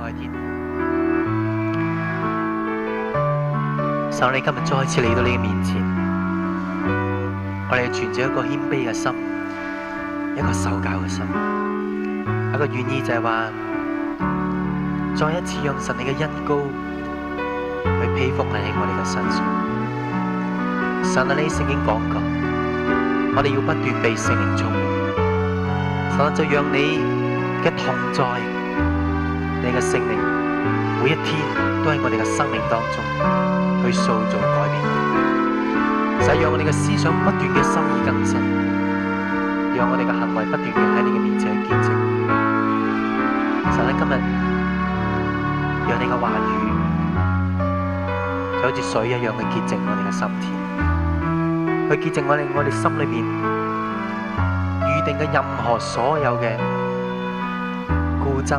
外天，神你今日再次嚟到你嘅面前，我哋存住一個謙卑嘅心，一個受教嘅心，一個願意就係話，再一次用神你嘅恩膏去披覆喺我哋嘅身上。神啊，你曾經講過，我哋要不斷被聖靈充滿。神就讓你嘅同在。你嘅聖靈，每一天都喺我哋嘅生命當中去塑造改變，使讓我哋嘅思想不斷嘅心意更新，讓我哋嘅行為不斷嘅喺你嘅面前去潔淨。神喺今日，讓你嘅話語就好似水一樣去潔淨我哋嘅心田，去潔淨我哋我哋心裏邊預定嘅任何所有嘅固執。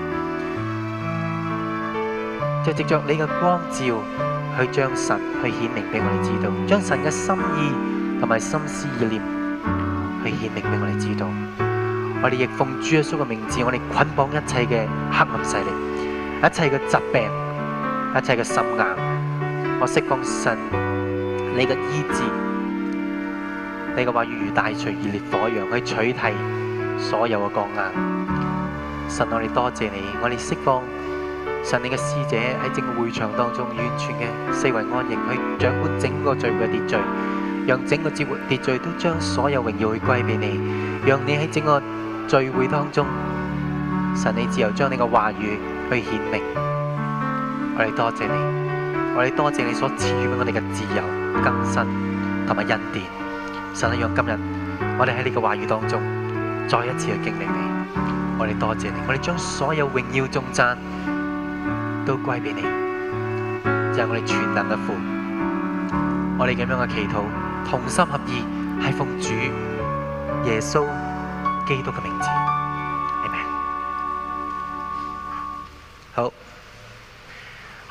就藉着你嘅光照，去將神去顯明俾我哋知道，將神嘅心意同埋心思意念去顯明俾我哋知道。我哋亦奉主耶穌嘅名字，我哋捆綁一切嘅黑暗勢力，一切嘅疾病，一切嘅心硬。我釋放神，你嘅醫治，你嘅話如大錘而烈火一樣去取締所有嘅光壓。神，我哋多謝你，我哋釋放。神，你嘅使者喺整個會場當中完全嘅四圍安營去掌管整個聚會嘅秩序，讓整個聚會秩序都將所有榮耀去歸俾你，讓你喺整個聚會當中，神你自由將你嘅話語去顯明。我哋多謝你，我哋多謝你所賜予我哋嘅自由更新同埋恩典。神，你讓今日我哋喺你嘅話語當中再一次去經歷你。我哋多謝你，我哋將所有榮耀頌讚都歸俾你，就係我哋全能嘅父，我哋咁樣嘅祈禱，同心合意，係奉主耶穌基督嘅名字，阿門。好，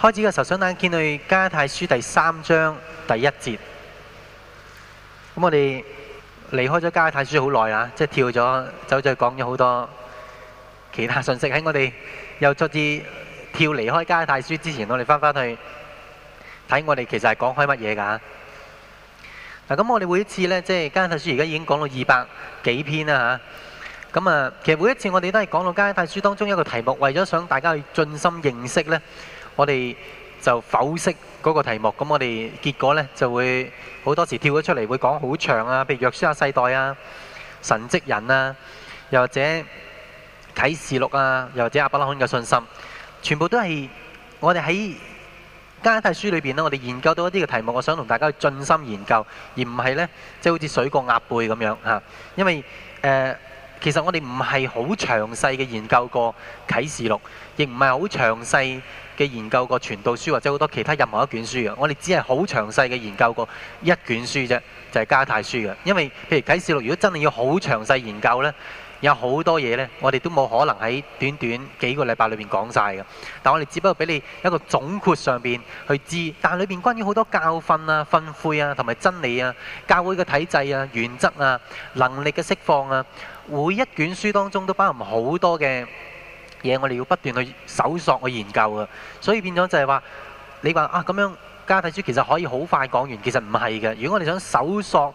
開始嘅時候想帶見去加太書第三章第一節，咁我哋離開咗加太書好耐啦，即係跳咗，走咗講咗好多其他信息喺我哋又出自。跳離開《家泰書》之前，我哋翻返去睇，我哋其實係講開乜嘢㗎？咁我哋每一次呢，即係《家泰書》，而家已經講到二百幾篇啦嚇。咁啊，其實每一次我哋都係講到《家泰書》當中一個題目，為咗想大家去盡心認識呢，我哋就剖析嗰個題目。咁我哋結果呢，就會好多時跳咗出嚟，會講好長啊，譬如《約書亞世代》啊，《神蹟人》啊，又或者《啟示錄》啊，又或者《阿伯拉罕嘅信心》。全部都係我哋喺加泰書裏邊呢，我哋研究到一啲嘅題目，我想同大家去盡心研究，而唔係呢，即係好似水過鴨背咁樣嚇、啊。因為誒、呃，其實我哋唔係好詳細嘅研究過啟示錄，亦唔係好詳細嘅研究過傳道書或者好多其他任何一卷書嘅。我哋只係好詳細嘅研究過一卷書啫，就係、是、加泰書嘅。因為譬如啟示錄，如果真係要好詳細研究呢，有好多嘢呢，我哋都冇可能喺短短幾個禮拜裏面講晒嘅。但我哋只不過俾你一個總括上邊去知，但係裏面關於好多教訓啊、訓誨啊、同埋真理啊、教會嘅體制啊、原則啊、能力嘅釋放啊，每一卷書當中都包含好多嘅嘢，我哋要不斷去搜索去研究啊。所以變咗就係話，你話啊，咁樣嚟睇書其實可以好快講完，其實唔係嘅。如果我哋想搜索，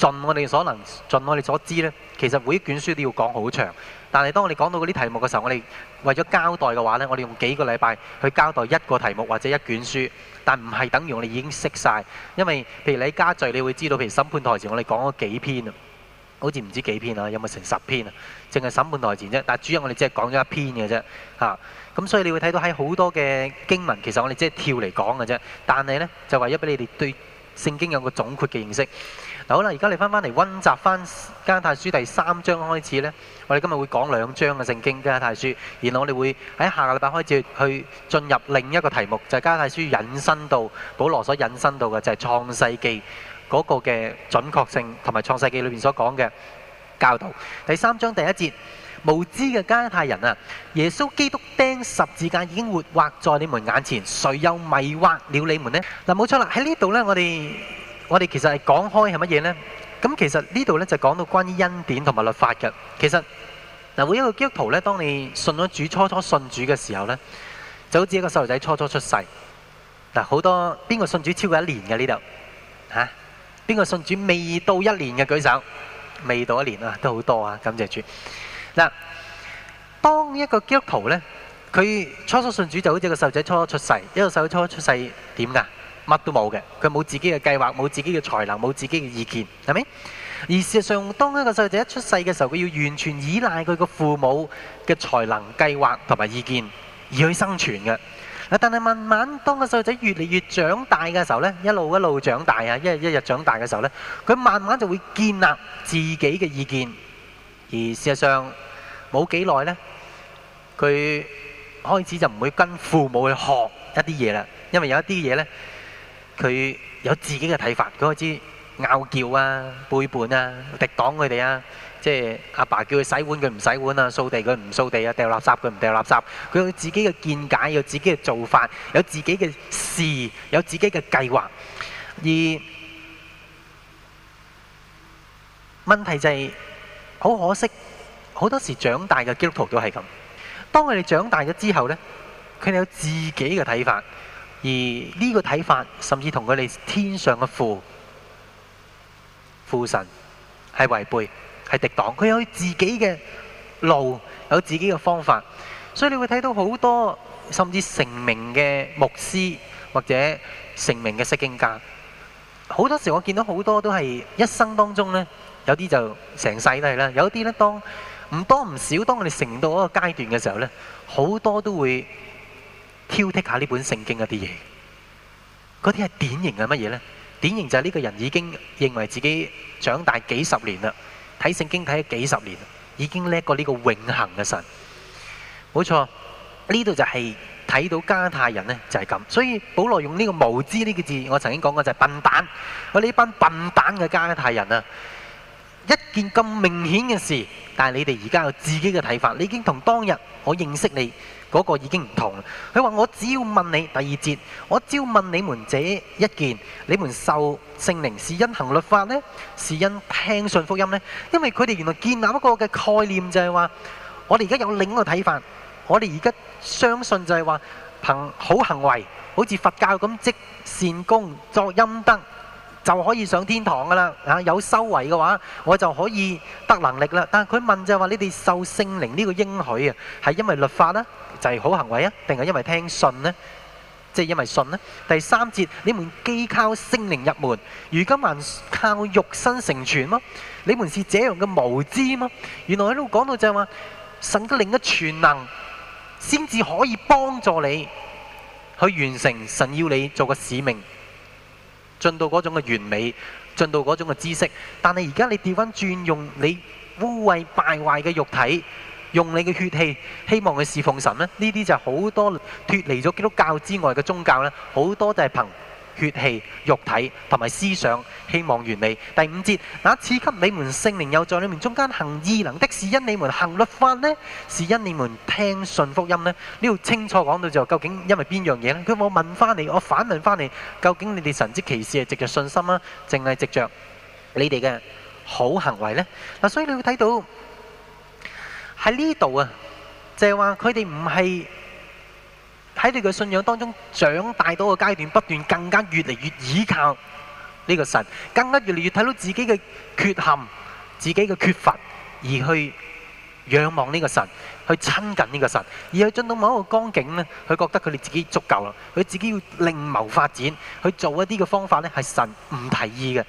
盡我哋所能，盡我哋所知呢。其實每一卷書都要講好長，但係當我哋講到嗰啲題目嘅時候，我哋為咗交代嘅話呢，我哋用幾個禮拜去交代一個題目或者一卷書，但唔係等於我哋已經識晒，因為譬如你加聚，你會知道，譬如審判台前，我哋講咗幾篇啊，好似唔知幾篇啊，有冇成十篇啊？淨係審判台前啫。但係主要，我哋只係講咗一篇嘅啫嚇。咁所以你會睇到喺好多嘅經文，其實我哋只係跳嚟講嘅啫。但係呢，就為咗俾你哋對聖經有個總括嘅認識。好啦，而家你翻返嚟溫習翻加太書第三章開始呢，我哋今日會講兩章嘅聖經加太書，然後我哋會喺下個禮拜開始去進入另一個題目，就係加太書引申到保羅所引申到嘅，就係創世記嗰個嘅準確性同埋創世記裏面所講嘅教導。第三章第一節，無知嘅加太人啊，耶穌基督釘十字架已經活畫在你們眼前，誰又迷惑了你們呢？嗱，冇錯啦，喺呢度呢，我哋。我哋其實係講開係乜嘢呢？咁其實呢度呢，就講到關於恩典同埋律法嘅。其實嗱，每一個基督徒呢，當你信咗主初初信主嘅時候呢，就好似一個細路仔初初出世。嗱，好多邊個信主超過一年嘅呢度嚇？邊個信主未到一年嘅舉手？未到一年啊，都好多啊，感謝主。嗱、啊，當一個基督徒呢，佢初初信主就好似個細路仔初初出世。一個細路初，初初出世點噶？乜都冇嘅，佢冇自己嘅計劃，冇自己嘅才能，冇自己嘅意見，係咪？而事實上，當一個細路仔一出世嘅時候，佢要完全依賴佢個父母嘅才能、計劃同埋意見而去生存嘅。啊，但係慢慢當個細路仔越嚟越長大嘅時候呢，一路一路長大啊，一日一日長大嘅時候呢，佢慢慢就會建立自己嘅意見。而事實上，冇幾耐呢，佢開始就唔會跟父母去學一啲嘢啦，因為有一啲嘢呢。佢有自己嘅睇法，佢開始拗撬啊、背叛啊、抵擋佢哋啊，即係阿爸叫佢洗碗佢唔洗碗啊、掃地佢唔掃地啊、掉垃圾佢唔掉垃圾。佢有自己嘅見解，有自己嘅做法，有自己嘅事，有自己嘅計劃。而問題就係好可惜，好多時長大嘅基督徒都係咁。當佢哋長大咗之後呢，佢哋有自己嘅睇法。而呢個睇法，甚至同佢哋天上嘅父父神係違背、係敵擋。佢有自己嘅路，有自己嘅方法。所以你會睇到好多，甚至成名嘅牧師或者成名嘅釋經家。好多時我見到好多都係一生當中咧，有啲就成世都係啦。有啲咧當唔多唔少，當我哋成到嗰個階段嘅時候咧，好多都會。挑剔下呢本聖經一啲嘢，嗰啲係典型嘅乜嘢呢？典型就係呢個人已經認為自己長大幾十年啦，睇聖經睇咗幾十年，已經叻過呢個永恆嘅神。冇錯，呢度就係睇到加太人呢，就係咁。所以保羅用呢個無知呢個字，我曾經講過就係笨蛋。我呢班笨蛋嘅加太人啊，一件咁明顯嘅事，但係你哋而家有自己嘅睇法，你已經同當日我認識你嗰個已經唔同。佢話：我只要問你第二節，我只要問你們這一件，你們受聖靈是因行律法呢？是因聽信福音呢？因為佢哋原來建立一個嘅概念就係話，我哋而家有另一個睇法，我哋而家相信就係話，憑好行為，好似佛教咁積善功作陰德，就可以上天堂噶啦。啊，有修為嘅話，我就可以得能力啦。但係佢問就係話：你哋受聖靈呢個應許啊，係因為律法呢？就係好行為啊？定係因為聽信呢？即係因為信呢？第三節，你們既靠聖靈入門，如今還靠肉身成全嗎？你們是這樣嘅無知嗎？原來喺度講到就係話，神靈嘅全能，先至可以幫助你去完成神要你做個使命，進到嗰種嘅完美，進到嗰種嘅知識。但係而家你掉翻轉用你污穢敗壞嘅肉體。用你嘅血氣，希望去侍奉神咧？呢啲就好多脫離咗基督教之外嘅宗教咧，好多就係憑血氣、肉體同埋思想，希望完美。第五節，那賜給你們聖靈又在你們中間行異能的，是因你們行律法呢？是因你們聽信福音呢？呢度清楚講到就究竟因為邊樣嘢咧？佢我問翻你，我反問翻你，究竟你哋神蹟奇事係藉着信心啊，淨係藉着你哋嘅好行為咧？嗱，所以你會睇到。喺呢度啊，就係話佢哋唔係喺佢嘅信仰當中長大到個階段，不斷更加越嚟越倚靠呢個神，更加越嚟越睇到自己嘅缺陷、自己嘅缺乏，而去仰望呢個神，去親近呢個神，而去進到某一個光景呢，佢覺得佢哋自己足夠啦，佢自己要另謀發展，去做一啲嘅方法呢係神唔提議嘅，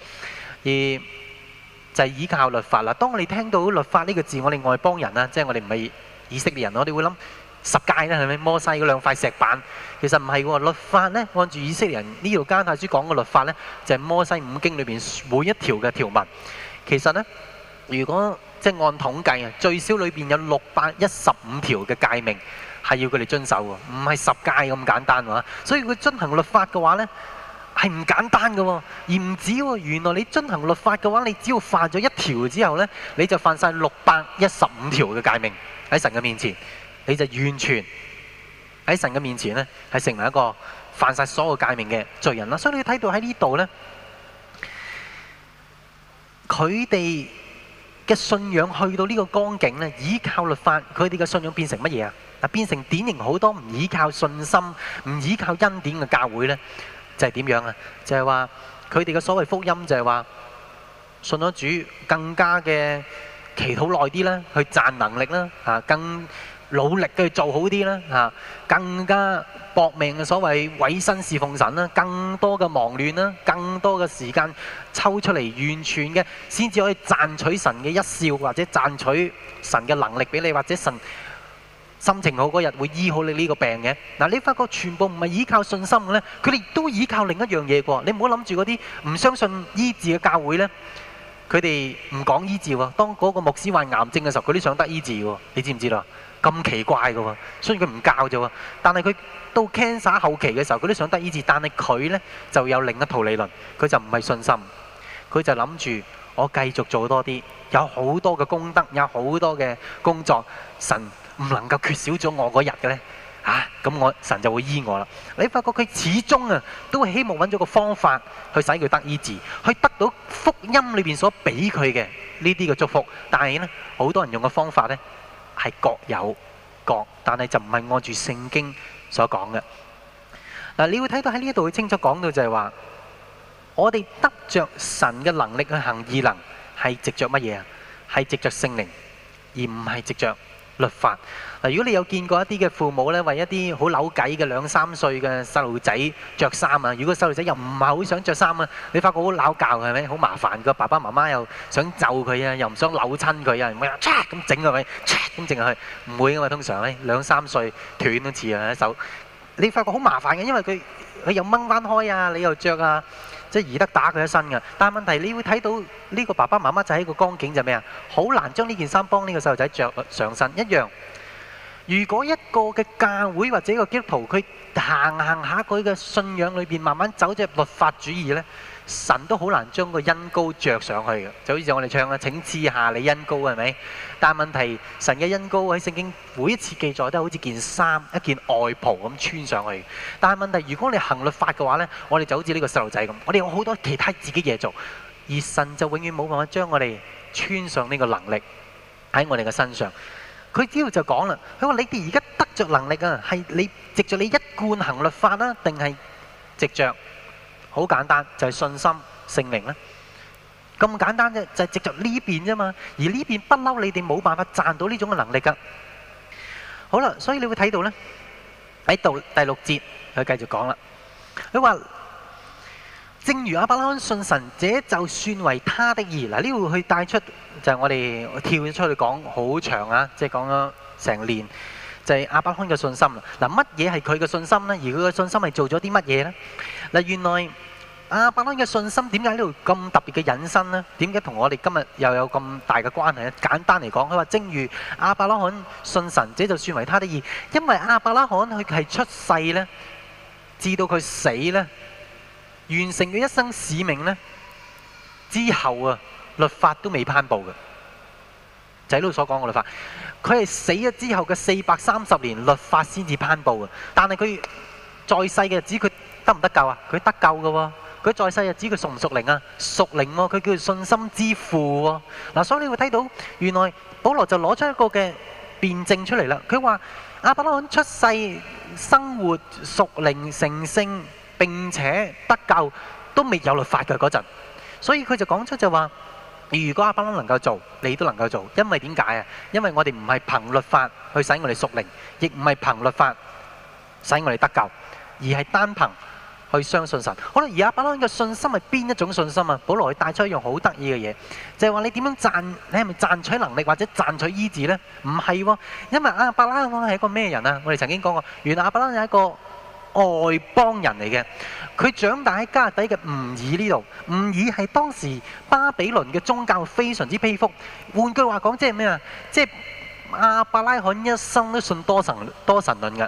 而係依靠律法啦。當我哋聽到律法呢個字，我哋外邦人啊，即係我哋唔係以色列人，我哋會諗十戒啦，係咪摩西嗰兩塊石板？其實唔係喎，律法咧，按住以色列人呢條加拉太書講嘅律法咧，就係摩西五經裏邊每一條嘅條文。其實咧，如果即係按統計啊，最少裏邊有六百一十五條嘅誡命係要佢哋遵守喎，唔係十戒咁簡單喎。所以佢遵行律法嘅話咧。係唔簡單嘅，而唔止喎。原來你遵行律法嘅話，你只要犯咗一條之後呢，你就犯晒六百一十五條嘅界命，喺神嘅面前，你就完全喺神嘅面前呢，係成為一個犯晒所有界命嘅罪人啦。所以你睇到喺呢度呢，佢哋嘅信仰去到呢個光景呢，依靠律法，佢哋嘅信仰變成乜嘢啊？嗱，變成典型好多唔依靠信心、唔依靠恩典嘅教會呢。就係點樣啊？就係話佢哋嘅所謂福音就係話信咗主更加嘅祈禱耐啲啦，去賺能力啦，啊，更努力嘅去做好啲啦，啊，更加搏命嘅所謂委身侍奉神啦，更多嘅忙亂啦，更多嘅時間抽出嚟完全嘅，先至可以賺取神嘅一笑，或者賺取神嘅能力俾你，或者神。心情好嗰日會醫好你呢個病嘅嗱，你發覺全部唔係依靠信心嘅咧，佢哋都依靠另一樣嘢嘅喎。你唔好諗住嗰啲唔相信醫治嘅教會呢。佢哋唔講醫治喎。當嗰個牧師患癌症嘅時候，佢都想得醫治喎，你知唔知道？咁奇怪嘅喎，所以雖然佢唔教啫喎。但係佢到 cancer 後期嘅時候，佢都想得醫治，但係佢呢，就有另一套理論，佢就唔係信心，佢就諗住我繼續做多啲，有好多嘅功德，有好多嘅工作，神。唔能夠缺少咗我嗰日嘅咧，吓，咁我神就會醫我啦。你發覺佢始終啊，都希望揾咗個方法去使佢得醫治，去得到福音裏邊所俾佢嘅呢啲嘅祝福。但係咧，好多人用嘅方法咧係各有各，但係就唔係按住聖經所講嘅。嗱，你會睇到喺呢一度會清楚講到就係話，我哋得着神嘅能力去行異能，係藉着乜嘢啊？係藉着聖靈，而唔係藉着。律法。嗱，如果你有見過一啲嘅父母咧，為一啲好扭計嘅兩三歲嘅細路仔着衫啊，如果細路仔又唔係好想著衫啊，你發覺好扭教，係咪？好麻煩，個爸爸媽媽又想就佢啊，又唔想扭親佢啊，咁整係咪？咁整係唔會嘅嘛，通常咧，兩三歲斷都似啊一手，你發覺好麻煩嘅，因為佢佢又掹翻開啊，你又着啊。即係易得打佢一身嘅，但係問題，你會睇到呢、這個爸爸媽媽就喺個光景就咩啊？好難將呢件衫幫呢個細路仔着上身一樣。如果一個嘅教會或者個基 r o 佢行行下佢嘅信仰裏邊，慢慢走只律法主義呢。神都好難將個恩膏着上去嘅，就好似我哋唱嘅《請賜下你恩膏》係咪？但係問題，神嘅恩膏喺聖經每一次記載都係好似件衫，一件外袍咁穿上去。但係問題，如果你行律法嘅話呢，我哋就好似呢個細路仔咁，我哋有好多其他自己嘢做，而神就永遠冇辦法將我哋穿上呢個能力喺我哋嘅身上。佢呢度就講啦，佢話你哋而家得着能力啊，係你藉着你一貫行律法啦，定係藉着……」好簡單，就係、是、信心性靈啦。咁簡單啫，就係、是、藉著呢邊啫嘛。而呢邊不嬲，你哋冇辦法賺到呢種嘅能力噶。好啦，所以你會睇到呢，喺度第六節，佢繼續講啦。佢話：正如亞伯拉罕信神者，這就算為他的義。嗱呢度去帶出，就係、是、我哋跳咗出去講好長啊，即、就、係、是、講咗成年，就係、是、亞伯拉罕嘅信心啦。嗱，乜嘢係佢嘅信心呢？而佢嘅信心係做咗啲乜嘢呢？嗱，原來阿伯拉罕嘅信心點解呢度咁特別嘅引申呢？點解同我哋今日又有咁大嘅關係呢？簡單嚟講，佢話：正如阿伯拉罕信神，這就算為他的義，因為阿伯拉罕佢係出世呢，至到佢死呢，完成佢一生使命呢，之後啊律法都未頒布嘅。就係呢度所講嘅律法，佢係死咗之後嘅四百三十年律法先至頒布嘅，但係佢在世嘅日子，佢得唔得救啊？佢得救㗎喎，佢在世日子佢屬唔屬靈啊？屬靈喎，佢叫做信心之父喎。嗱，所以你會睇到，原來保羅就攞出一個嘅辯證出嚟啦。佢話亞伯拉罕出世生活屬靈成聖，並且得救，都未有律法嘅嗰陣。所以佢就講出就話，如果亞伯拉罕能夠做，你都能夠做，因為點解啊？因為我哋唔係憑律法去使我哋屬靈，亦唔係憑律法使我哋得救，而係單憑。去相信神，可能而阿伯拉罕嘅信心係邊一種信心啊？保羅佢帶出一樣好得意嘅嘢，就係、是、話你點樣賺？你係咪賺取能力或者賺取醫治呢？唔係、哦，因為阿伯拉罕係一個咩人啊？我哋曾經講過，原來阿伯拉罕係一個外邦人嚟嘅，佢長大喺加底嘅吾珥呢度。吾珥係當時巴比倫嘅宗教非常之偏幅。換句話講，即係咩啊？即係阿伯拉罕一生都信多神多神論嘅。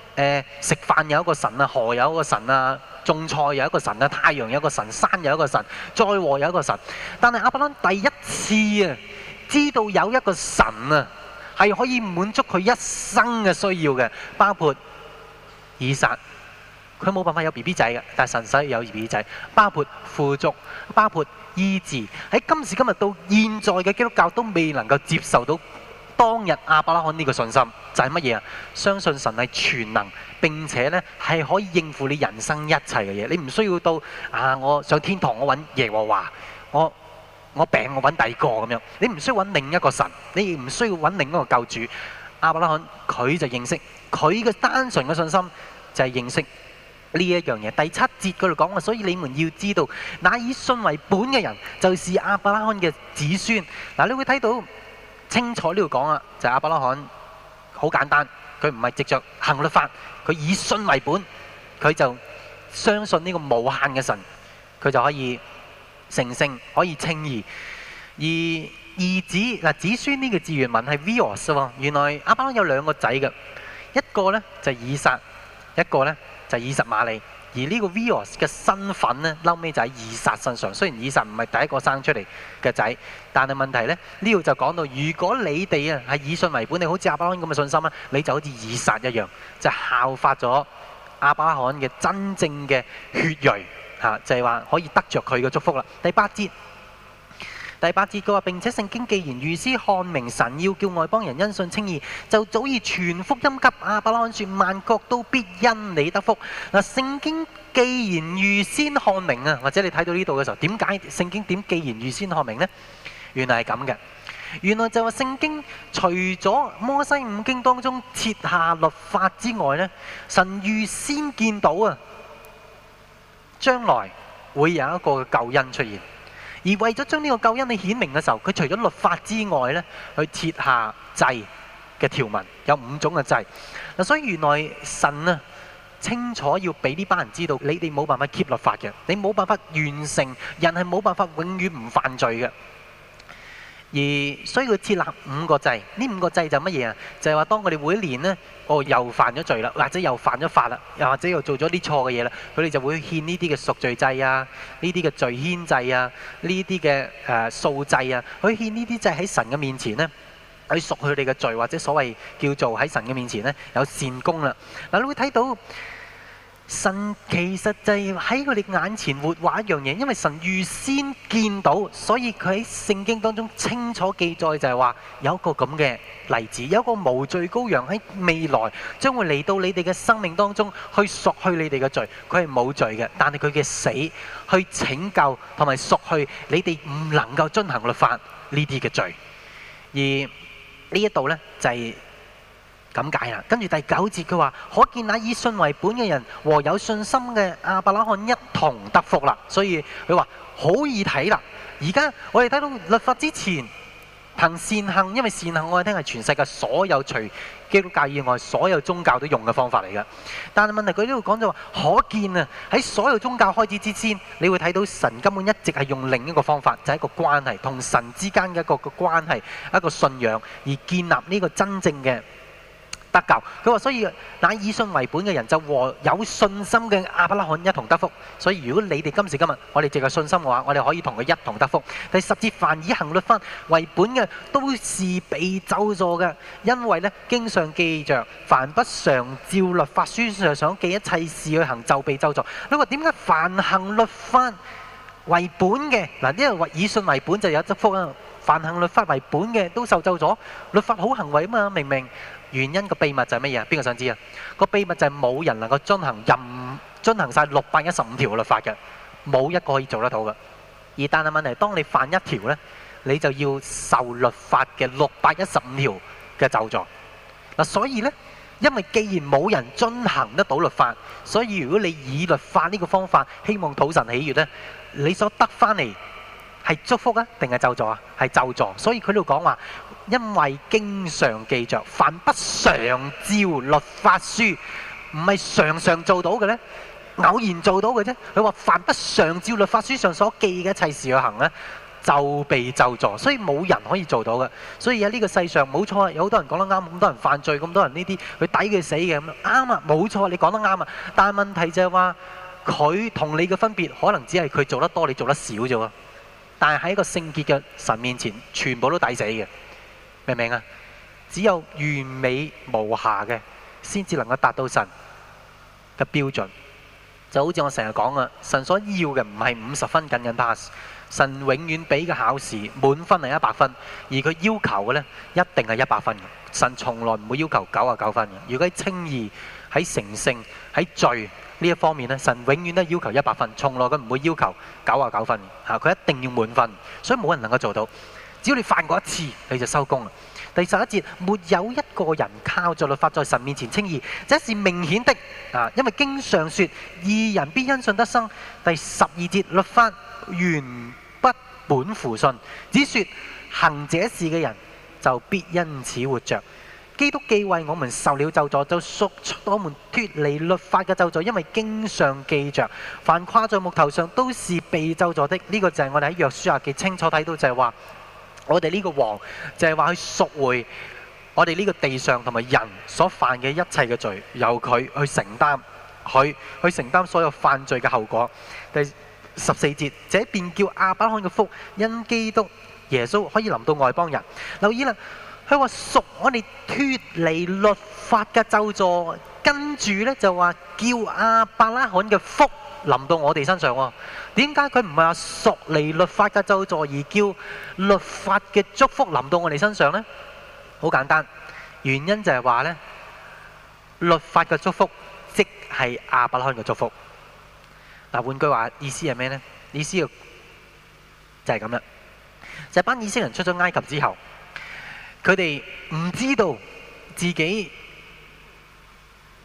誒，食飯有一個神啊，河有一個神啊，種菜有一個神啊，太陽有一個神，山有一個神，災禍有一個神。但係亞伯蘭第一次啊，知道有一個神啊，係可以滿足佢一生嘅需要嘅，包括以撒，佢冇辦法有 B B 仔嘅，但係神使有 B B 仔，包括富足，包括醫治。喺今時今日，到現在嘅基督教都未能夠接受到。當日亞伯拉罕呢個信心就係乜嘢啊？相信神係全能，並且呢係可以應付你人生一切嘅嘢。你唔需要到啊，我上天堂我揾耶和華，我我病我揾第二個咁樣。你唔需要揾另一個神，你亦唔需要揾另一個救主。亞伯拉罕佢就認識佢嘅單純嘅信心，就係、是、認識呢一樣嘢。第七節佢嚟講啊，所以你們要知道，那以信為本嘅人，就是亞伯拉罕嘅子孫。嗱、啊，你會睇到。清楚呢度講啊，就係、是、阿伯拉罕，好簡單，佢唔係直着行律法，佢以信為本，佢就相信呢個無限嘅神，佢就可以成聖，可以稱義。而兒子嗱子孫呢個字源文係 v e r s 原來阿伯拉罕有兩個仔嘅，一個呢就是、以撒，一個呢就是、以實瑪利。而呢個 Vios 嘅身份呢，嬲尾就喺以撒身上。雖然以撒唔係第一個生出嚟嘅仔，但係問題呢，呢度就講到，如果你哋啊係以信為本，你好似亞巴罕咁嘅信心啊，你就好似以撒一樣，就效法咗亞巴罕嘅真正嘅血裔嚇、啊，就係、是、話可以得着佢嘅祝福啦。第八節。第八節佢話，並且聖經既然預先看明，神要叫外邦人因信稱義，就早已全福音給亞伯拉罕説，萬國都必因你得福。嗱，聖經既然預先看明啊，或者你睇到呢度嘅時候，點解聖經點既然預先看明呢？原來係咁嘅，原來就話聖經除咗摩西五經當中設下律法之外呢，神預先見到啊，將來會有一個救恩出現。而為咗將呢個救恩嚟顯明嘅時候，佢除咗律法之外呢，去設下祭嘅條文，有五種嘅祭。嗱，所以原來神啊，清楚要俾呢班人知道，你哋冇辦法 keep 律法嘅，你冇辦法完成，人係冇辦法永遠唔犯罪嘅。而所以佢設立五個祭，呢五個祭就乜嘢啊？就係話當佢哋每年呢，哦又犯咗罪啦，或者又犯咗法啦，又或者又做咗啲錯嘅嘢啦，佢哋就會獻呢啲嘅贖罪祭啊，呢啲嘅罪愆祭啊，呢啲嘅誒素祭啊，佢獻呢啲祭喺神嘅面前呢，去贖佢哋嘅罪，或者所謂叫做喺神嘅面前呢，有善功啦。嗱，你會睇到。神其實就係喺佢哋眼前活畫一樣嘢，因為神預先見到，所以佢喺聖經當中清楚記載就係話有一個咁嘅例子，有一個無罪羔羊喺未來將會嚟到你哋嘅生命當中去索去你哋嘅罪，佢係冇罪嘅，但係佢嘅死去拯救同埋索去你哋唔能夠遵行律法呢啲嘅罪，而呢一度呢，就係、是。咁解啦，跟住第九節佢話，可見那以信為本嘅人和有信心嘅亞伯拉罕一同得福啦。所以佢話好易睇啦。而家我哋睇到律法之前，憑善行，因為善行我哋聽係全世界所有除基督教以外所有宗教都用嘅方法嚟嘅。但係問題佢呢度講就話、是，可見啊喺所有宗教開始之前，你會睇到神根本一直係用另一個方法，就係、是、一個關係，同神之間嘅一個一個關係，一個信仰而建立呢個真正嘅。得救。佢話：所以那以信為本嘅人就和有信心嘅亞伯拉罕一同得福。所以如果你哋今時今日我哋藉個信心嘅話，我哋可以同佢一同得福。第十節：凡以行律法為本嘅，都是被咒詛嘅，因為呢，經常記著凡不常照律法書上想記一切事去行，就被咒詛。你話點解？凡行律法為本嘅，嗱，呢個話以信為本就有得福啊！凡行律法為本嘅都受咒詛。律法好行為吖嘛，明明。原因秘、嗰個秘密就係乜嘢啊？邊個想知啊？個秘密就係冇人能夠遵行任遵行晒六百一十五條嘅律法嘅，冇一個可以做得到嘅。而但係問題，當你犯一條呢，你就要受律法嘅六百一十五條嘅咒詛。所以呢，因為既然冇人遵行得到律法，所以如果你以律法呢個方法希望討神喜悅呢，你所得翻嚟係祝福啊，定係咒詛？啊？係咒詛。所以佢度講話。因為經常記着，凡不常照律法書，唔係常常做到嘅呢，偶然做到嘅啫。佢話：凡不常照律法書上所記嘅一切事去行呢，就被咒詛。所以冇人可以做到嘅。所以喺呢個世上冇錯，有好多人講得啱，咁多人犯罪，咁多人呢啲，佢抵佢死嘅咁。啱啊，冇錯，錯，你講得啱啊。但係問題就係、是、話，佢同你嘅分別可能只係佢做得多，你做得少啫喎。但係喺一個聖潔嘅神面前，全部都抵死嘅。明啊？只有完美無瑕嘅，先至能夠達到神嘅標準。就好似我成日講啊，神所要嘅唔係五十分僅僅 pass，神永遠俾嘅考試滿分係一百分，而佢要求嘅呢，一定係一百分。神從來唔會要求九十九分嘅。如果喺稱義喺成聖，喺罪呢一方面咧，神永遠都要求一百分，從來都唔會要求九十九分。吓，佢一定要滿分，所以冇人能夠做到。只要你犯過一次，你就收工啦。第十一節沒有一個人靠著律法在神面前稱義，這是明顯的啊，因為經上説：義人必因信得生。第十二節律法原不本乎信，只説行者事嘅人就必因此活着。基督既為我們受了咒詛，就贖出我們脱離律法嘅咒詛，因為經上記着，凡掛在木頭上都是被咒詛的。呢、這個就係我哋喺約書亞記清楚睇到就係話。我哋呢個王就係話去贖回我哋呢個地上同埋人所犯嘅一切嘅罪，由佢去承擔，佢去承擔所有犯罪嘅後果。第十四節，這便叫亞伯拉罕嘅福，因基督耶穌可以臨到外邦人。留意啦，佢話贖我哋脱離律法嘅咒詛，跟住呢，就話叫亞伯拉罕嘅福，臨到我哋身上喎，點解佢唔係話贖離，律法嘅咒詛，而叫律法嘅祝福臨到我哋身上咧？好簡單，原因就係話咧，律法嘅祝福即係亞伯罕嘅祝福。嗱，換句話意思係咩咧？意思就就係咁啦。就係班以色列人出咗埃及之後，佢哋唔知道自己，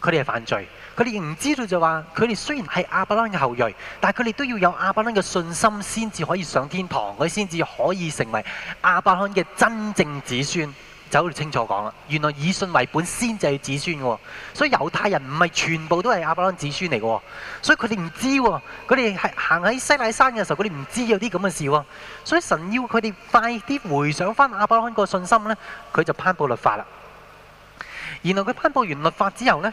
佢哋係犯罪。佢哋唔知道就話，佢哋雖然係亞伯拉罕嘅後裔，但係佢哋都要有亞伯拉罕嘅信心，先至可以上天堂，佢先至可以成為亞伯拉罕嘅真正子孫。就好清楚講啦，原來以信為本先至係子孫嘅。所以猶太人唔係全部都係亞伯拉罕子孫嚟嘅。所以佢哋唔知喎，佢哋係行喺西奈山嘅時候，佢哋唔知有啲咁嘅事喎。所以神要佢哋快啲回想返亞伯拉罕個信心呢，佢就攀布律法啦。原來佢攀布完律法之後呢。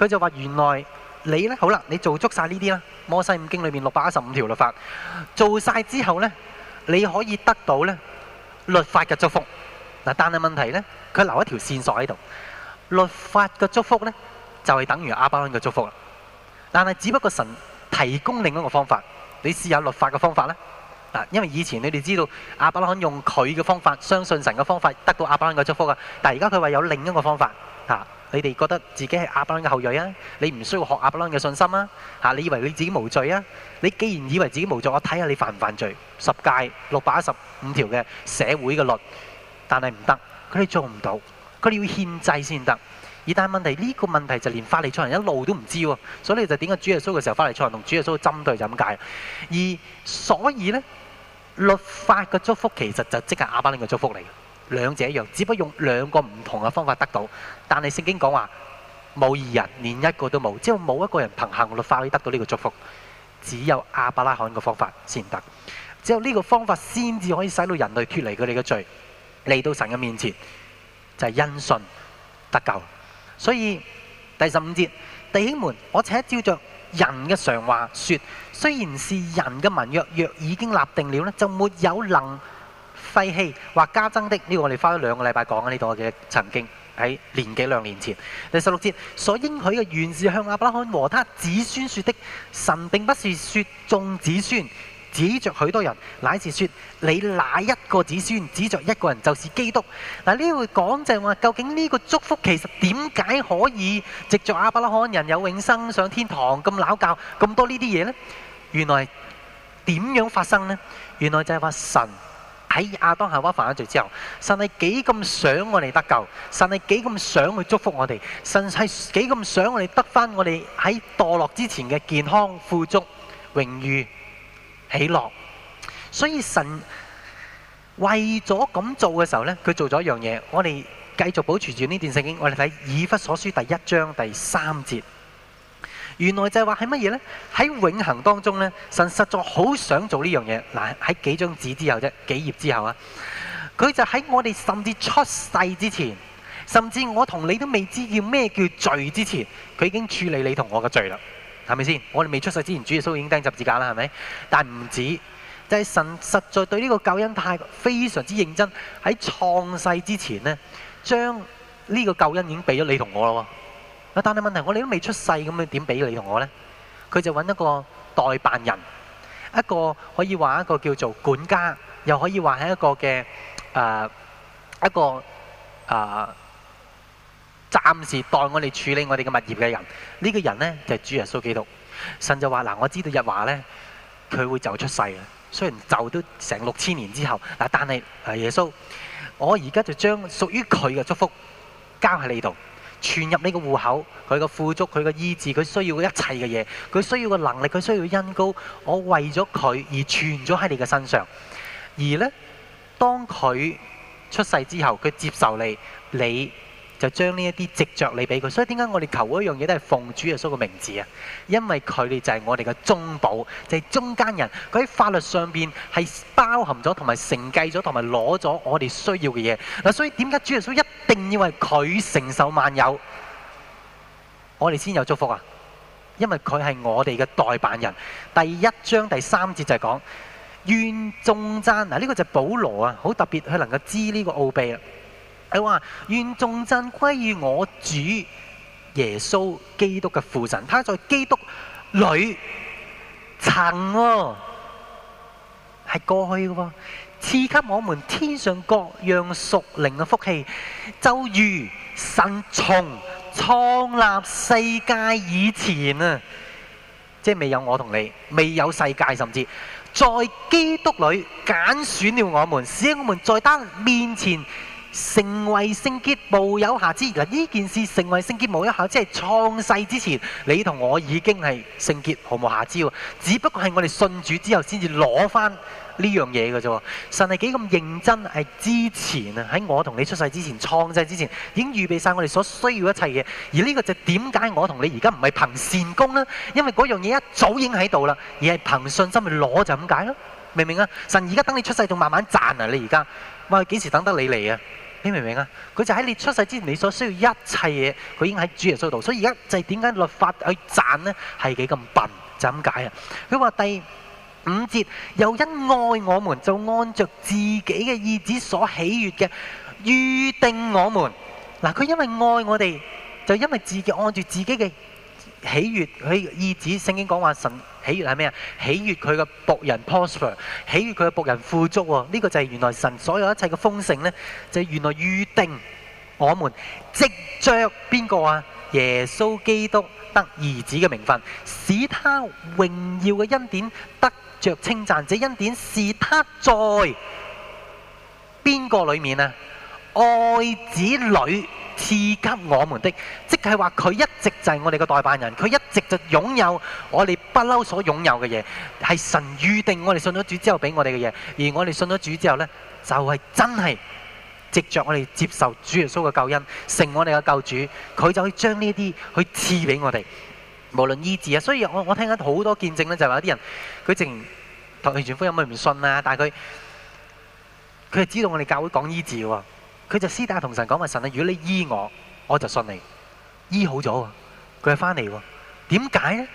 佢就話：原來你呢，好啦，你做足晒呢啲啦，《摩西五經》裏面六百一十五條律法，做晒之後呢，你可以得到呢律法嘅祝福。嗱，但係問題呢，佢留一條線索喺度，律法嘅祝福呢，就係等於亞伯蘭嘅祝福啦。但係只不過神提供另一個方法，你試下律法嘅方法呢？嗱，因為以前你哋知道亞伯蘭用佢嘅方法，相信神嘅方法得到亞伯蘭嘅祝福啊。但係而家佢話有另一個方法嚇。你哋覺得自己係亞伯倫嘅後裔啊？你唔需要學亞伯倫嘅信心啊？嚇、啊！你以為你自己無罪啊？你既然以為自己無罪，我睇下你犯唔犯罪？十戒，六百一十五條嘅社會嘅律，但係唔得，佢哋做唔到，佢哋要獻祭先得。而但係問題呢、這個問題就連法利賽人一路都唔知，所以你就點解主耶穌嘅時候法利賽人同主耶穌針對就咁解。而所以呢，律法嘅祝福其實就即係亞伯倫嘅祝福嚟。兩者一樣，只不過用兩個唔同嘅方法得到。但係聖經講話，冇義人，連一個都冇，只有冇一個人憑行律法可以得到呢個祝福。只有亞伯拉罕嘅方法先得，只有呢個方法先至可以使到人類脫離佢哋嘅罪，嚟到神嘅面前，就係因信得救。所以第十五節弟兄們，我且照着人嘅常話說，雖然是人嘅文約，若已經立定了呢，就沒有能廢棄或加增的呢？這個、我哋花咗兩個禮拜講緊呢度嘅曾經喺年幾兩年前。第十六節所應許嘅原是向阿伯拉罕和他子孫説的。神並不是説眾子孫指着許多人，乃是説你哪一個子孫指着一個人，就是基督。嗱呢度講就係話，究竟呢個祝福其實點解可以藉着阿伯拉罕人有永生、上天堂咁鬧教咁多呢啲嘢呢？原來點樣發生呢？原來就係話神。喺亞當夏娃犯咗罪之後，神係幾咁想我哋得救，神係幾咁想去祝福我哋，神係幾咁想我哋得翻我哋喺墮落之前嘅健康、富足、榮譽、喜樂。所以神為咗咁做嘅時候呢，佢做咗一樣嘢。我哋繼續保存住呢段聖經，我哋睇以弗所書第一章第三節。原來就係話係乜嘢呢？喺永恆當中呢，神實在好想做呢樣嘢。嗱，喺幾張紙之後啫，幾頁之後啊，佢就喺我哋甚至出世之前，甚至我同你都未知要咩叫罪之前，佢已經處理你同我嘅罪啦。係咪先？我哋未出世之前，主耶穌已經釘十字架啦，係咪？但唔止，就係神實在對呢個救恩太非常之認真，喺創世之前呢，將呢個救恩已經俾咗你同我啦喎。但係問題，我哋都未出世，咁樣點俾你同我呢？佢就揾一個代辦人，一個可以話一個叫做管家，又可以話係一個嘅誒、呃、一個誒，呃、暫時代我哋處理我哋嘅物業嘅人。呢個人呢，就係主耶穌基督。神就話：嗱，我知道日華呢，佢會就出世嘅。雖然就都成六千年之後，嗱，但係、啊、耶穌，我而家就將屬於佢嘅祝福交喺你度。存入你個戶口，佢個富足，佢個醫治，佢需要一切嘅嘢，佢需要嘅能力，佢需要嘅恩膏，我為咗佢而存咗喺你嘅身上。而呢，當佢出世之後，佢接受你，你就將呢一啲直着你俾佢，所以點解我哋求一樣嘢都係奉主耶穌嘅名字啊？因為佢哋就係我哋嘅中保，就係、是、中間人。佢喺法律上邊係包含咗，同埋承繼咗，同埋攞咗我哋需要嘅嘢。嗱，所以點解主耶穌一定要為佢承受萬有，我哋先有祝福啊？因為佢係我哋嘅代辦人。第一章第三節就係講冤中爭嗱，呢、這個就係保羅啊，好特別，佢能夠知呢個奧秘啊！你話，願頌讚歸於我主耶穌基督嘅父神，他在基督裏曾係過去嘅、哦，賜給我們天上各樣屬靈嘅福氣，就如神從創立世界以前啊，即係未有我同你，未有世界，甚至在基督裏揀選了我們，使我們在他面前。成為聖潔無有瑕疵嗱，呢件事成為聖潔無有瑕疵係創世之前，你同我已經係聖潔毫無瑕疵喎。只不過係我哋信主之後，先至攞翻呢樣嘢嘅啫。神係幾咁認真，係之前啊，喺我同你出世之前，創世之前，已經預備晒我哋所需要一切嘅。而呢個就點解我同你而家唔係憑善功呢？因為嗰樣嘢一早已經喺度啦，而係憑信心去攞就咁解咯。明唔明啊？神而家等你出世仲慢慢賺啊！你而家。話幾時等得你嚟？啊，你明唔明啊？佢就喺你出世之前，你所需要一切嘢，佢已經喺主耶穌度。所以而家就係點解律法去賺呢？係幾咁笨？就咁解啊！佢話第五節，又因愛我們，就按着自己嘅意志所喜悦嘅，預定我們。嗱，佢因為愛我哋，就因為自己按住自己嘅。喜悅佢，意子，聖經講話，神喜悅係咩啊？喜悅佢嘅僕人 prosper 喜悅佢嘅僕人富足喎，哦。呢、這個就係原來神所有一切嘅豐盛呢就是，原來預定我們藉着邊個啊？耶穌基督得兒子嘅名分，使他榮耀嘅恩典得着稱讚。這恩典是他在邊個裏面啊？愛子女。賜給我們的，即係話佢一直就係我哋嘅代辦人，佢一直就擁有我哋不嬲所擁有嘅嘢，係神預定我哋信咗主之後俾我哋嘅嘢。而我哋信咗主之後呢，就係、是、真係藉着我哋接受主耶穌嘅救恩，成我哋嘅救主，佢就可以將呢啲去賜俾我哋，無論醫治啊。所以我我聽緊好多見證呢就係話有啲人佢淨同完全福音唔信啊，但係佢佢係知道我哋教會講醫治嘅。佢就私底下同神講話神啊，如果你醫我，我就信你。醫好咗，佢又翻嚟喎。點解呢？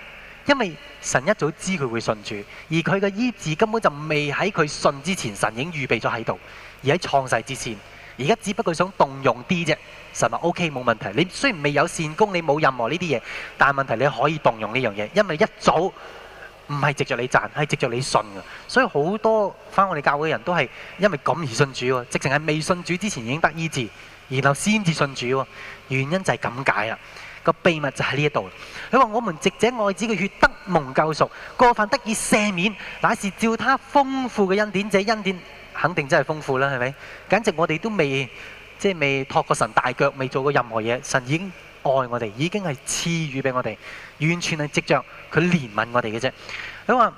因為神一早知佢會信主，而佢嘅醫治根本就未喺佢信之前，神已經預備咗喺度，而喺創世之前。而家只不過想動用啲啫，神話 OK，冇問題。你雖然未有善功，你冇任何呢啲嘢，但係問題你可以動用呢樣嘢，因為一早。唔係藉着你賺，係藉着你信嘅。所以好多翻我哋教會嘅人都係因為咁而信主，直情係未信主之前已經得醫治，然後先至信主。原因就係咁解啦。個秘密就喺呢一度。佢話：我們藉這愛子嘅血得蒙救贖，過犯得以赦免，乃是照他豐富嘅恩典者，恩典肯定真係豐富啦，係咪？簡直我哋都未即係未托過神大腳，未做過任何嘢。神已經。愛我哋已經係賜予俾我哋，完全係藉着佢憐憫我哋嘅啫。佢話，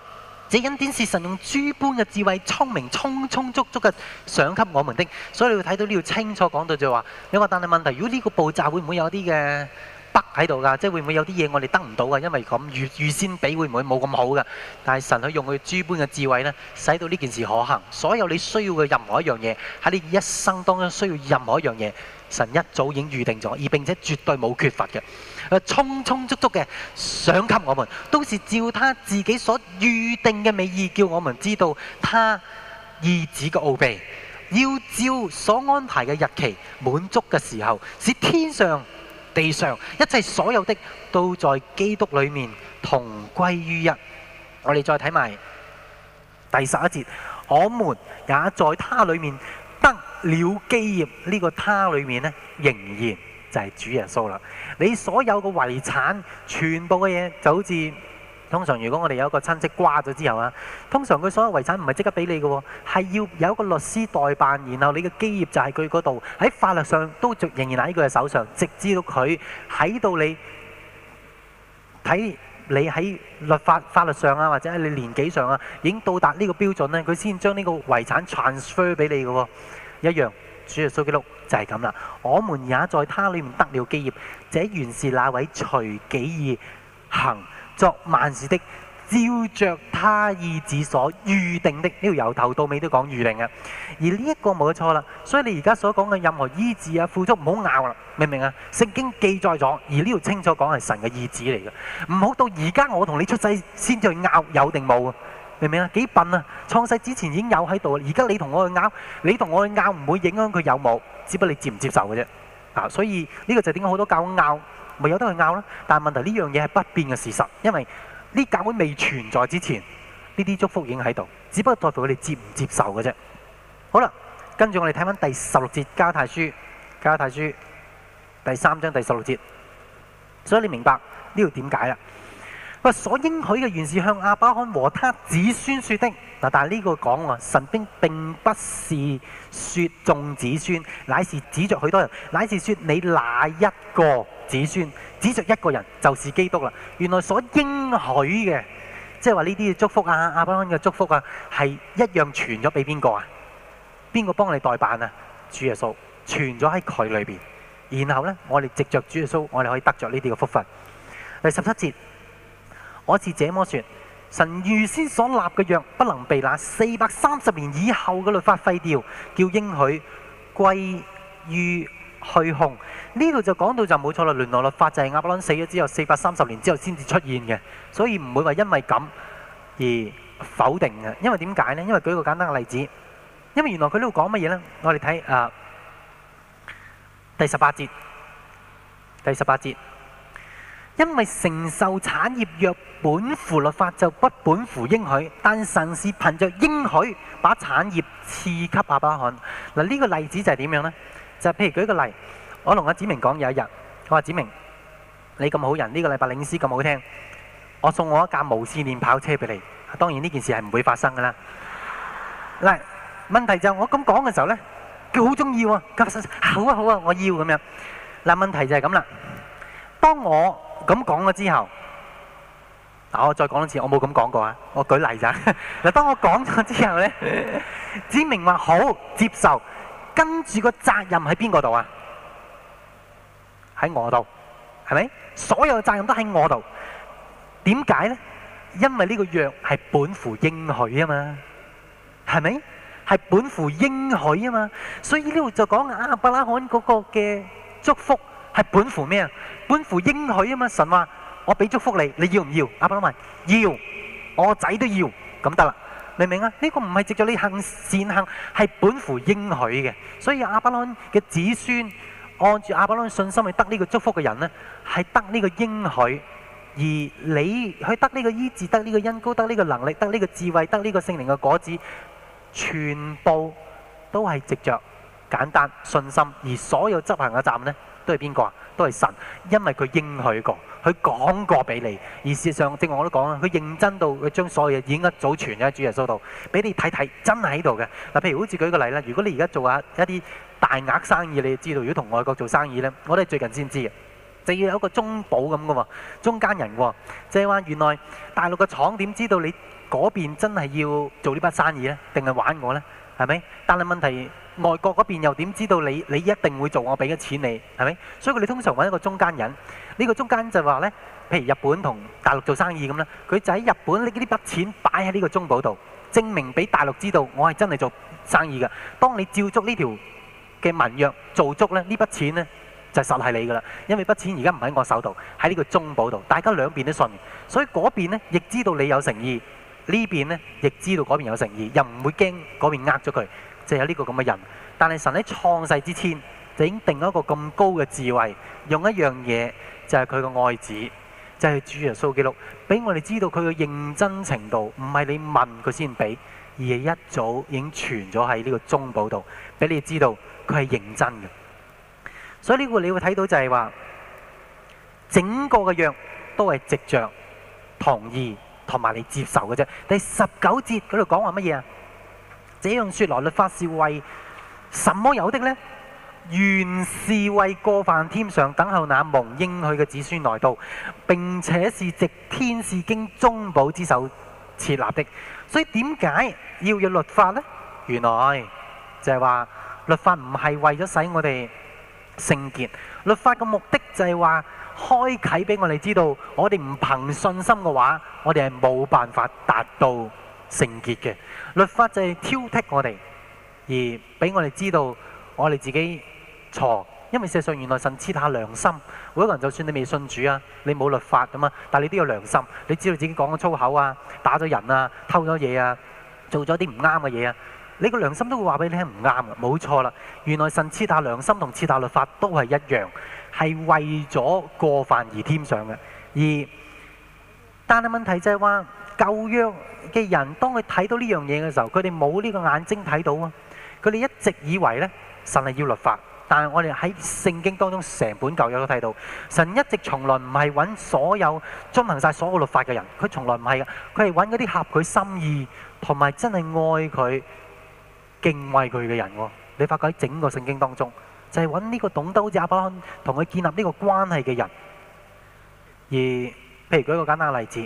這恩典係神用諸般嘅智慧、聰明、充充足足嘅賞給我們的，所以你會睇到呢條清楚講到就話。你話，但係問題，如果呢個步驟會唔會有啲嘅不喺度㗎？即係會唔會有啲嘢我哋得唔到㗎？因為咁預預先俾會唔會冇咁好㗎？但係神去用佢諸般嘅智慧呢，使到呢件事可行。所有你需要嘅任何一樣嘢，喺你一生當中需要任何一樣嘢，神一早已經預定咗，而並且絕對冇缺乏嘅，充、啊、充足足嘅，賞給我們，都是照他自己所預定嘅美意，叫我們知道他意旨嘅奧秘，要照所安排嘅日期滿足嘅時候，是天上地上一切所有的，都在基督裏面同歸於一。我哋再睇埋第十一節，我們也在他裏面。得了基業呢個他裏面呢，仍然就係主耶穌啦。你所有嘅遺產，全部嘅嘢，就好似通常如果我哋有一個親戚瓜咗之後啊，通常佢所有遺產唔係即刻俾你嘅，係要有一個律師代辦，然後你嘅基業就係佢嗰度，喺法律上都仍然喺佢嘅手上，直至到佢喺到你睇。你喺律法法律上啊，或者喺你年紀上啊，已經到達呢個標準咧，佢先將呢個遺產 transfer 俾你嘅喎，一樣，主耶穌基督就係咁啦。我們也在他裏面得了基業，這原是那位隨己而行作萬事的。照着他意志所預定的，呢度由頭到尾都講預定嘅。而呢一個冇得錯啦，所以你而家所講嘅任何意旨啊、付足，唔好拗啦，明唔明啊？聖經記載咗，而呢度清楚講係神嘅意志嚟嘅，唔好到而家我同你出世先再拗有定冇啊？明唔明啊？幾笨啊！創世之前已經有喺度，而家你同我去拗，你同我去拗唔會影響佢有冇，只不過你接唔接受嘅啫。啊，所以呢個就係點解好多狗拗，咪有得去拗啦？但係問題呢樣嘢係不變嘅事實，因為。啲教會未存在之前，呢啲祝福已經喺度，只不過代表佢哋接唔接受嘅啫。好啦，跟住我哋睇返第十六節，加泰書，加泰書第三章第十六節。所以你明白呢度點解啦？所應許嘅原是向亞巴罕和他子孫説的嗱，但係呢個講喎，神兵並不是説眾子孫，乃是指著許多人，乃是説你哪一個。子孫只着一個人就是基督啦。原來所應許嘅，即係話呢啲祝福啊，阿伯拉罕嘅祝福啊，係一樣傳咗俾邊個啊？邊個幫你代辦啊？主耶穌傳咗喺佢裏邊，然後呢，我哋藉着主耶穌，我哋可以得着呢啲嘅福分。第十七節，我似這麼說：神預先所立嘅約，不能被那四百三十年以後嘅律法廢掉，叫應許歸於虛空。呢度就講到就冇錯啦，聯絡律法就係亞伯倫死咗之後四百三十年之後先至出現嘅，所以唔會話因為咁而否定嘅。因為點解呢？因為舉一個簡單嘅例子，因為原來佢呢度講乜嘢呢？我哋睇啊第十八節，第十八節，因為承受產業若本乎律法就不本乎應許，但神是憑着應許把產業賜給亞伯翰。嗱、啊、呢、啊呢個例子就係點樣呢？就譬如舉個例，我同阿子明講有一日，我話子明，你咁好人，呢個禮拜領詩咁好聽，我送我一架無線電跑車俾你。當然呢件事係唔會發生噶啦。嗱，問題就係我咁講嘅時候咧，佢好中意喎，佢話好啊好啊，我要咁樣。嗱，問題就係咁啦。當我咁講咗之後，嗱我再講一次，我冇咁講過啊，我舉例咋。嗱，當我講咗之後咧，子明話好接受。跟住個責任喺邊個度啊？喺我度，係咪？所有責任都喺我度。點解咧？因為呢個約係本乎應許啊嘛，係咪？係本乎應許啊嘛。所以呢度就講阿伯拉罕嗰個嘅祝福係本乎咩啊？本乎應許啊嘛。神話我俾祝福你，你要唔要？阿伯拉罕要，我仔都要，咁得啦。明唔明啊？呢、這個唔係藉着你行善行，係本乎應許嘅。所以亞伯拉罕嘅子孫按住亞伯拉罕信心去得呢個祝福嘅人呢，係得呢個應許。而你去得呢個醫治、得呢個恩膏，得呢個能力、得呢個智慧、得呢個聖靈嘅果子，全部都係藉着簡單信心，而所有執行嘅站呢，都係邊個啊？都係神，因為佢應許過，佢講過俾你。而事實上，正如我都講啦，佢認真到佢將所有嘢已經一早傳咗喺主耶穌度，俾你睇睇，真係喺度嘅。嗱，譬如好似舉個例啦，如果你而家做下一啲大額生意，你知道，如果同外國做生意咧，我都係最近先知嘅，就要有一個中保咁嘅喎，中間人喎。即係話原來大陸嘅廠點知道你嗰邊真係要做呢筆生意咧，定係玩我咧？係咪？但係問題。外國嗰邊又點知道你？你一定會做我俾嘅錢你，你係咪？所以佢哋通常揾一個中間人。呢、呢個中間就話呢，譬如日本同大陸做生意咁呢，佢就喺日本拎呢筆錢擺喺呢個中保度，證明俾大陸知道我係真係做生意嘅。當你照足呢條嘅文約做足呢，呢筆錢呢，就實係你噶啦。因為筆錢而家唔喺我手度，喺呢個中保度，大家兩邊都信。所以嗰邊呢亦知道你有誠意，呢邊呢，亦知道嗰邊有誠意，又唔會驚嗰邊呃咗佢。就有呢個咁嘅人，但係神喺創世之前就已經定咗一個咁高嘅智慧，用一樣嘢就係佢個愛子，就係、是、主耶穌基督，俾我哋知道佢嘅認真程度，唔係你問佢先俾，而係一早已經傳咗喺呢個中保度，俾你知道佢係認真嘅。所以呢個你會睇到就係話，整個嘅約都係直着、同意同埋你接受嘅啫。第十九節嗰度講話乜嘢啊？這樣說來，律法是為什麼有的呢？原是為過犯添上，等候那蒙應許嘅子孫來到。並且是藉天使經中保之手設立的。所以點解要有律法呢？原來就係話律法唔係為咗使我哋聖潔，律法嘅目的就係話開啓俾我哋知道，我哋唔憑信心嘅話，我哋係冇辦法達到。聖潔嘅律法就係挑剔我哋，而俾我哋知道我哋自己錯。因為世上原來神賜下良心，每一個人就算你未信主啊，你冇律法㗎嘛，但係你都有良心，你知道自己講咗粗口啊，打咗人啊，偷咗嘢啊，做咗啲唔啱嘅嘢啊，你個良心都會話俾你聽唔啱啊。冇錯啦。原來神賜下良心同賜下律法都係一樣，係為咗過犯而添上嘅。而但係問題即係話。舊約嘅人，當佢睇到呢樣嘢嘅時候，佢哋冇呢個眼睛睇到啊！佢哋一直以為咧，神係要律法。但係我哋喺聖經當中，成本舊約都睇到，神一直從來唔係揾所有遵行晒所有律法嘅人，佢從來唔係啊！佢係揾嗰啲合佢心意同埋真係愛佢、敬畏佢嘅人。你發覺喺整個聖經當中，就係揾呢個懂得好似亞伯罕同佢建立呢個關係嘅人。而譬如舉一個簡單嘅例子。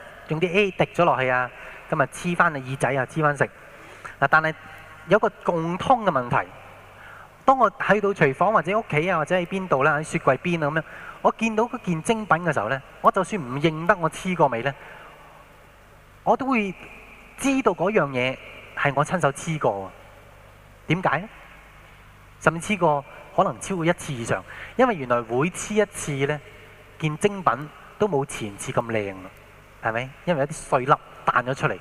用啲 A 滴咗落去啊，咁啊黐翻個耳仔啊，黐翻食。嗱，但係有個共通嘅問題。當我去到廚房或者屋企啊，或者喺邊度啦，喺雪櫃邊啊咁樣，我見到嗰件精品嘅時候呢，我就算唔認得我黐過未呢，我都會知道嗰樣嘢係我親手黐過。點解呢？甚至黐過可能超過一次以上，因為原來每黐一次呢，件精品都冇前次咁靚。係咪？因為一啲碎粒彈咗出嚟，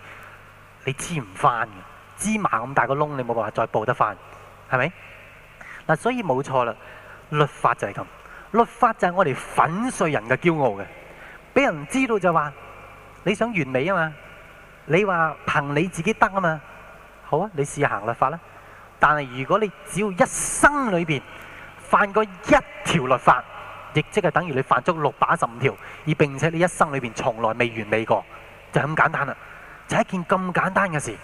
你黐唔翻芝麻咁大個窿，你冇辦法再補得翻，係咪？嗱，所以冇錯啦，律法就係咁，律法就係我哋粉碎人嘅驕傲嘅，俾人知道就話你想完美啊嘛，你話憑你自己得啊嘛，好啊，你試下行律法啦。但係如果你只要一生裏面犯過一條律法，亦即係等於你犯足六百十五條，而並且你一生裏邊從來未完美過，就咁、是、簡單啦。就是、一件咁簡單嘅事，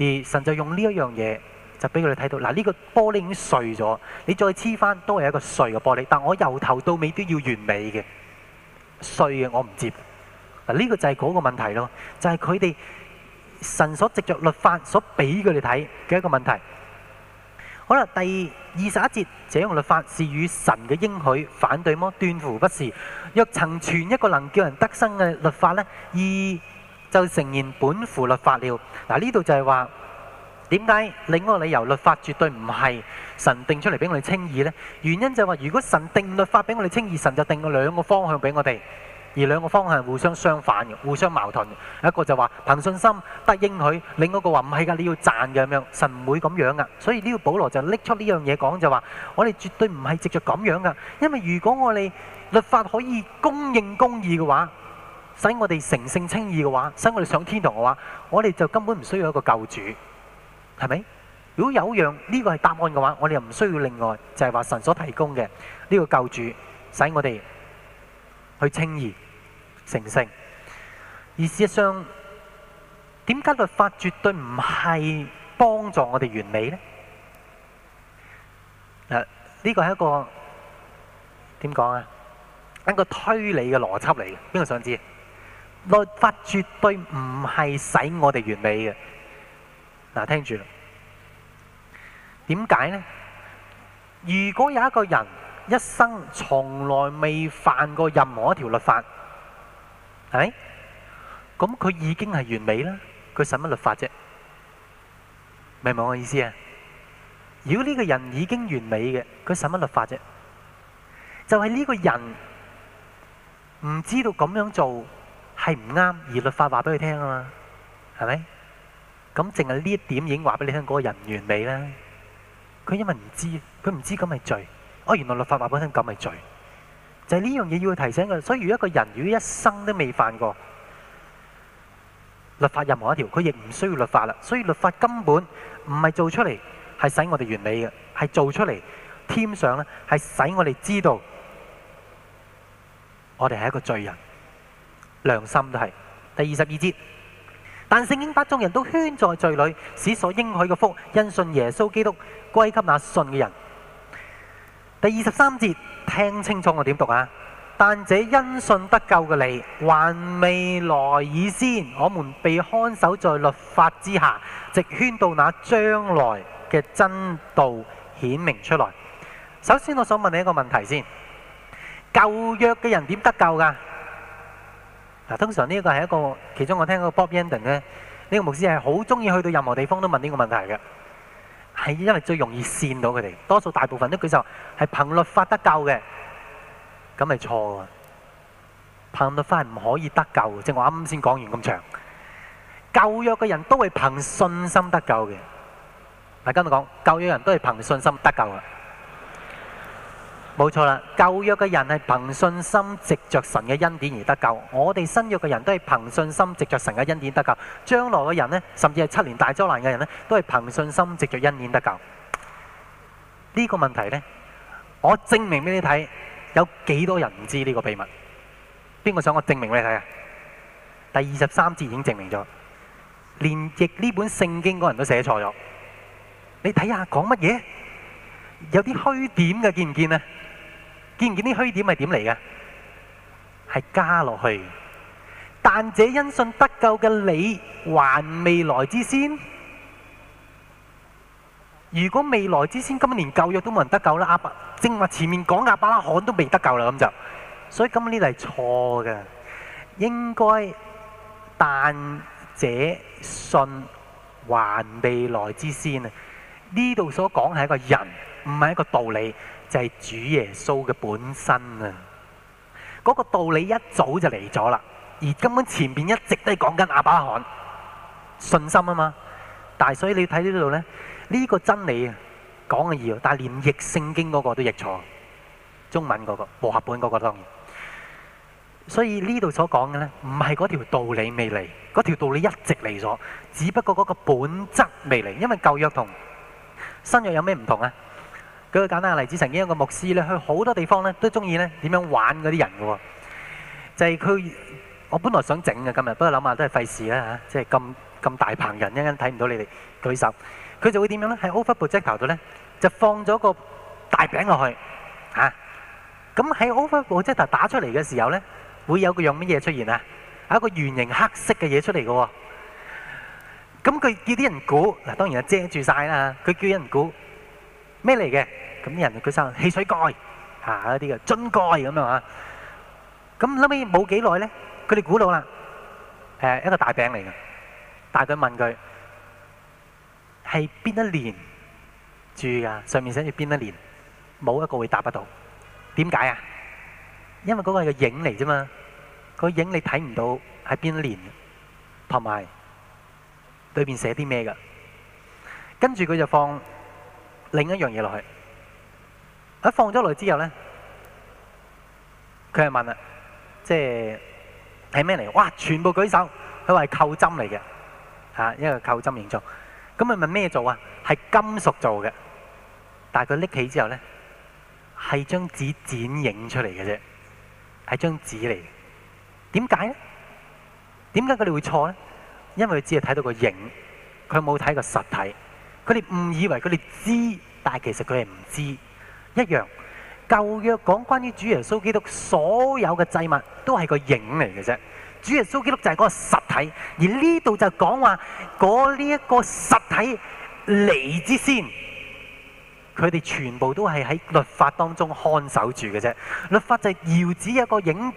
而神就用呢一樣嘢就俾佢哋睇到嗱，呢、這個玻璃已經碎咗，你再黐翻都係一個碎嘅玻璃。但我由頭到尾都要完美嘅，碎嘅我唔接。嗱、這、呢個就係嗰個問題咯，就係佢哋神所藉着律法所俾佢哋睇嘅一個問題。好啦，第二,二十一節，這樣律法是與神嘅應許反對麼？斷乎不是。若曾傳一個能叫人得生嘅律法呢，義就誠然本乎律法了。嗱、啊，呢度就係話，點解另外一個理由，律法絕對唔係神定出嚟俾我哋稱義呢？原因就係話，如果神定律法俾我哋稱義，神就定咗兩個方向俾我哋。而兩個方向互相相反嘅，互相矛盾嘅。一個就話憑信心得應許，另一個話唔係㗎，你要賺嘅咁樣，神唔會咁樣㗎。所以呢個保羅就拎出呢樣嘢講，就話我哋絕對唔係藉著咁樣㗎。因為如果我哋律法可以公認公義嘅話，使我哋成聖清義嘅話，使我哋上天堂嘅話，我哋就根本唔需要一個救主，係咪？如果有樣呢個係答案嘅話，我哋又唔需要另外就係話神所提供嘅呢個救主，使我哋去清義。成性，而事實上，點解律法絕對唔係幫助我哋完美呢？呢個係一個點講啊？一個推理嘅邏輯嚟嘅，邊個想知？律法絕對唔係使我哋完美嘅。嗱、啊，聽住啦，點解呢？如果有一個人一生從來未犯過任何一條律法？係咪？咁佢已經係完美啦，佢使乜律法啫？明唔明我意思啊？如果呢個人已經完美嘅，佢使乜律法啫？就係呢個人唔知道咁樣做係唔啱，而律法話畀佢聽啊嘛，係咪？咁淨係呢一點已經話畀你聽嗰個人唔完美啦。佢因為唔知，佢唔知咁係罪，哦，原來律法話俾佢聽咁係罪。就係呢樣嘢要去提醒佢，所以如果一個人如果一生都未犯過律法任何一條，佢亦唔需要律法啦。所以律法根本唔係做出嚟，係使我哋完美嘅，係做出嚟添上咧，係使我哋知道我哋係一個罪人，良心都係。第二十二節，但聖經把眾人都圈在罪裏，使所應許嘅福因信耶穌基督歸給那信嘅人。第二十三節。聽清楚我點讀啊？但這因信得救嘅你，還未來以先，我們被看守在律法之下，直圈到那將來嘅真道顯明出來。首先，我想問你一個問題先：舊約嘅人點得救噶？嗱，通常呢個係一個，其中我聽嗰個 Bob Endin 呢，呢個牧師係好中意去到任何地方都問呢個問題嘅。係因為最容易跣到佢哋，多數大部分都舉手，係憑律法得救嘅，咁咪錯喎？憑律法係唔可以得救嘅，即係我啱啱先講完咁長，舊約嘅人都係憑信心得救嘅。嗱，跟住講，舊約人都係憑信心得救嘅！冇錯啦，舊約嘅人係憑信心藉着神嘅恩典而得救，我哋新約嘅人都係憑信心藉着神嘅恩典得救。將來嘅人呢，甚至係七年大災難嘅人呢，都係憑信心藉着恩典得救。呢、呢個問題呢，我證明俾你睇，有幾多人唔知呢個秘密？邊個想我證明俾你睇啊？第二十三節已經證明咗，連譯呢本聖經個人都寫錯咗。你睇下講乜嘢？有啲虛點嘅，見唔見啊？見唔見啲虛點係點嚟嘅？係加落去。但者因信得救嘅你，還未來之先。如果未來之先，今日連舊約都冇人得救啦！亞伯正話前面講亞伯拉罕都未得救啦，咁就所以今日呢度係錯嘅。應該但者信還未來之先啊！呢度所講係一個人。唔係一個道理，就係、是、主耶穌嘅本身啊！嗰、那個道理一早就嚟咗啦，而根本前邊一直都係講緊亞伯拉罕信心啊嘛。但係所以你睇呢度呢，呢、這個真理啊講係易，但係連譯聖經嗰個都譯錯，中文嗰、那個和合本嗰個當然。所以呢度所講嘅呢，唔係嗰條道理未嚟，嗰條道理一直嚟咗，只不過嗰個本質未嚟。因為舊約同新約有咩唔同啊？舉個簡單嘅例子，曾經一個牧師咧，去好多地方咧，都中意咧點樣玩嗰啲人嘅喎。就係佢，我本來想整嘅今日，不過諗下都係費事啦嚇，即係咁咁大棚人，一陣睇唔到你哋舉手。佢就會點樣咧？喺 overhead projector 度咧，就放咗個大餅落去嚇。咁喺 overhead projector 打出嚟嘅時候咧，會有個樣乜嘢出現啊？係一個圓形黑色嘅嘢出嚟嘅喎。咁佢叫啲人估嗱，當然係遮住曬啦。佢叫人估。咩嚟嘅？咁人佢收汽水蓋，吓一啲嘅樽蓋咁樣啊。咁諗起冇幾耐咧，佢哋估到啦。誒，一個大餅嚟嘅，但佢問佢係邊一年住㗎？上面寫住邊一年？冇一個會答得到。點解啊？因為嗰個係個影嚟啫嘛。個影你睇唔到係邊一年，同埋裏面寫啲咩㗎。跟住佢就放。另一樣嘢落去，喺放咗落去之後咧，佢係問啦，即係係咩嚟？哇！全部舉手，佢話係扣針嚟嘅，嚇一個扣針形狀。咁佢問咩做啊？係金屬做嘅。但係佢拎起之後咧，係張紙剪影出嚟嘅啫，係張紙嚟。點解咧？點解佢哋會錯咧？因為佢只係睇到個影，佢冇睇個實體。佢哋誤以為佢哋知，但係其實佢哋唔知一樣。舊約講關於主耶穌基督所有嘅祭物都係個影嚟嘅啫，主耶穌基督就係嗰個實體，而呢度就講話嗰呢一個實體嚟之先，佢哋全部都係喺律法當中看守住嘅啫，律法就係遙指一個影。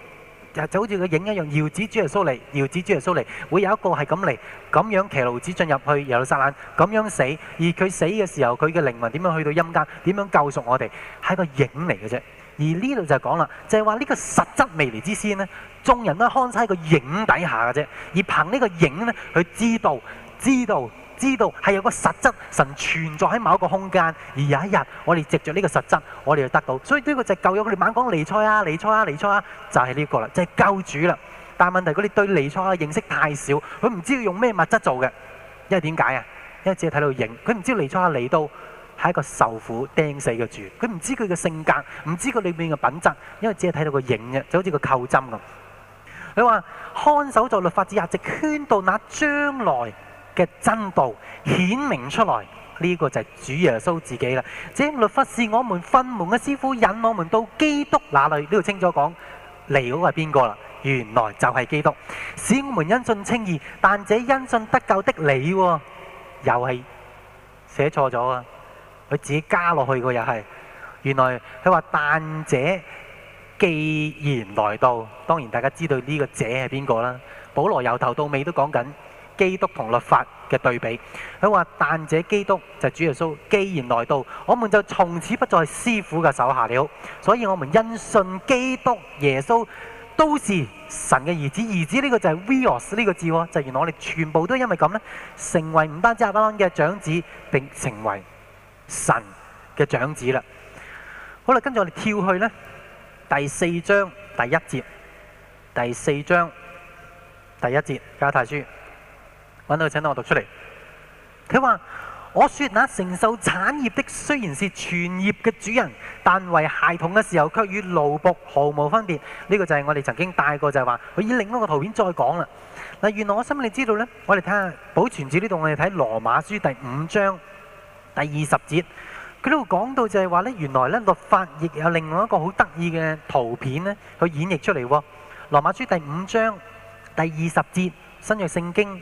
就就好似個影一樣，遙指主耶穌嚟，遙指主耶穌嚟，會有一個係咁嚟，咁樣騎驢子進入去，耶路撒冷，咁樣死。而佢死嘅時候，佢嘅靈魂點樣去到陰間？點樣救贖我哋？係個影嚟嘅啫。而呢度就講啦，就係話呢個實質未嚟之先咧，眾人都看晒個影底下嘅啫，而憑呢個影咧去知道，知道。知道係有個實質，神存在喺某一個空間，而有一日我哋藉著呢個實質，我哋就得到。所以呢個就係舊友，佢哋猛講彌賽亞，彌賽亞，彌賽亞，啊，就係、是、呢個啦，就係、是、救主啦。但係問題，佢哋對彌賽亞嘅認識太少，佢唔知佢用咩物質做嘅。因為點解啊？因為只係睇到影，佢唔知彌賽亞嚟到係一個受苦釘死嘅主，佢唔知佢嘅性格，唔知佢裏面嘅品質，因為只係睇到個影啫，就好似個扣針咁。佢話看守在律法之下，直圈到那將來。嘅真道顯明出來，呢個就係主耶穌自己啦。這律法是我們訓門嘅師傅，引我們到基督那裏。呢度清楚講，嚟嗰個係邊個啦？原來就係基督，使我們因信稱義。但者因信得救的你，又係寫錯咗啊！佢自己加落去嘅又係，原來佢話但者既然來到，當然大家知道呢個者係邊個啦。保羅由頭到尾都講緊。基督同律法嘅對比，佢話：但者基督就是，主耶穌，既然來到，我們就從此不再師傅嘅手下了。所以我們因信基督耶穌都是神嘅兒子。兒子呢個就係 v e r s 呢個字，就原來我哋全部都因為咁呢，成為唔單止阿爸媽嘅長子，並成為神嘅長子啦。好啦，跟住我哋跳去呢，第四章第一節。第四章第一節，加太書。揾到請等我讀出嚟。佢話：我說那承受產業的雖然是全業嘅主人，但為孩童嘅時候卻與奴僕毫無分別。呢、這個就係我哋曾經帶過就係話，佢以另一個圖片再講啦。嗱，原來我心裏知道呢，我哋睇下保存住呢度，我哋睇《羅馬書》第五章第二十節。佢呢度講到就係話呢，原來呢，律法亦有另外一個好得意嘅圖片呢，去演繹出嚟喎。《羅馬書》第五章第二十節，新約聖經。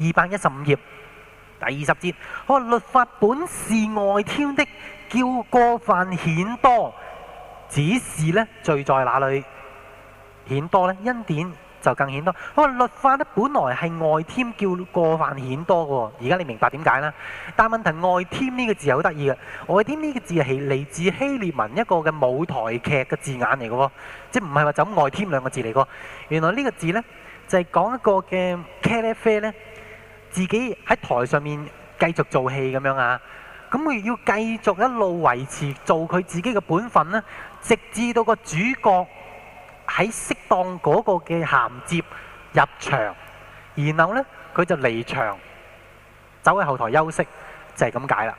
二百一十五頁第二十節，我話律法本是外添的，叫過犯顯多。只是呢罪在哪裏顯多呢？恩典就更顯多。我話律法呢，本來係外添，叫過犯顯多喎。而家你明白點解啦？但問題外添呢個字好得意嘅，外添呢個字係嚟自希臘文一個嘅舞台劇嘅字眼嚟嘅喎，即係唔係話就咁外添兩個字嚟個？原來呢個字呢，就係、是、講一個嘅卡列菲咧。自己喺台上面繼續做戲咁樣啊，咁佢要繼續一路維持做佢自己嘅本分呢，直至到個主角喺適當嗰個嘅銜接入場，然後呢，佢就離場，走喺後台休息，就係咁解啦。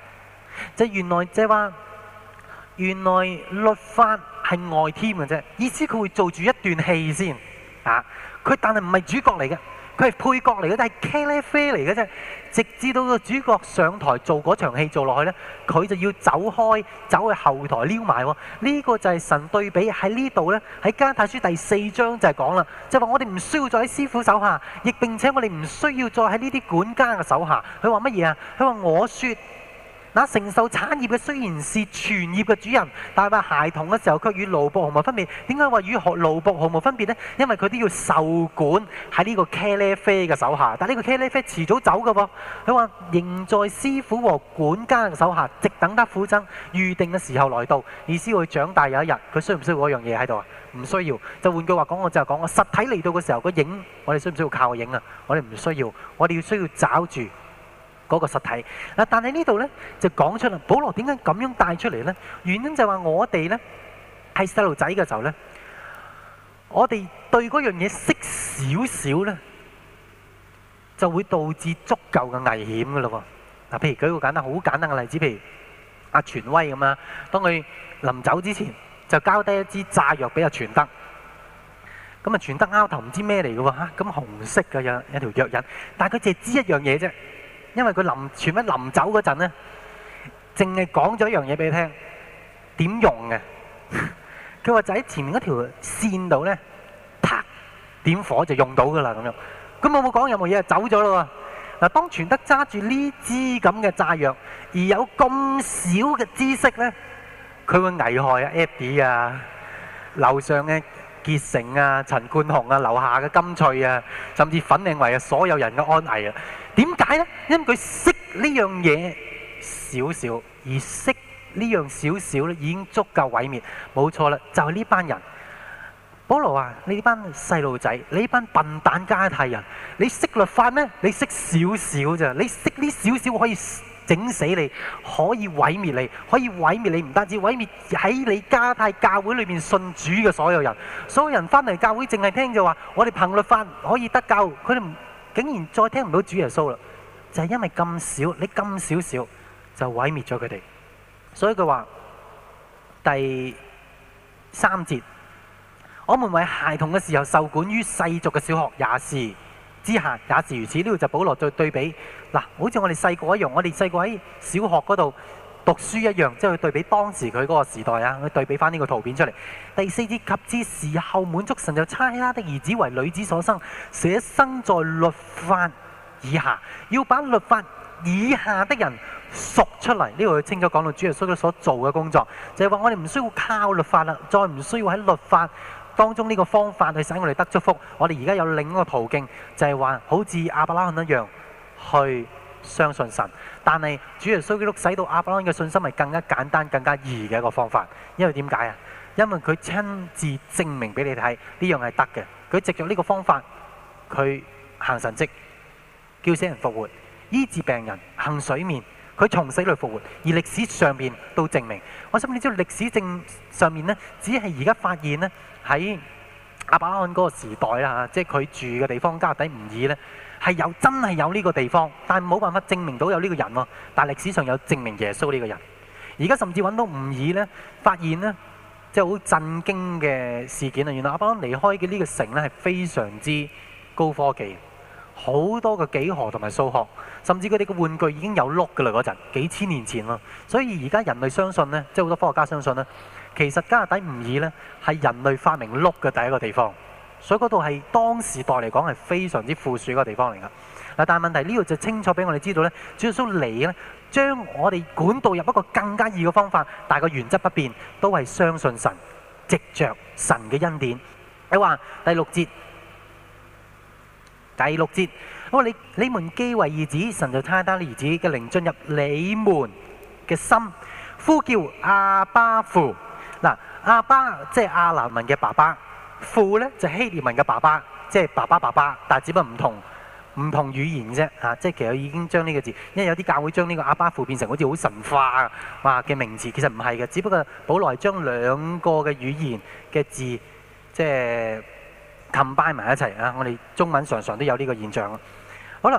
即係原來即係話，原來律法係外添嘅啫，意思佢會做住一段戲先啊，佢但係唔係主角嚟嘅。佢係配角嚟嘅，但係茄喱啡嚟嘅啫。直至到個主角上台做嗰場戲做落去咧，佢就要走開，走去後台撩埋。呢、這個就係神對比喺呢度咧。喺加拉太書第四章就係講啦，就話我哋唔需要再喺師傅手下，亦並且我哋唔需要再喺呢啲管家嘅手下。佢話乜嘢啊？佢話我說。嗱，承受產業嘅雖然是全業嘅主人，但係話孩童嘅時候，佢與奴僕毫無分別。點解話與奴奴僕毫無分別呢？因為佢都要受管喺呢個茄喱啡嘅手下。但係呢個茄喱啡遲早走嘅噃，佢話仍在師傅和管家嘅手下，直等得父親預定嘅時候來到。意思佢長大有一日，佢需唔需要嗰樣嘢喺度啊？唔需要。就換句話講，我就係講我實體嚟到嘅時候，那個影我哋需唔需要靠影啊？我哋唔需要。我哋要需要捉住。嗰個實體嗱，但係呢度咧就講出啦。保羅點解咁樣帶出嚟咧？原因就係話我哋咧係細路仔嘅時候咧，我哋對嗰樣嘢識少少咧，就會導致足夠嘅危險噶咯。嗱、啊，譬如舉一個簡單好簡單嘅例子，譬如阿全、啊、威咁啦，當佢臨走之前就交低一支炸藥俾阿全德，咁啊，全德拗頭唔知咩嚟嘅喎，咁紅色嘅有有條藥引，但係佢凈係知一樣嘢啫。因為佢臨全蚊臨走嗰陣咧，淨係講咗一樣嘢俾你聽，點用嘅？佢話就喺前面嗰條線度咧，啪點火就用到噶啦咁樣。咁我冇講任何嘢，走咗啦喎。嗱，當全德揸住呢支咁嘅炸藥，而有咁少嘅知識咧，佢會危害啊，Abby 啊，樓上嘅。結成啊，陳冠雄啊，樓下嘅金翠啊，甚至粉嶺為啊，所有人嘅安危啊。點解呢？因為佢識呢樣嘢少少，而識呢樣少少咧，已經足夠毀滅。冇錯啦，就係呢班人。保羅啊，你呢班細路仔，你呢班笨蛋加太人，你識律法咩？你識少少咋？你識呢少少可以？整死你，可以毀滅你，可以毀滅你，唔單止毀滅喺你加拉太教會裏邊信主嘅所有人，所有人翻嚟教會淨係聽就話我哋憑律法可以得救，佢哋竟然再聽唔到主耶穌啦，就係因為咁少，你咁少少就毀滅咗佢哋，所以佢話第三節，我們為孩童嘅時候受管於世俗嘅小學也是。之下也是如此，呢度就保羅再對比嗱，好似我哋細個一樣，我哋細個喺小學嗰度讀書一樣，即係去對比當時佢嗰個時代啊，去對比翻呢個圖片出嚟。第四節及至時候滿足神就差他的兒子為女子所生，且生在律法以下，要把律法以下的人贖出嚟。呢個佢清楚講到主耶穌咧所做嘅工作，就係、是、話我哋唔需要靠律法啦，再唔需要喺律法。當中呢個方法去使我哋得祝福，我哋而家有另一個途徑，就係話好似阿伯拉罕一樣去相信神。但係主耶穌基督使到阿伯拉罕嘅信心係更加簡單、更加易嘅一個方法，因為點解啊？因為佢親自證明俾你睇呢樣係得嘅。佢藉著呢個方法，佢行神跡，叫死人復活，醫治病人，行水面，佢從死裏復活。而歷史上面都證明，我想你知道歷史上面咧，只係而家發現咧。喺亞巴郎嗰個時代啦嚇，即係佢住嘅地方，加底吳爾呢，係有真係有呢個地方，但係冇辦法證明到有呢個人喎。但係歷史上有證明耶穌呢個人。而家甚至揾到吳爾呢，發現呢，即係好震驚嘅事件啊！原來亞巴郎離開嘅呢個城呢，係非常之高科技，好多嘅幾何同埋數學，甚至佢哋嘅玩具已經有碌噶啦嗰陣，幾千年前啊！所以而家人類相信呢，即係好多科學家相信呢。其實加勒底吾爾咧係人類發明碌嘅第一個地方，所以嗰度係當時代嚟講係非常之富庶一個地方嚟噶。嗱，但係問題呢度就清楚俾我哋知道咧，耶穌你咧將我哋管道入一個更加易嘅方法，但係個原則不變，都係相信神，藉着神嘅恩典。你話第六節，第六節，我話你你們既為兒子，神就差但兒子嘅靈進入你們嘅心，呼叫阿爸父。阿爸即係亞蘭文嘅爸爸，父咧就是、希臘文嘅爸爸，即係爸爸爸爸。但係只不過唔同唔同語言啫嚇、啊，即係其實已經將呢個字，因為有啲教會將呢個阿爸父變成好似好神化啊嘅名字，其實唔係嘅，只不過保羅將兩個嘅語言嘅字即係 combine 埋一齊啊！我哋中文常常都有呢個現象。好啦，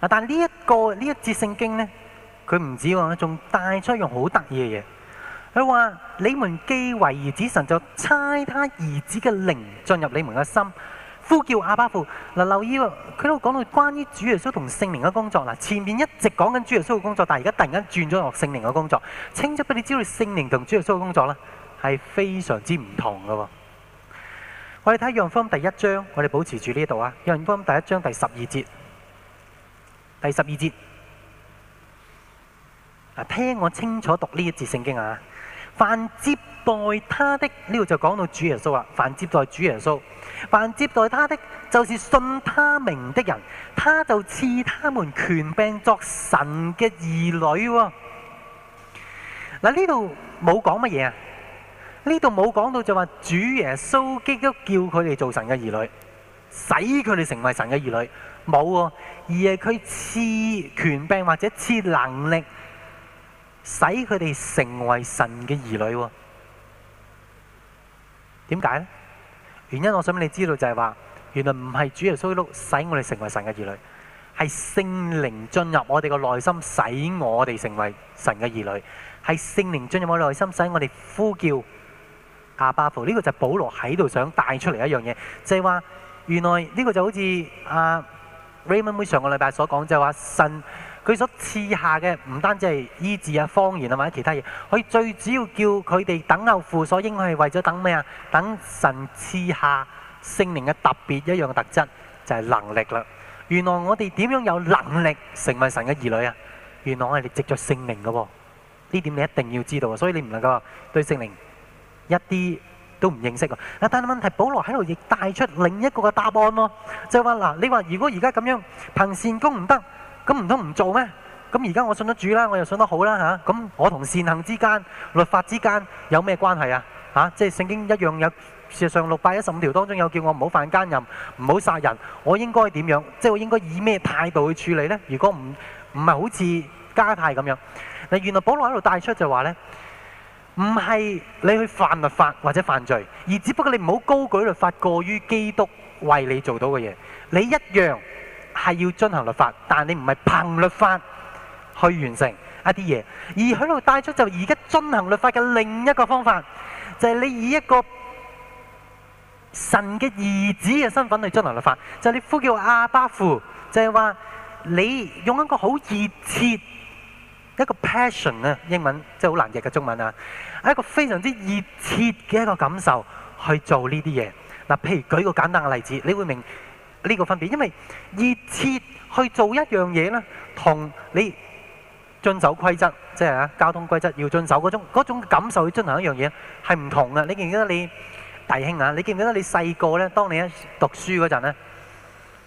嗱、啊，但呢、這個、一個呢一節聖經咧，佢唔止話，仲帶出一樣好得意嘅嘢。佢話：你們既為兒子，神就差他兒子嘅靈進入你們嘅心，呼叫阿爸父。嗱，留意喎，佢喺度講到關於主耶穌同聖靈嘅工作。嗱，前面一直講緊主耶穌嘅工作，但係而家突然間轉咗落聖靈嘅工作。清楚俾你知道聖靈同主耶穌嘅工作啦，係非常之唔同嘅。我哋睇約翰福音第一章，我哋保持住呢度啊。約翰福音第一章第十二節，第十二節。嗱，聽我清楚讀呢一節聖經啊！凡接待他的，呢度就講到主耶穌啦，凡接待主耶穌，凡接待他的就是信他名的人，他就賜他們權柄作神嘅兒女喎。嗱，呢度冇講乜嘢啊？呢度冇講到就話主耶穌基督叫佢哋做神嘅兒女，使佢哋成為神嘅兒女，冇喎，而係佢賜權柄或者賜能力。使佢哋成為神嘅兒女，點解呢？原因我想俾你知道就係話，原來唔係主耶穌基督使我哋成為神嘅兒女，係聖靈進入我哋個內心，使我哋成為神嘅兒女，係聖靈進入我哋內心，使我哋呼叫阿爸父。呢個就係保羅喺度想帶出嚟一樣嘢，就係話原來呢個就好似阿 Raymond 妹上個禮拜所講就係話神。佢所賜下嘅唔單止係醫治啊、方言啊或者其他嘢，佢最主要叫佢哋等候父所應該係為咗等咩啊？等神賜下聖靈嘅特別一樣嘅特質，就係能力啦。原來我哋點樣有能力成為神嘅兒女啊？原來我哋係藉著聖靈噶，呢點你一定要知道。所以你唔能夠對聖靈一啲都唔認識啊！但係問題，保羅喺度亦帶出另一個嘅答案咯，就係話嗱，你話如果而家咁樣憑善功唔得？咁唔通唔做咩？咁而家我信咗主啦，我又信得好啦嚇。咁我同善行之間、律法之間有咩關係啊？嚇，即係聖經一樣有，事實上六百一十五條當中有叫我唔好犯奸淫、唔好殺人，我應該點樣？即係我應該以咩態度去處理咧？如果唔唔係好似加拉太咁樣，嗱，原來保羅喺度帶出就話咧，唔係你去犯律法或者犯罪，而只不過你唔好高舉律法過於基督為你做到嘅嘢，你一樣，係要進行律法，但你唔係憑律法去完成一啲嘢，而喺度帶出就而家進行律法嘅另一個方法，就係你以一個神嘅兒子嘅身份去進行律法，就係你呼叫阿爸父，就係話你用一個好熱切一個 passion 啊，英文即係好難譯嘅中文啊，係一個非常之熱切嘅一個感受去做呢啲嘢。嗱，譬如舉個簡單嘅例子，你會明。呢個分別，因為熱切去做一樣嘢咧，同你遵守規則，即係啊交通規則要遵守嗰種嗰種感受去進行一樣嘢係唔同嘅。你記唔記得你大兄啊？你記唔記得你細個咧？當你喺讀書嗰陣咧，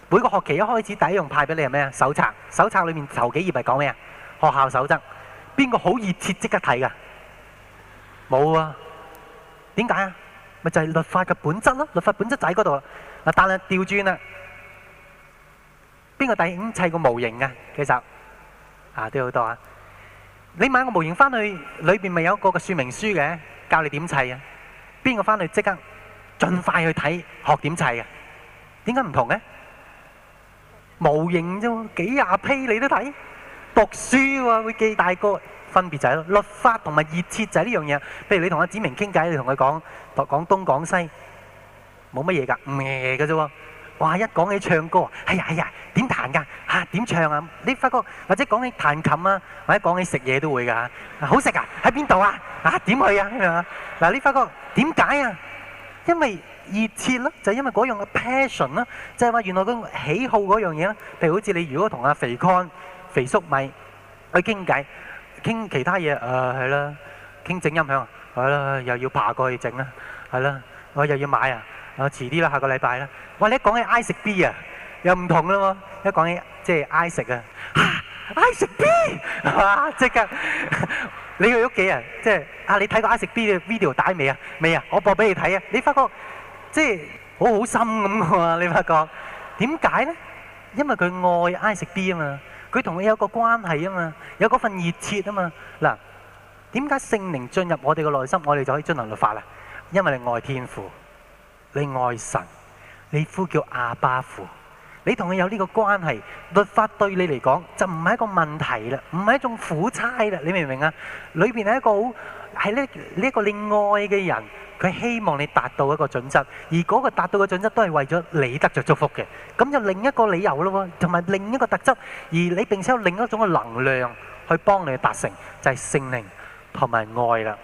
每個學期一開始第一樣派俾你係咩啊？手冊，手冊裏面頭幾頁係講咩啊？學校守則，邊個好熱切即刻睇噶？冇啊？點解啊？咪就係律法嘅本質咯，律法本質就喺嗰度。嗱，但係調轉啦。邊個第五砌個模型啊？其實啊？都好多啊！你買個模型翻去，裏邊咪有一個嘅說明書嘅，教你點砌嘅。邊個翻去即刻盡快去睇學點砌嘅？點解唔同嘅？模型啫，幾廿批你都睇，讀書嘅喎，會記大個分別就係咯。律法同埋熱切就係呢樣嘢。譬如你同阿子明傾偈，你同佢講講東講西，冇乜嘢噶，咩嘅啫喎。哇！一講起唱歌，哎呀哎呀，點彈噶嚇？點唱啊？你發覺或者講起彈琴啊，或者講起食嘢都會噶嚇，好食啊！喺邊度啊？啊點去啊？係嘛？嗱，你發覺點解啊？因為熱切咯，就因為嗰樣嘅 passion 咯，就係話原來佢喜好嗰樣嘢咯。譬如好似你如果同阿肥 Con、肥叔咪去傾偈傾其他嘢，啊係啦，傾整音響係啦，又要爬過去整啦，係啦，我又要買啊！啊，遲啲啦，下個禮拜啦。哇，你一講起 I 食 B 啊，又唔同咯喎。一講起即係 I 食啊，I 食 B，即刻你個屋企人，即係啊，你睇過 I 食 B 嘅 video 帶未啊？未啊，我播俾你睇啊。你發覺即係好好深咁嘅嘛？你發覺點解咧？因為佢愛 I 食 B 啊嘛，佢同你有個關係啊嘛，有嗰份熱切啊嘛。嗱，點解聖靈進入我哋個內心，我哋就可以進行律法咧？因為你愛天父。你愛神，你呼叫阿巴父，你同佢有呢個關係，律法對你嚟講就唔係一個問題啦，唔係一種苦差啦，你明唔明啊？裏邊係一個好，係呢呢一個你愛嘅人，佢希望你達到一個準則，而嗰個達到嘅準則都係為咗你得着祝福嘅，咁有另一個理由咯，同埋另一個特質，而你並且有另一種嘅能量去幫你達成，就係聖靈同埋愛啦。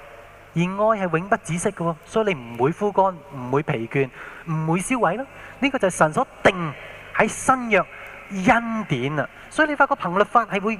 而愛係永不止息嘅喎，所以你唔會枯乾，唔會疲倦，唔會消毀咯。呢個就係神所定喺新約恩典啊！所以你發覺憑律法係會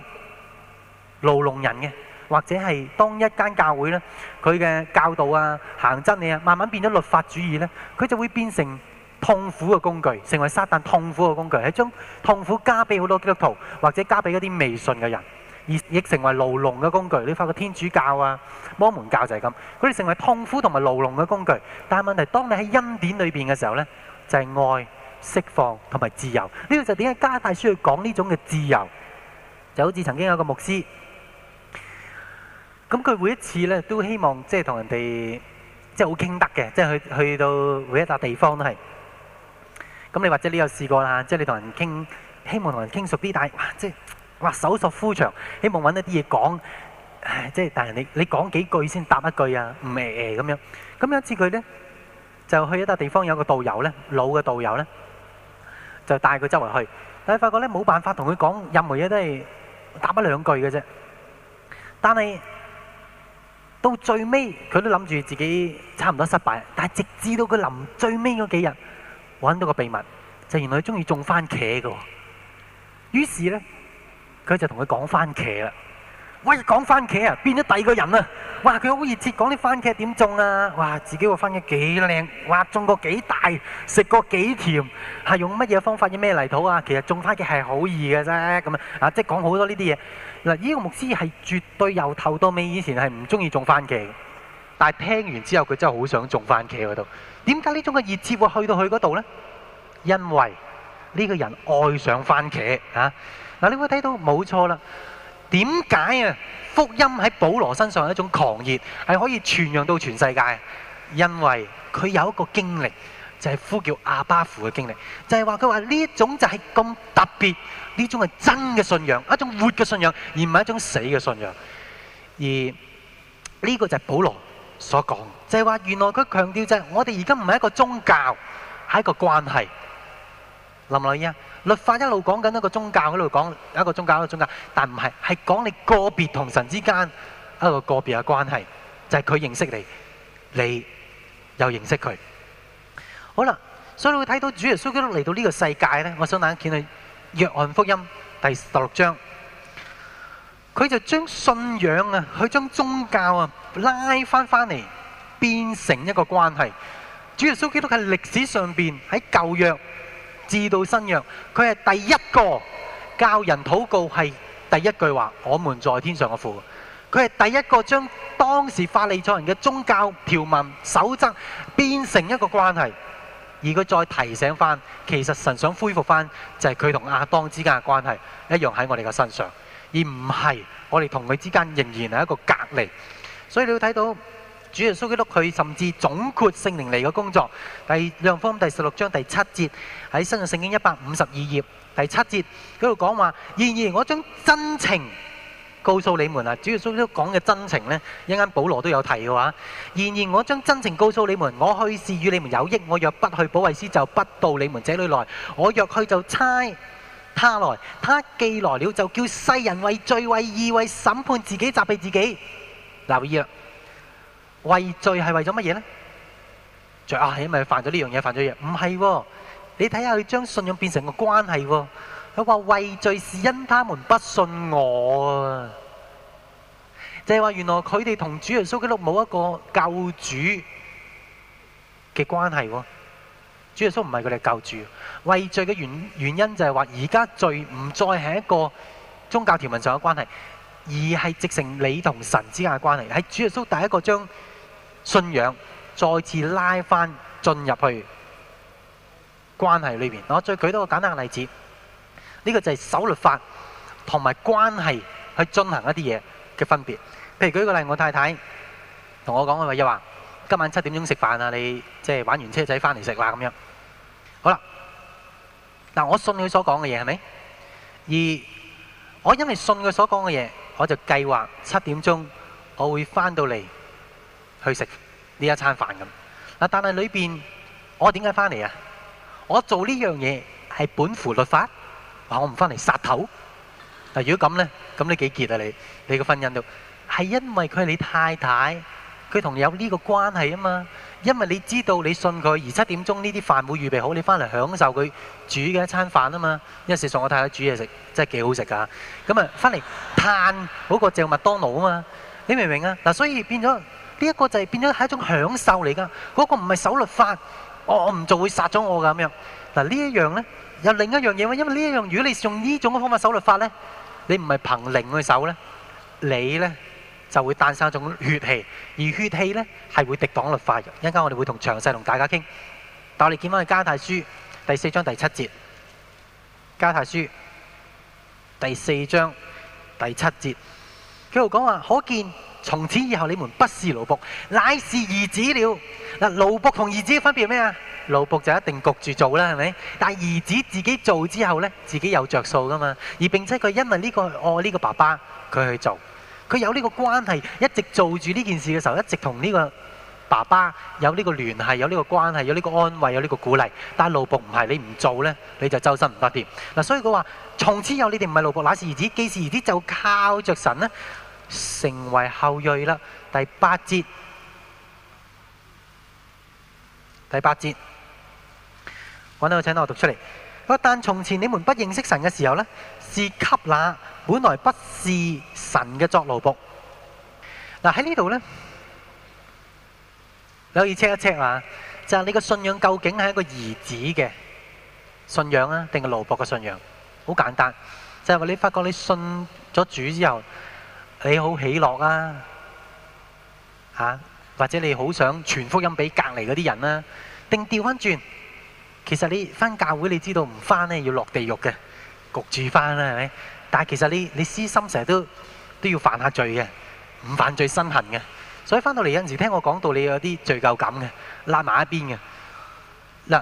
勞弄人嘅，或者係當一間教會咧，佢嘅教導啊、行則你啊，慢慢變咗律法主義咧，佢就會變成痛苦嘅工具，成為撒但痛苦嘅工具，係將痛苦加俾好多基督徒，或者加俾嗰啲未信嘅人。亦成為牢籠嘅工具，你發覺天主教啊、摩門教就係咁，佢哋成為痛苦同埋牢籠嘅工具。但係問題，當你喺恩典裏邊嘅時候呢，就係愛、釋放同埋自由。呢個就點解加拉太需要講呢種嘅自由？就好似曾經有一個牧師，咁佢每一次呢都希望即係同人哋即係好傾得嘅，即係去去到每一笪地方都係。咁你或者你有試過啦，即係你同人傾，希望同人傾熟啲，但係即係。話搜索枯腸，希望揾一啲嘢講，即係但係你你講幾句先答一句啊，唔係咁樣。咁、嗯嗯、有一次佢咧就去一笪地方，有個導遊咧，老嘅導遊咧就帶佢周圍去，但係發覺咧冇辦法同佢講，任何嘢都係答一兩句嘅啫。但係到最尾佢都諗住自己差唔多失敗，但係直至到佢臨最尾嗰幾日揾到個秘密，就原來佢中意種番茄嘅。於是咧。佢就同佢講番茄啦，喂，講番茄啊，變咗第二個人啦、啊！哇，佢好熱切講啲番茄點種啊，哇，自己個番茄幾靚，哇，種過幾大，食過幾甜，係用乜嘢方法？用咩泥土啊？其實種番茄係好易嘅啫，咁啊，即係講好多呢啲嘢。嗱，呢個牧師係絕對由頭到尾以前係唔中意種番茄，但係聽完之後佢真係好想種番茄嗰度。點解呢種嘅熱切會去到佢嗰度呢？因為呢個人愛上番茄啊！嗱，你會睇到冇錯啦。點解啊？福音喺保羅身上係一種狂熱，係可以傳揚到全世界。因為佢有一個經歷，就係呼叫阿爸父嘅經歷，就係話佢話呢種就係咁特別，呢種係真嘅信仰，一種活嘅信仰，而唔係一種死嘅信仰。而呢個就係保羅所講，就係話原來佢強調就係我哋而家唔係一個宗教，係一個關係。立唔立意啊？律法一路講緊一個宗教，喺度講一個宗教，一個宗教，但唔係係講你個別同神之間一個個別嘅關係，就係佢認識你，你又認識佢。好啦，所以你會睇到主耶穌基督嚟到呢個世界咧。我想等一見去約翰福音第十六章，佢就將信仰啊，佢將宗教啊拉翻翻嚟，變成一個關係。主耶穌基督喺歷史上邊喺舊約。至到新約，佢係第一個教人禱告係第一句話：我們在天上嘅父。佢係第一個將當時法利賽人嘅宗教條文守則變成一個關係，而佢再提醒翻，其實神想恢復翻就係佢同亞當之間嘅關係，一樣喺我哋嘅身上，而唔係我哋同佢之間仍然係一個隔離。所以你會睇到。主耶穌基督佢甚至總括聖靈嚟嘅工作，第二段約翰福音第十六章第七節，喺新約聖經一百五十二頁第七節，佢度講話，然而我將真情告訴你們啊，主耶穌基督講嘅真情咧，一間保羅都有提嘅話。然而我將真情告訴你們，我去是與你們有益，我若不去保惠師，就不到你們這裏來；我若去，就差他來，他既來了，就叫世人為罪、為義、為審判自己責備自己。留意啦。畏罪係為咗乜嘢呢？就啊，係咪犯咗呢樣嘢？犯咗嘢？唔係，你睇下佢將信仰變成個關係喎。佢話畏罪是因他們不信我，就係話原來佢哋同主耶穌基督冇一個救主嘅關係喎。主耶穌唔係佢哋救主。畏罪嘅原原因就係話，而家罪唔再係一個宗教條文上嘅關係，而係直成你同神之間嘅關係。喺主耶穌第一個將信仰再次拉翻進入去關係裏邊。我再舉多個簡單嘅例子，呢個就係守律法同埋關係去進行一啲嘢嘅分別。譬如舉個例，我太太同我講話又話：今晚七點鐘食飯啊，你即係玩完車仔返嚟食啦咁樣。好啦，但，我信佢所講嘅嘢係咪？而我因為信佢所講嘅嘢，我就計劃七點鐘我會返到嚟。去食呢一餐飯咁，嗱，但係裏邊我點解翻嚟啊？我做呢樣嘢係本乎律法，話我唔翻嚟殺頭嗱。如果咁咧，咁你幾結啊？你你個婚姻度係因為佢係你太太，佢同有呢個關係啊嘛。因為你知道你信佢，而七點鐘呢啲飯會預備好，你翻嚟享受佢煮嘅一餐飯啊嘛。有時送我太太煮嘢食，真係幾好食噶。咁啊，翻嚟嘆嗰個隻麥當勞啊嘛。你明唔明啊？嗱，所以變咗。呢一個就係變咗係一種享受嚟噶，嗰個唔係守律法，我唔做會殺咗我噶咁樣。嗱呢一樣咧，有另一樣嘢喎，因為呢一樣如果你用呢種嘅方法守律法咧，你唔係憑靈去守咧，你咧就會誕生一種血氣，而血氣咧係會敵擋律法嘅。一陣間我哋會同詳細同大家傾，但係我哋見返去《加太書》第四章第七節，《加太書》第四章第七節，佢又講話，可見。從此以後，你們不是奴僕，乃是兒子了。嗱，奴僕同兒子嘅分別係咩啊？奴僕就一定焗住做啦，係咪？但係兒子自己做之後呢，自己有着數噶嘛。而並且佢因為呢個愛呢個爸爸，佢去做，佢有呢個關係，一直做住呢件事嘅時候，一直同呢個爸爸有呢個聯繫，有呢個關係，有呢個安慰，有呢個鼓勵。但奴僕唔係，你唔做呢，你就周身唔得掂。嗱，所以佢話：從此以後，你哋唔係奴僕，乃是兒子。既是兒子，就靠著神啦。成為後裔啦，第八節，第八節，搵到請到我讀出嚟。但從前你們不認識神嘅時候呢，是給那本來不是神嘅作奴僕。嗱，喺呢度呢，你可以 check 一 check 啊，就係、是、你個信仰究竟係一個兒子嘅信仰啊，定係奴僕嘅信仰？好簡單，就係、是、話你發覺你信咗主之後。你好喜樂啊，嚇！或者你好想傳福音俾隔離嗰啲人啦，定調返轉，其實你返教會你知道唔返咧要落地獄嘅，焗住返啦係咪？但係其實你你私心成日都都要犯下罪嘅，唔犯罪身痕嘅，所以返到嚟有陣時聽我講到你有啲罪疚感嘅，拉埋一邊嘅嗱。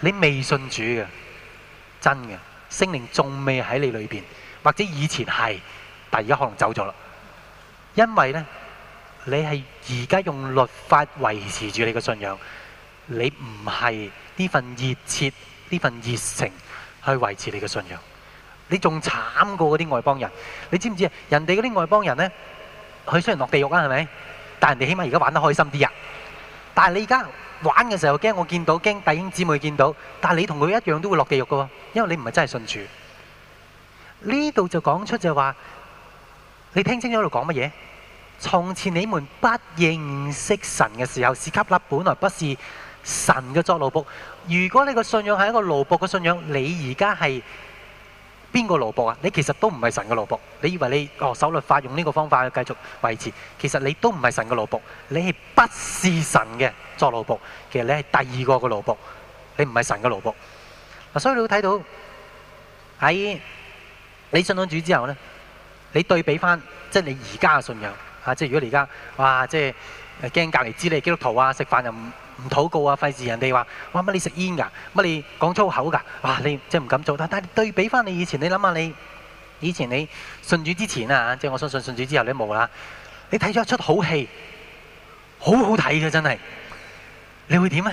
你未信主嘅，真嘅，聖靈仲未喺你裏邊，或者以前係，但係而家可能走咗啦。因為呢，你係而家用律法維持住你嘅信仰，你唔係呢份熱切、呢份熱誠去維持你嘅信仰。你仲慘過嗰啲外邦人。你知唔知啊？人哋嗰啲外邦人呢，佢雖然落地獄啦，係咪？但係人哋起碼而家玩得開心啲啊。但係你而家。玩嘅時候驚我見到，驚弟兄姊妹見到，但係你同佢一樣都會落地獄嘅喎，因為你唔係真係信主。呢度就講出就話，你聽清楚喺度講乜嘢？從前你們不認識神嘅時候，是給那些本來不是神嘅作奴僕。如果你個信仰係一個奴僕嘅信仰，你而家係邊個奴僕啊？你其實都唔係神嘅奴僕。你以為你哦守律法用呢個方法去繼續維持，其實你都唔係神嘅奴僕，你係不是神嘅作奴僕，其實你係第二個嘅奴僕，你唔係神嘅奴僕。嗱，所以你會睇到喺、哎、你信咗主之後咧，你對比翻，即係你而家嘅信仰啊！即係如果你而家，哇！即係驚隔籬，知你基督徒啊，食飯又唔唔禱告啊，費事人哋話，哇！乜你食煙㗎？乜你講粗口㗎？哇！你即係唔敢做。但但對比翻你以前，你諗下你以前你信主之前啊，即係我相信信主之後你冇啦。你睇咗一出好戲，好好睇嘅，真係。你會點啊？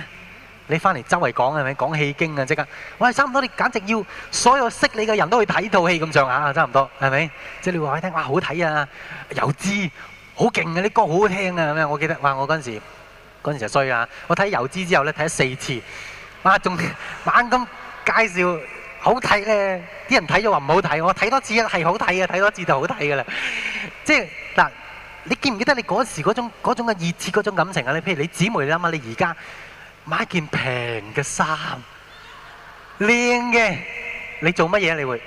你翻嚟周圍講係咪？講戲經啊！即刻，哇！差唔多你簡直要所有識你嘅人都去睇套戲咁上下啊！差唔多係咪？即係你話我聽哇，好睇啊！油脂好勁啊！啲歌好好聽啊！咁樣，我記得哇！我嗰陣時嗰陣時就衰啊！我睇油脂之後咧，睇咗四次。哇！仲猛咁介紹好睇咧，啲人睇咗話唔好睇，我睇多次係好睇嘅，睇多次就好睇嘅啦。即係嗱。你記唔記得你嗰時嗰種嗰種嘅熱切嗰種感情啊？你譬如你姊妹啊嘛，你而家買件平嘅衫，靚嘅，你做乜嘢？你會，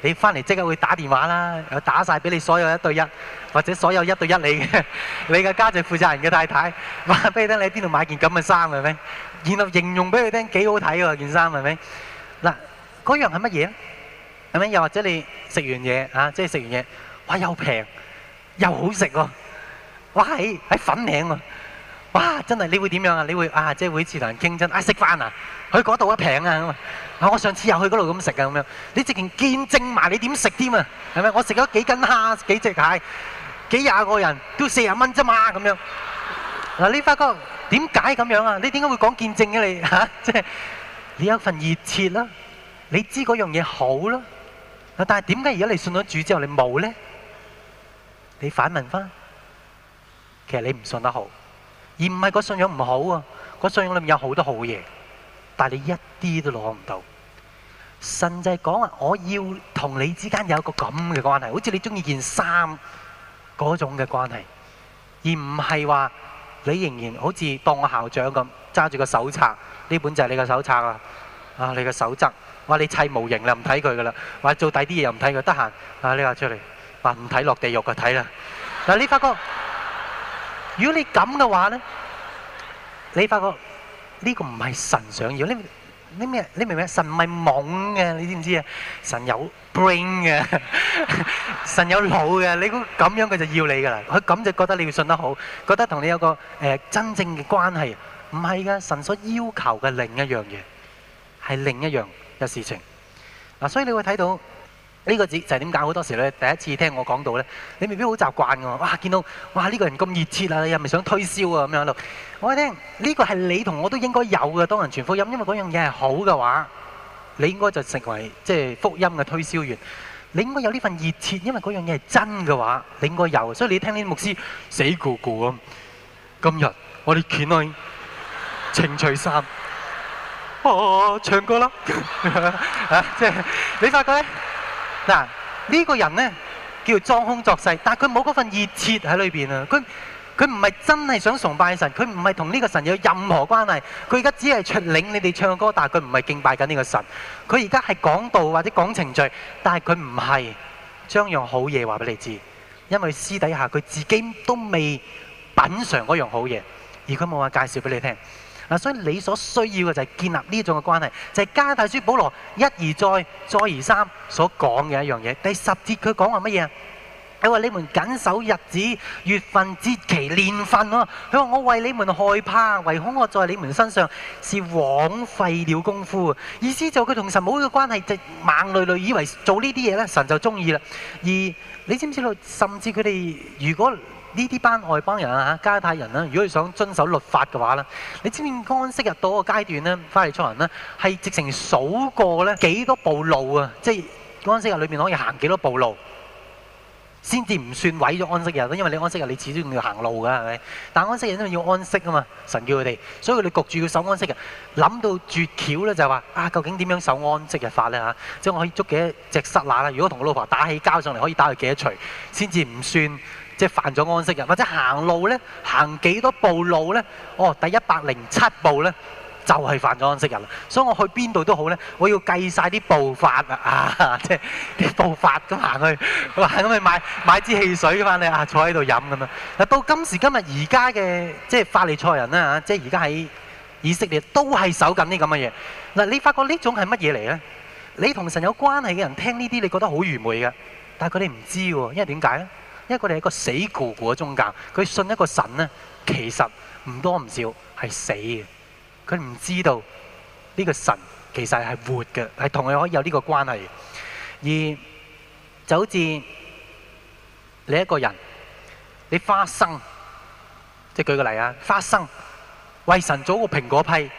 你翻嚟即刻會打電話啦，又打曬俾你所有一對一或者所有一對一你嘅你嘅家政負責人嘅太太，話俾你聽你喺邊度買件咁嘅衫係咪？然後形容俾佢聽幾好睇喎件衫係咪？嗱，嗰樣係乜嘢咧？係咪又或者你食完嘢啊？即係食完嘢，哇又平，又好食喎，啊，哇喺喺粉嶺喎，啊，哇真係你會點樣啊？你會啊，即係會似同人傾真啊食飯啊，去嗰度一平啊咁啊，我上次又去嗰度咁食啊。咁樣，你直情見證埋你點食添啊？係咪我食咗幾斤蝦、幾隻蟹、幾廿個人都四廿蚊咋嘛咁樣？嗱、啊、你發覺點解咁樣啊？你點解會講見證嘅、啊、你嚇、啊？即係你有份熱切啦、啊，你知嗰樣嘢好啦、啊，但係點解而家你信咗主之後你冇咧？你反問翻，其實你唔信得好，而唔係個信仰唔好啊。個信仰裏面有好多好嘢，但係你一啲都攞唔到。神就係講話，我要同你之間有個咁嘅關係，好似你中意件衫嗰種嘅關係，而唔係話你仍然好似當我校長咁揸住個手冊，呢本就係你個手冊啊，啊你個守則，話你砌模型啦，唔睇佢噶啦，或、啊、做第啲嘢又唔睇佢，得閒啊你話出嚟。唔睇落地獄嘅睇啦。嗱，你發覺，如果你咁嘅話咧，你發覺呢個唔係神想要，你你咩？你明唔明啊？神唔係懵嘅，你知唔知啊？神有 brain 嘅，神有腦嘅。你估咁樣佢就要你噶啦，佢咁就覺得你要信得好，覺得同你有個誒真正嘅關係。唔係噶，神所要求嘅另一樣嘢，係另一樣嘅事情。嗱，所以你會睇到。呢個字就係點解？好多時咧，第一次聽我講到咧，你未必好習慣㗎喎。哇，見到哇呢個人咁熱切啊，你係咪想推銷啊？咁樣喺度，我一聽呢個係你同我都應該有嘅，當人傳福音，因為嗰樣嘢係好嘅話，你應該就成為即係福音嘅推銷員。你應該有呢份熱切，因為嗰樣嘢係真嘅話，你應該有。所以你聽呢啲牧師死咕咕咁。今日我哋見到情趣三，哦，唱歌啦，即係你發覺咧。嗱呢個人呢，叫裝腔作勢，但係佢冇嗰份熱切喺裏邊啊！佢佢唔係真係想崇拜神，佢唔係同呢個神有任何關係。佢而家只係出領你哋唱歌，但係佢唔係敬拜緊呢個神。佢而家係講道或者講程序，但係佢唔係將樣好嘢話俾你知，因為私底下佢自己都未品嚐嗰樣好嘢，而佢冇話介紹俾你聽。嗱，所以你所需要嘅就係建立呢種嘅關係，就係、是、加大書保羅一而再、再而三所講嘅一樣嘢。第十節佢講話乜嘢啊？佢話你們謹守日子、月份、節期、年份啊！佢話我為你們害怕，唯恐我在你們身上是枉費了功夫。意思就佢同神母嘅關係就猛累累，以為做呢啲嘢咧，神就中意啦。而你知唔知道？甚至佢哋如果……呢啲班外邦人啊嚇，加泰人啦，如果你想遵守律法嘅話咧，你知唔知安息日到個階段咧，翻嚟出人咧係直情數過咧幾多步路啊？即係安息日裏面可以行幾多步路，先至唔算毀咗安息日。因為你安息日你始終要行路噶係咪？但安息日因為要安息啊嘛，神叫佢哋，所以佢哋焗住要守安息日。諗到絕橋咧就係、是、話啊，究竟點樣守安息日法咧嚇、啊？即係我可以捉幾隻塞哪啦？如果同老婆打起交上嚟，可以打佢幾多錘先至唔算？即係犯咗安息日，或者行路咧，行幾多步路咧？哦，第一百零七步咧，就係、是、犯咗安息日啦。所以我去邊度都好咧，我要計晒啲步法啊！啊，即係啲步法咁行去，咁去買買支汽水翻嚟啊，坐喺度飲咁啊！嗱，到今時今日，而家嘅即係法利賽人啦嚇、啊，即係而家喺以色列都係守緊啲咁嘅嘢。嗱、啊，你發覺種呢種係乜嘢嚟咧？你同神有關係嘅人聽呢啲，你覺得好愚昧嘅，但係佢哋唔知喎，因為點解咧？因為佢哋係一個死古古嘅宗教，佢信一個神咧，其實唔多唔少係死嘅。佢唔知道呢個神其實係活嘅，係同佢可以有呢個關係。而就好似你一個人，你花生，即係舉個例啊，花生為神做個蘋果批，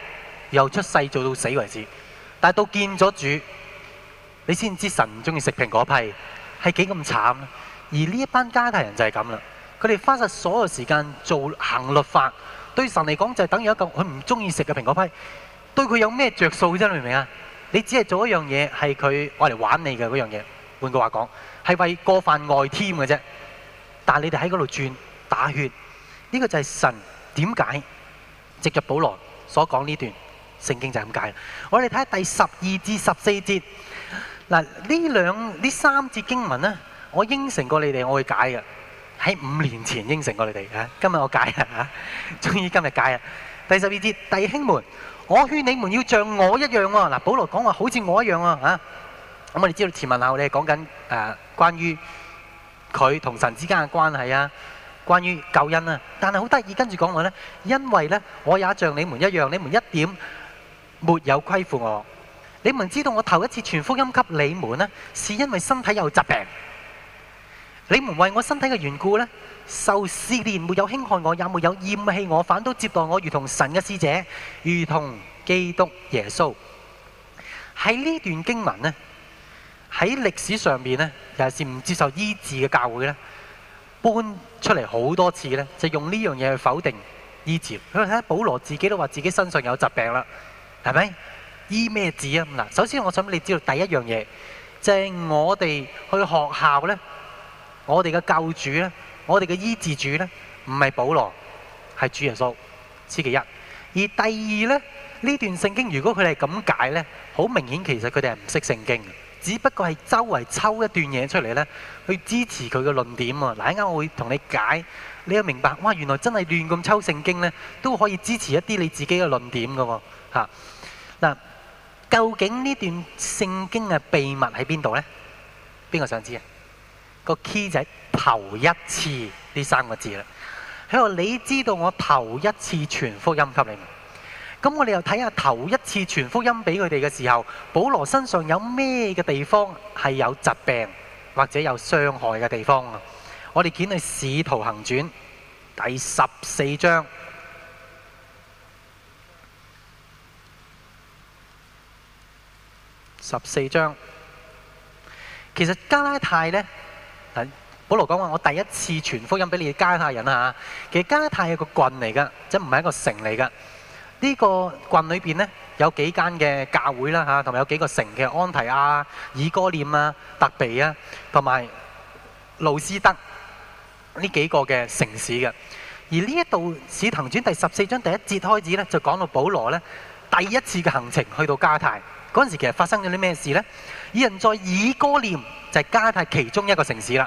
由出世做到死為止，但係到見咗主，你先知神唔中意食蘋果批，係幾咁慘。而呢一班加太人就係咁啦，佢哋花晒所有時間做行律法，對神嚟講就等於一個佢唔中意食嘅蘋果批，對佢有咩着數嘅啫？明唔明啊？你只係做一樣嘢，係佢愛嚟玩你嘅嗰樣嘢。換句話講，係為過份外添嘅啫。但係你哋喺嗰度轉打血，呢、這個就係神點解藉著保羅所講呢段聖經就係咁解。我哋睇下第十二至十四節，嗱呢兩呢三節經文呢。我應承過你哋，我會解嘅。喺五年前應承過你哋啊，今日我解啊，終於今日解啊。第十二節，弟兄們，我勸你們要像我一樣喎。嗱，保羅講話好似我一樣啊。咁我哋知道前文下我哋係講緊誒，關於佢同神之間嘅關係啊，關於救恩啊。但係好得意，跟住講話咧，因為咧，我也像你們一樣，你們一點沒有虧負我。你們知道我頭一次傳福音給你們咧，是因為身體有疾病。你們為我身體嘅緣故咧，受試煉沒有輕看我，也沒有厭棄我，反倒接待我，如同神嘅使者，如同基督耶穌。喺呢段經文咧，喺歷史上面咧，又是唔接受醫治嘅教會咧，搬出嚟好多次咧，就用呢樣嘢去否定醫治。佢睇保羅自己都話自己身上有疾病啦，係咪醫咩治啊？咁嗱，首先我想俾你知道第一樣嘢，就係我哋去學校咧。我哋嘅救主咧，我哋嘅醫治主咧，唔係保羅，係主耶穌。此其一。而第二咧，呢段聖經如果佢哋係咁解咧，好明顯其實佢哋係唔識聖經嘅，只不過係周圍抽一段嘢出嚟咧，去支持佢嘅論點喎。嗱，一陣間我會同你解，你要明白，哇，原來真係亂咁抽聖經咧，都可以支持一啲你自己嘅論點噶。吓，嗱，究竟呢段聖經嘅秘密喺邊度咧？邊個想知啊？個 key 仔，就係，頭一次呢三個字啦。喺度你知道我頭一次傳福音給你？咁我哋又睇下頭一次傳福音俾佢哋嘅時候，保羅身上有咩嘅地方係有疾病或者有傷害嘅地方啊？我哋見喺《使徒行傳》第十四章。十四章其實加拉太呢。保羅講話：我第一次傳福音俾你，迦太人啊！其實迦太係個郡嚟噶，即係唔係一個城嚟噶。呢個郡裏邊咧，有幾間嘅教會啦嚇，同埋有幾個城嘅安提亞，以哥念啊、特庇啊，同埋路斯德呢幾個嘅城市嘅。而呢一度使徒行傳第十四章第一節開始咧，就講到保羅咧第一次嘅行程去到迦太嗰陣時，其實發生咗啲咩事咧？二人在以哥念就係迦太其中一個城市啦。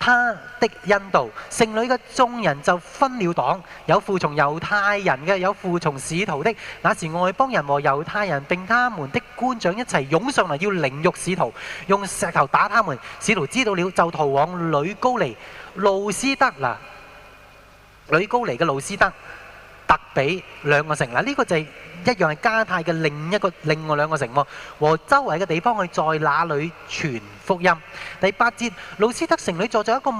他的恩道，聖女嘅眾人就分了黨，有附從猶太人嘅，有附從使徒的。那時外邦人和猶太人並他們的官長一齊湧上嚟，要凌辱使徒，用石頭打他們。使徒知道了，就逃往呂高尼。路斯德嗱，呂高尼嘅路斯德，特比兩個城，嗱，呢個就係一樣係加泰嘅另一個，另外兩個城喎，和周圍嘅地方去，在那裡傳福音。第八節，路斯德城裏坐咗一個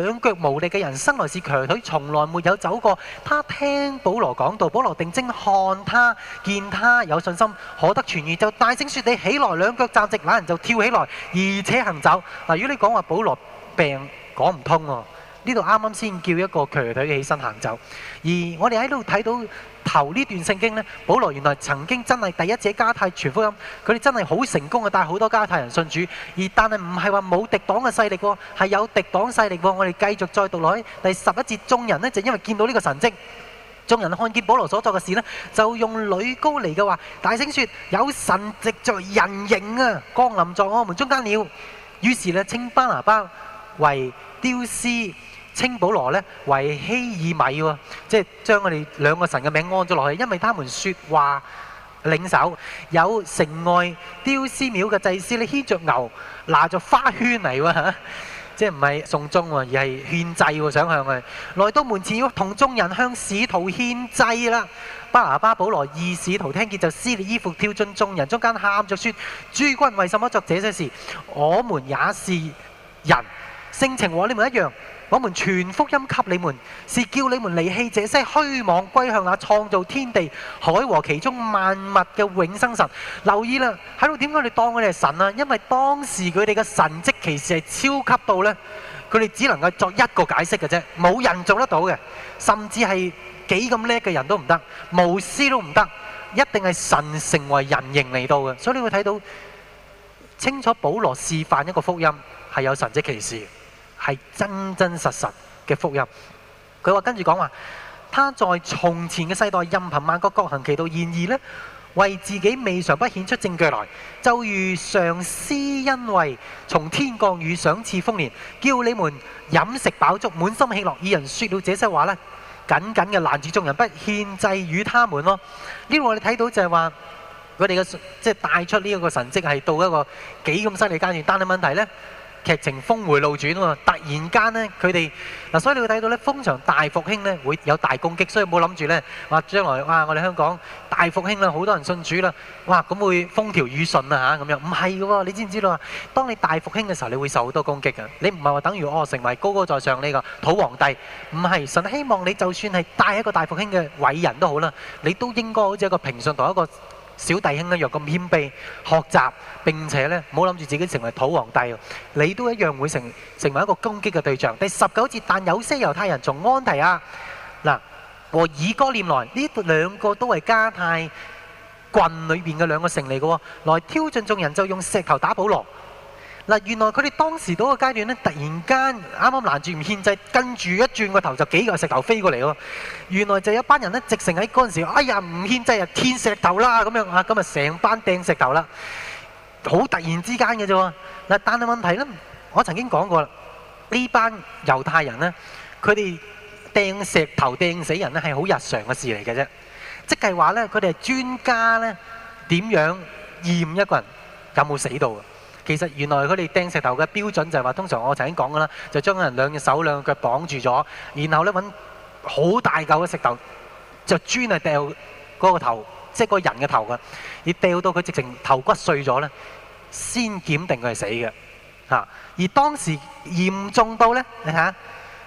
兩腳無力嘅人，生來是瘸腿，從來沒有走過。他聽保羅講道，保羅定睛看他，見他有信心，可得痊癒，就大聲説：你起來，兩腳站直，那人就跳起來，而且行走。嗱，如果你講話保羅病講唔通喎。呢度啱啱先叫一個瘸腿起身行走，而我哋喺度睇到頭呢段聖經呢，保羅原來曾經真係第一次喺加泰傳福音，佢哋真係好成功嘅，帶好多加泰人信主，而但係唔係話冇敵黨嘅勢力喎，係有敵黨勢力喎。我哋繼續再讀落去第十一節，眾人呢就因為見到呢個神跡，眾人看見保羅所作嘅事呢，就用呂高尼嘅話，大聲説：有神藉在人形啊，降臨在我們中間了。於是呢稱巴拿巴為丟斯。青保羅呢為希爾米喎、啊，即係將我哋兩個神嘅名安咗落去，因為他們説話領首，有城外丟斯廟嘅祭司你牽着牛拿著花圈嚟喎、啊，即係唔係送葬喎、啊，而係獻祭喎，想向佢來到門前要同眾人向使徒獻祭啦。巴拿巴保羅二使徒聽見就撕裂衣服跳進眾人中間喊著説：諸君為什麼作這些事？我們也是人性情和你們一樣。我們全福音給你們，是叫你們離棄這些虛妄，歸向那創造天地、海和其中萬物嘅永生神。留意啦，喺度點解你當佢哋係神啊？因為當時佢哋嘅神跡奇事係超級到呢，佢哋只能夠作一個解釋嘅啫，冇人做得到嘅，甚至係幾咁叻嘅人都唔得，巫師都唔得，一定係神成為人形嚟到嘅。所以你會睇到清楚保羅示範一個福音係有神跡奇事。係真真實實嘅福音。佢話跟住講話，他在從前嘅世代任憑萬國各行其道，然而呢，為自己未嘗不顯出證據來，就如上司因為從天降雨賞賜豐年，叫你們飲食飽足，滿心喜樂，二人說了這些話呢，僅僅嘅攔住眾人不獻祭與他們咯。呢個我哋睇到就係話佢哋嘅即係帶出呢一個神跡係到一個幾咁犀利階段。單一問題呢。劇情峰迴路轉喎，突然間呢，佢哋嗱，所以你會睇到呢，風場大復興呢，會有大攻擊，所以唔好諗住呢，話將來哇，我哋香港大復興啦，好多人信主啦，哇，咁會風調雨順啊嚇咁樣，唔係嘅喎，你知唔知道啊？當你大復興嘅時候，你會受好多攻擊嘅，你唔係話等於我成為高高在上呢個土皇帝，唔係，神希望你就算係帶一個大復興嘅偉人都好啦，你都應該好似一個平信徒一個。小弟兄咧，若咁謙卑學習，並且咧，唔好諗住自己成為土皇帝，你都一樣會成成為一個攻擊嘅對象。第十九節，但有些猶太人從安提阿嗱和以哥念來，呢兩個都係加泰郡裏邊嘅兩個城嚟嘅，來挑唆眾人就用石頭打保羅。嗱，原來佢哋當時嗰個階段咧，突然間啱啱攔住唔獻祭，跟住一轉個頭就幾個石頭飛過嚟咯。原來就有一班人咧，直情喺嗰陣時，哎呀唔獻祭啊，天石頭啦咁樣啊，咁啊成班掟石頭啦，好突然之間嘅啫。嗱，但係問題咧，我曾經講過啦，呢班猶太人咧，佢哋掟石頭掟死人咧係好日常嘅事嚟嘅啫，即係話咧，佢哋係專家咧，點樣驗一個人有冇死到。其實原來佢哋掟石頭嘅標準就係話，通常我頭先講嘅啦，就將人兩隻手、兩隻腳綁住咗，然後咧揾好大嚿嘅石頭，就專係掉嗰個頭，即係個人嘅頭嘅，而掉到佢直情頭骨碎咗咧，先檢定佢係死嘅嚇。啊。而當時嚴重到咧，你睇下，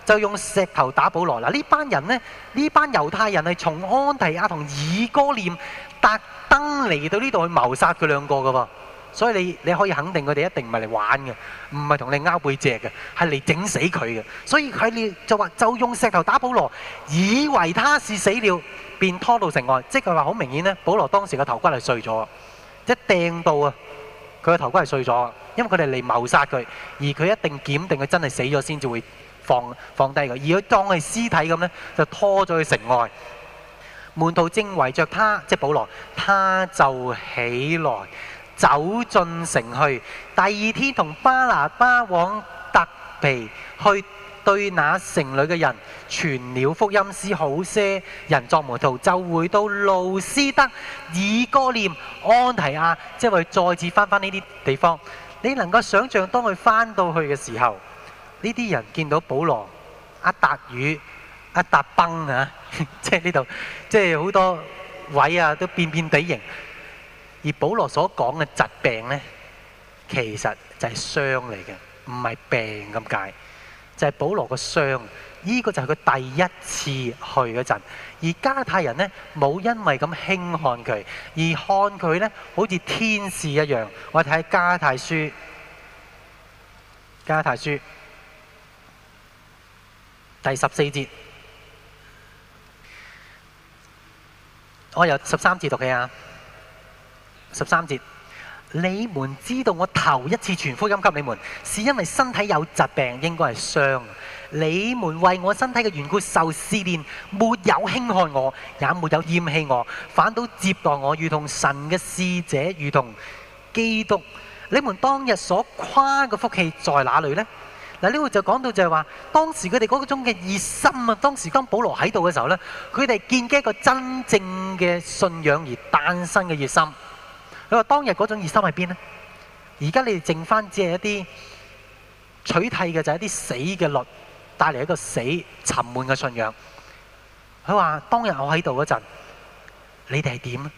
就用石頭打保羅嗱，呢班人呢，呢班猶太人係從安提阿同以哥念，特登嚟到呢度去謀殺佢兩個嘅喎。所以你你可以肯定，佢哋一定唔係嚟玩嘅，唔係同你勾背脊嘅，係嚟整死佢嘅。所以佢哋就話就用石頭打保羅，以為他是死了，便拖到城外。即係話好明顯咧，保羅當時個頭骨係碎咗，一掟到啊，佢個頭骨係碎咗，因為佢哋嚟謀殺佢，而佢一定檢定佢真係死咗先至會放放低佢，而佢當係屍體咁咧，就拖咗去城外。門徒正圍著他，即係保羅，他就起來。走進城去，第二天同巴拿巴往特庇去，對那城裏嘅人傳了福音師，使好些人作門徒，就回到路斯德、以哥念、安提亞，即係為再次翻返呢啲地方。你能夠想像當佢翻到去嘅時候，呢啲人見到保羅阿達語阿達崩啊， 即係呢度，即係好多位啊都變變地形。而保羅所講嘅疾病呢，其實就係傷嚟嘅，唔係病咁解。就係、是、保羅個傷，呢、這個就係佢第一次去嗰陣。而加泰人呢，冇因為咁輕看佢，而看佢呢好似天使一樣。我哋睇下加泰書，加泰書第十四節，我由十三節讀起啊。十三節，你們知道我頭一次傳福音給你們，是因為身體有疾病，應該係傷。你們為我身體嘅緣故受試煉，沒有輕看我，也沒有厭棄我，反倒接待我，如同神嘅使者，如同基督。你們當日所誇嘅福氣在哪裡呢？嗱，呢度就講到就係話，當時佢哋嗰種嘅熱心啊，當時當保羅喺度嘅時候呢，佢哋見嘅一個真正嘅信仰而誕生嘅熱心。佢話當日嗰種熱心喺邊呢？而家你哋剩翻只係一啲取締嘅，就係一啲死嘅律，帶嚟一個死沉悶嘅信仰。佢話當日我喺度嗰陣，你哋係點？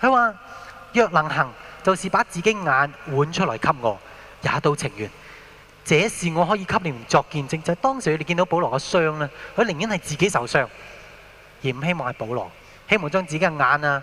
佢話若能行，就是把自己眼換出來給我，也都情願。這是我可以給你們作見證，就係當時你哋見到保羅嘅傷咧，佢寧願係自己受傷，而唔希望係保羅，希望將自己嘅眼啊。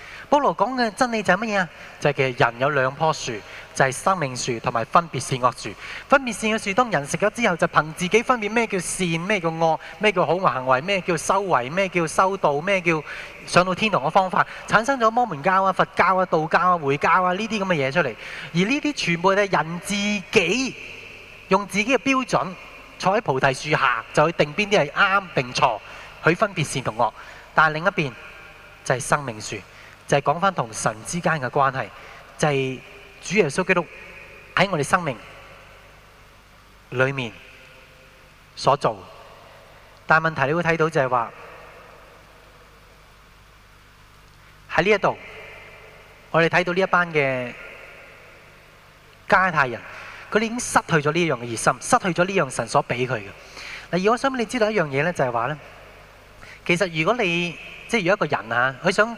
保羅講嘅真理就係乜嘢啊？就係其實人有兩棵樹，就係生命樹同埋分別善惡樹。分別善嘅樹，當人食咗之後，就憑自己分別咩叫善，咩叫惡，咩叫好嘅行為，咩叫修為，咩叫修道，咩叫上到天堂嘅方法，產生咗摩門教啊、佛教啊、道教啊、回教啊呢啲咁嘅嘢出嚟。而呢啲全部都係人自己用自己嘅標準坐喺菩提樹下，就去定邊啲係啱定錯去分別善同惡。但係另一邊就係生命樹。就係講翻同神之間嘅關係，就係主耶穌基督喺我哋生命裏面所做。但係問題你會睇到就係話喺呢一度，我哋睇到呢一班嘅迦太人，佢哋已經失去咗呢樣嘅熱心，失去咗呢樣神所俾佢嘅。嗱，我想你知道一樣嘢咧，就係話咧，其實如果你即係如果一個人啊，佢想。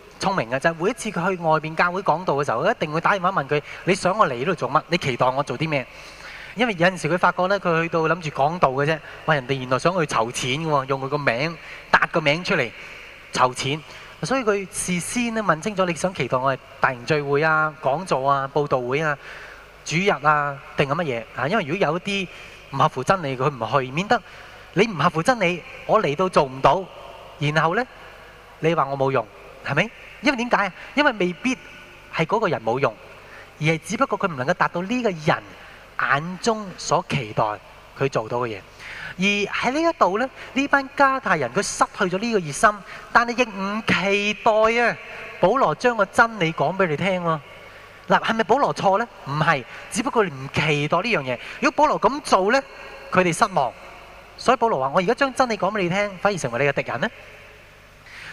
聰明嘅就係每一次佢去外邊教會講道嘅時候，佢一定會打電話問佢：你想我嚟呢度做乜？你期待我做啲咩？因為有陣時佢發覺咧，佢去到諗住講道嘅啫。哇！人哋原來想去籌錢嘅喎，用佢個名搭個名出嚟籌錢。所以佢事先咧問清楚你想期待我係大型聚會啊、講座啊、佈道會啊、主日啊定係乜嘢啊？因為如果有啲唔合乎真理，佢唔去，免得你唔合乎真理，我嚟到做唔到，然後咧你話我冇用，係咪？因為點解啊？因為未必係嗰個人冇用，而係只不過佢唔能夠達到呢個人眼中所期待佢做到嘅嘢。而喺呢一度咧，呢班加太人佢失去咗呢個熱心，但係亦唔期待啊保羅將個真理講俾你聽咯。嗱，係咪保羅錯咧？唔係，只不過你唔期待呢樣嘢。如果保羅咁做咧，佢哋失望，所以保羅話：我而家將真理講俾你聽，反而成為你嘅敵人咧。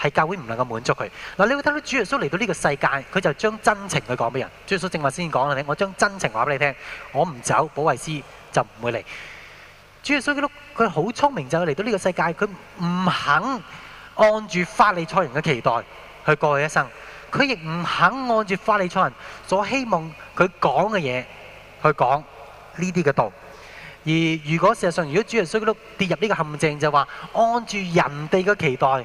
係教會唔能夠滿足佢嗱。你會睇到主耶穌嚟到呢個世界，佢就將真情去講俾人。主耶穌正話先講啦，你我將真情話俾你聽。我唔走，保惠師就唔會嚟。主耶穌基督佢好聰明，就嚟到呢個世界，佢唔肯按住法利賽人嘅期待去過去一生，佢亦唔肯按住法利賽人所希望佢講嘅嘢去講呢啲嘅道。而如果事實上，如果主耶穌基督跌入呢個陷阱，就話按住人哋嘅期待。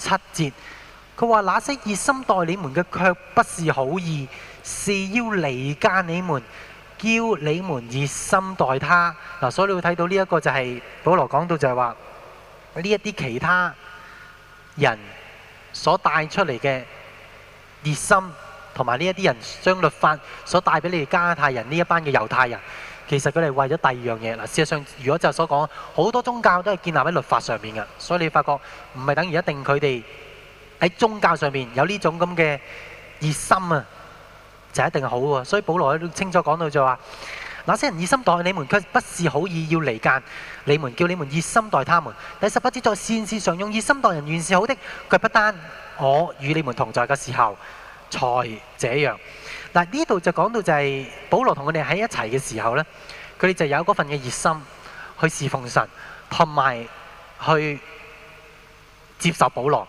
七節，佢話那些熱心待你們嘅，卻不是好意，是要離間你們，叫你們熱心待他。嗱、啊，所以你會睇到呢一個就係、是、保羅講到就係話呢一啲其他人所帶出嚟嘅熱心，同埋呢一啲人將律法所帶俾你哋加拉太人呢一班嘅猶太人。其實佢哋為咗第二樣嘢嗱，事實上如果就係所講，好多宗教都係建立喺律法上面嘅，所以你發覺唔係等於一定佢哋喺宗教上面有呢種咁嘅熱心啊，就一定係好喎。所以保羅都清楚講到就話：那些人熱心待你們，卻不是好意要離間你們，叫你們熱心待他們。第十八節，在善事上用熱心待人，原是好的，卻不單我與你們同在嘅時候才這樣。嗱呢度就講到就係保羅同佢哋喺一齊嘅時候呢，佢哋就有嗰份嘅熱心去侍奉神，同埋去接受保羅。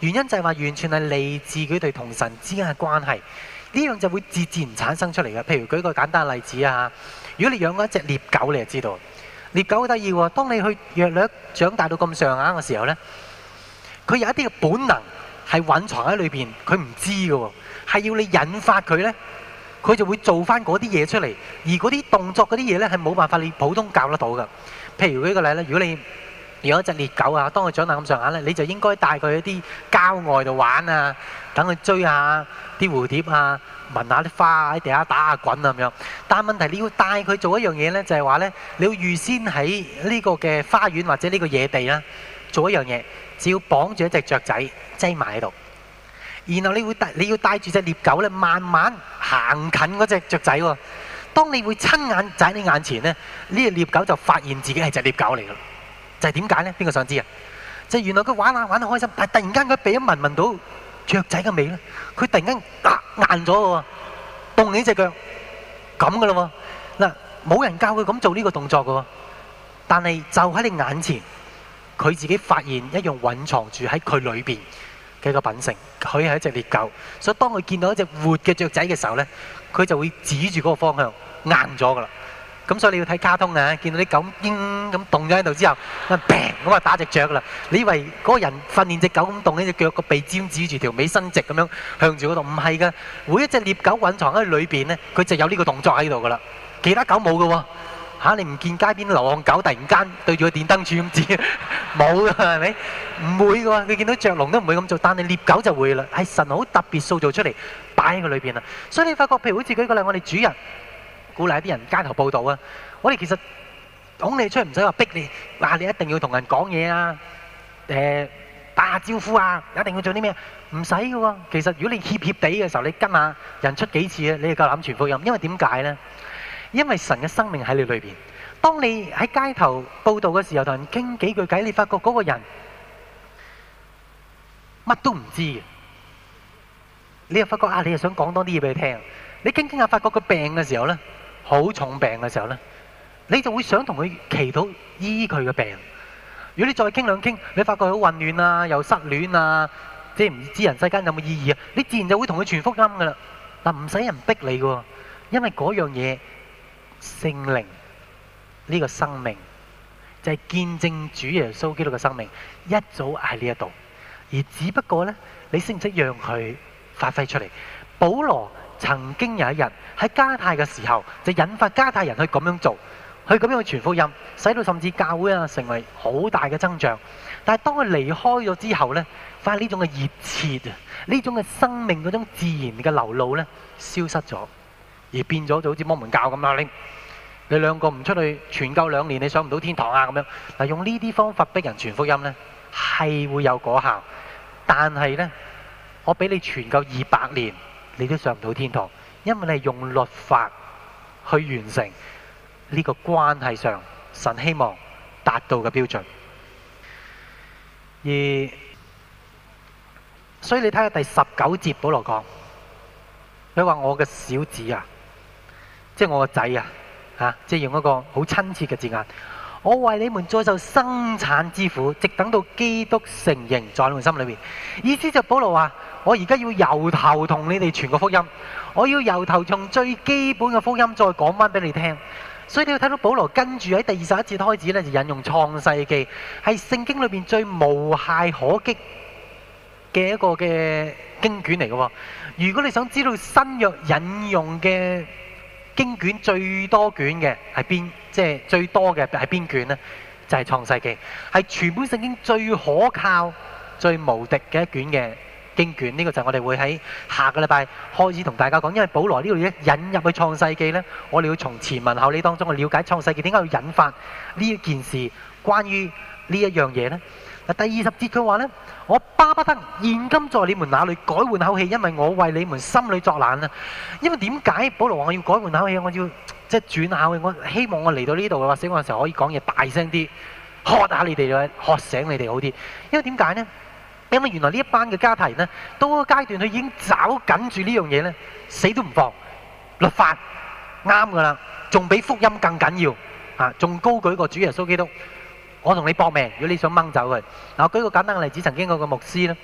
原因就係話完全係嚟自佢哋同神之間嘅關係，呢樣就會自自然產生出嚟嘅。譬如舉個簡單例子啊，如果你養過一隻獵狗，你就知道，獵狗好得意喎。當你去養佢長大到咁上下嘅時候呢，佢有一啲嘅本能係隱藏喺裏邊，佢唔知㗎喎。係要你引發佢呢，佢就會做翻嗰啲嘢出嚟。而嗰啲動作嗰啲嘢呢，係冇辦法你普通教得到嘅。譬如舉個例呢，如果你有一隻獵狗啊，當佢長大咁上下呢，你就應該帶佢去啲郊外度玩啊，等佢追下啲蝴蝶啊，聞下啲花啊，喺地下打下滾啊咁樣。但係問題你要帶佢做一樣嘢呢，就係話呢，你要預先喺呢個嘅花園或者呢個野地啦，做一樣嘢，只要綁住一隻雀仔，擠埋喺度。然後你會帶你要帶住隻獵狗咧，慢慢行近嗰隻雀仔喎、哦。當你會親眼喺你眼前咧，呢隻獵狗就發現自己係隻獵狗嚟㗎喇。就係點解咧？邊個想知、就係、啊？就原來佢玩下玩得開心，但係突然間佢鼻一聞聞到雀仔嘅味咧，佢突然間硬咗嘅喎，動起隻腳咁嘅咯喎。嗱，冇人教佢咁做呢個動作嘅喎，但係就喺你眼前，佢自己發現一樣隱藏住喺佢裏邊。佢個品性，佢係一隻獵狗，所以當佢見到一隻活嘅雀仔嘅時候咧，佢就會指住嗰個方向，硬咗噶啦。咁所以你要睇卡通啊，見到啲狗應咁動咗喺度之後，咁啊打隻雀噶啦。你以為嗰個人訓練隻狗咁動呢隻腳，個鼻尖，指住條尾伸直咁樣向住嗰度？唔係噶，每一隻獵狗隱藏喺裏邊咧，佢就有呢個動作喺度噶啦，其他狗冇噶喎。啊你唔見街邊流浪狗突然間對住個電燈柱咁跌，冇啊係咪？唔會嘅喎，你見到雀龍都唔會咁做，但係獵狗就會啦。係神好特別塑造出嚟擺喺個裏邊啊！所以你發覺譬如好似舉個例，我哋主人鼓勵啲人街頭報道啊，我哋其實講你出唔使話逼你，話你一定要同人講嘢啊，誒打下招呼啊，一定要做啲咩？唔使嘅喎。其實如果你協協地嘅時候，你跟下人出幾次啊，你就夠膽傳福音，因為點解咧？因為神嘅生命喺你裏邊，當你喺街頭報道嘅時候，同人傾幾句偈，你發覺嗰個人乜都唔知嘅，你又發覺啊，你又想講多啲嘢俾佢聽。你傾傾下發覺佢病嘅時候呢，好重病嘅時候呢，你就會想同佢祈禱醫佢嘅病。如果你再傾兩傾，你發覺佢好混亂啊，又失戀啊，即係唔知人世間有冇意義啊，你自然就會同佢傳福音噶啦。但唔使人逼你嘅，因為嗰樣嘢。聖靈呢個生命就係、是、見證主耶穌基督嘅生命，一早喺呢一度，而只不過呢，你識唔識讓佢發揮出嚟。保羅曾經有一日喺加泰嘅時候，就引發加泰人去咁樣做，去咁樣去傳福音，使到甚至教會啊成為好大嘅增長。但係當佢離開咗之後呢，發現呢種嘅熱切，呢種嘅生命嗰種自然嘅流露呢，消失咗，而變咗就好似摩門教咁啦，你你兩個唔出去傳教兩年，你上唔到天堂啊咁樣嗱，用呢啲方法逼人傳福音呢，係會有果效，但係呢，我俾你傳教二百年，你都上唔到天堂，因為你係用律法去完成呢個關係上神希望達到嘅標準。而所以你睇下第十九節，保羅講，佢話我嘅小子啊，即係我個仔啊。嚇、啊！即係用一個好親切嘅字眼，我為你們再受生產之苦，直等到基督成形在你們心裏面。」意思就保羅話：我而家要由頭同你哋傳個福音，我要由頭從最基本嘅福音再講翻俾你聽。所以你要睇到保羅跟住喺第二十一節開始咧，就引用創世記，係聖經裏邊最無懈可擊嘅一個嘅經卷嚟嘅、哦。如果你想知道新約引用嘅，經卷最多卷嘅係邊？即係最多嘅係邊卷呢？就係、是、創世記，係全本聖經最可靠、最無敵嘅一卷嘅經卷。呢、這個就係我哋會喺下個禮拜開始同大家講。因為保羅呢度咧引入去創世記呢，我哋要從前文後理當中去了解創世記點解要引發呢一件事，關於呢一樣嘢呢。嗱，第二十節佢話咧，我巴不得現今在你們那裏改換口氣，因為我為你們心裏作難啊！因為點解？保羅話我要改換口氣，我要即係轉口氣，我希望我嚟到呢度嘅話，寫嘅時候可以講嘢大聲啲，喝下你哋嘅，喝醒你哋好啲。因為點解咧？因為原來呢一班嘅家庭咧，到個階段佢已經抓緊住呢樣嘢咧，死都唔放律法，啱噶啦，仲比福音更緊要啊，仲高舉過主耶穌基督。我同你搏命，如果你想掹走佢。嗱，我舉一個簡單嘅例子，曾經嗰個牧師咧，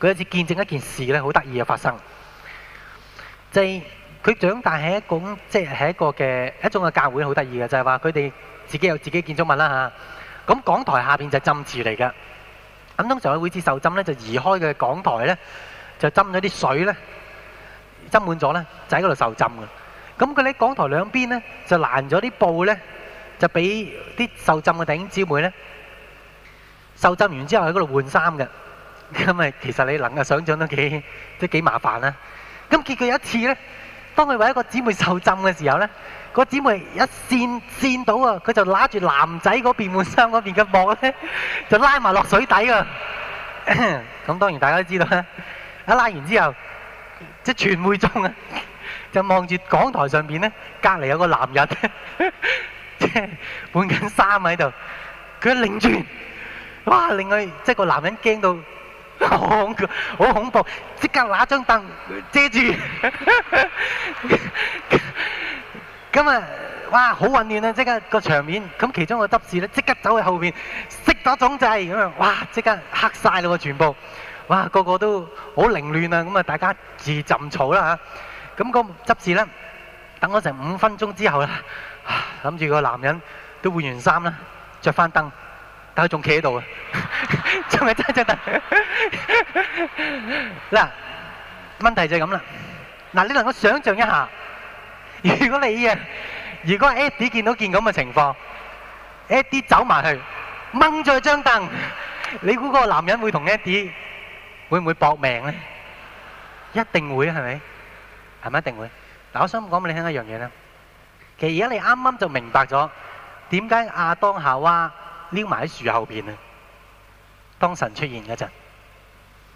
佢有一次見證一件事咧，好得意嘅發生。即係佢長大喺一個，即係喺一個嘅一種嘅教會，好得意嘅就係話佢哋自己有自己建築物啦嚇。咁講台下邊就浸池嚟嘅。咁通常佢每次受浸咧，就移開嘅講台咧，就浸咗啲水咧，浸滿咗咧，就喺嗰度受浸嘅。咁佢喺講台兩邊咧，就攔咗啲布咧。就俾啲受浸嘅弟兄姊妹咧，受浸完之後喺嗰度換衫嘅，咁咪其實你能夠想像都幾即係幾麻煩啦。咁結果有一次咧，當佢為一個姊妹受浸嘅時候咧，個姊妹一跣跣到啊，佢就拉住男仔嗰邊換衫嗰邊嘅幕咧，就拉埋落水底啊。咁當然大家都知道啦，一拉完之後，即係全會眾啊，就望住講台上邊咧，隔離有個男人。換緊衫喺度，佢一擰轉，哇！另外即係個男人驚到，好恐，好恐怖，即刻拿張凳遮住。咁啊，哇！好混亂啊，即刻個場面。咁其中個執事咧，即刻走去後邊熄咗總掣，咁樣哇！即刻黑晒啦，全部哇個個都好凌亂啊。咁啊，大家自尋草啦吓。咁個執事咧，等咗成五分鐘之後啦。諗住個男人都換完衫啦，着翻燈，但係仲企喺度啊，仲咪揸張凳？嗱，問題就係咁啦。嗱，你能夠想象一下，如果你啊，如果阿 Andy 見到見咁嘅情況，Andy 走埋去掹住張凳，你估嗰個男人會同 Andy 會唔會搏命咧？一定會係咪？係咪一定會？嗱，我想講俾你聽一樣嘢啦。其實而家你啱啱就明白咗點解亞當夏娃溜埋喺樹後邊咧？當神出現嗰陣，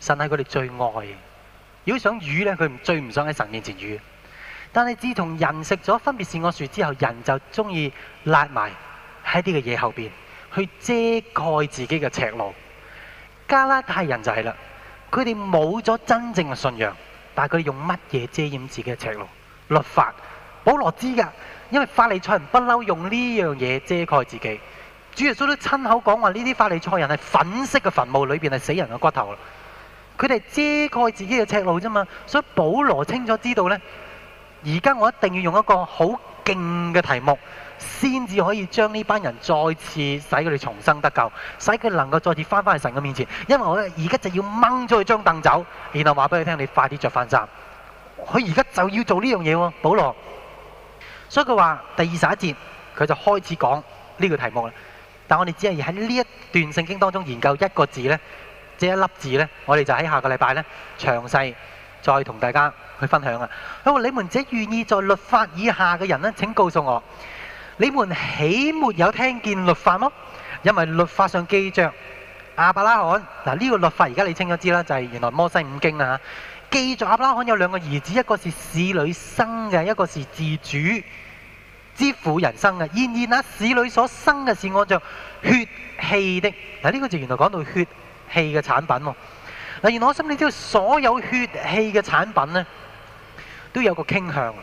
神係佢哋最愛嘅。如果想遇咧，佢最唔想喺神面前遇。但係自從人食咗分別善惡樹之後，人就中意揦埋喺啲嘅嘢後邊去遮蓋自己嘅赤露。加拉太人就係啦，佢哋冇咗真正嘅信仰，但係佢哋用乜嘢遮掩自己嘅赤露？律法，保羅知噶。因為法利賽人不嬲用呢樣嘢遮蓋自己，主耶穌都親口講話：呢啲法利賽人係粉色嘅墳墓裏邊係死人嘅骨頭，佢哋遮蓋自己嘅赤露啫嘛。所以保羅清楚知道呢。而家我一定要用一個好勁嘅題目，先至可以將呢班人再次使佢哋重生得救，使佢能夠再次翻返去神嘅面前。因為我而家就要掹咗佢張凳走，然後話俾佢聽：你快啲着翻衫。佢而家就要做呢樣嘢喎，保羅。所以佢話第二十一節佢就開始講呢個題目啦。但我哋只係喺呢一段聖經當中研究一個字呢，這一粒字呢，我哋就喺下個禮拜呢，詳細再同大家去分享啊。佢話你們只願意在律法以下嘅人呢？請告訴我，你們豈沒有聽見律法麼？因為律法上記着亞伯拉罕，嗱，呢個律法而家你清咗知啦，就係原來摩西五經啊。記住，阿拉罕有兩個兒子，一個是侍女生嘅，一個是自主之婦人生嘅。然而啊，侍女所生嘅是按照血氣的。嗱，呢個就原來講到血氣嘅產品喎。嗱，原來我心裏知道所有血氣嘅產品呢，都有個傾向。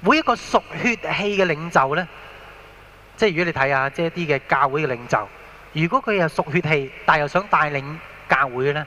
每一個屬血氣嘅領袖呢，即係如果你睇下即係啲嘅教會嘅領袖，如果佢係屬血氣，但又想帶領教會呢。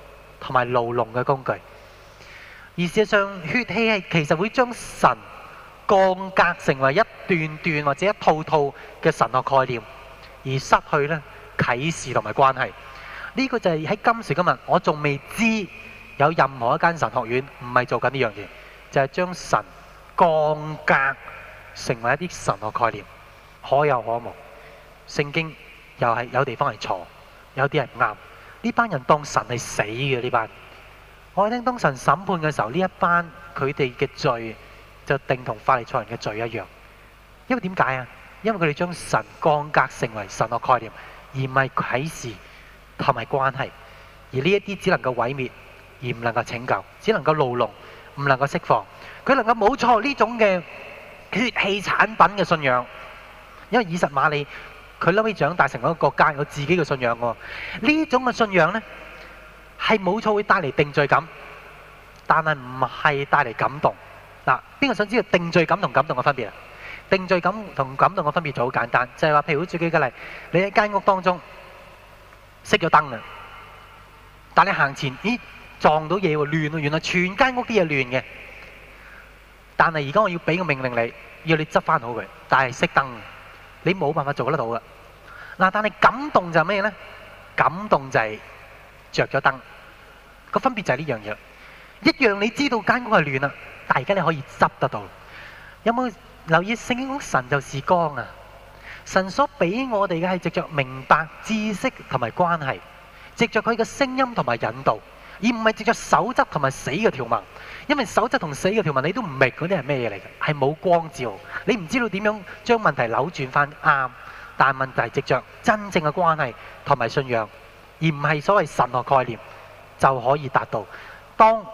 同埋牢籠嘅工具，而事實上血氣係其實會將神降格成為一段段或者一套套嘅神學概念，而失去咧啟示同埋關係。呢、這個就係喺今時今日，我仲未知有任何一間神學院唔係做緊呢樣嘢，就係、是、將神降格成為一啲神學概念，可有可無。聖經又係有地方係錯，有啲係唔啱。呢班人當神係死嘅呢班，我聽，當神審判嘅時候，呢一班佢哋嘅罪就定同法利賽人嘅罪一樣，因為點解啊？因為佢哋將神降格成為神嘅概念，而唔係啟示同埋關係，而呢一啲只能夠毀滅，而唔能夠拯救，只能夠牢籠，唔能夠釋放。佢能夠冇錯呢種嘅血氣產品嘅信仰，因為以實瑪利。佢諗起長大成為一個國家，有自己嘅信仰喎。呢種嘅信仰呢，係冇錯會帶嚟定罪感，但係唔係帶嚟感動。嗱，邊個想知道定罪感同感動嘅分別啊？定罪感同感動嘅分別就好簡單，就係話，譬如好似舉個例，你喺間屋當中熄咗燈啦，但你行前，咦，撞到嘢喎，亂喎，原來全間屋啲嘢亂嘅。但係而家我要俾個命令你，要你執翻好佢，但係熄燈，你冇辦法做得到嘅。嗱，但係感動就咩呢？感動就係著咗燈，個分別就係呢樣嘢。一樣你知道間屋係亂啦，但而家你可以執得到。有冇留意聖經講神就是光啊？神所俾我哋嘅係藉著明白知識同埋關係，藉著佢嘅聲音同埋引導，而唔係藉著守則同埋死嘅條文。因為守則同死嘅條文，你都唔明嗰啲係咩嘢嚟嘅，係冇光照，你唔知道點樣將問題扭轉翻啱。但係問題係，直着真正嘅關係同埋信仰，而唔係所謂神學概念，就可以達到。當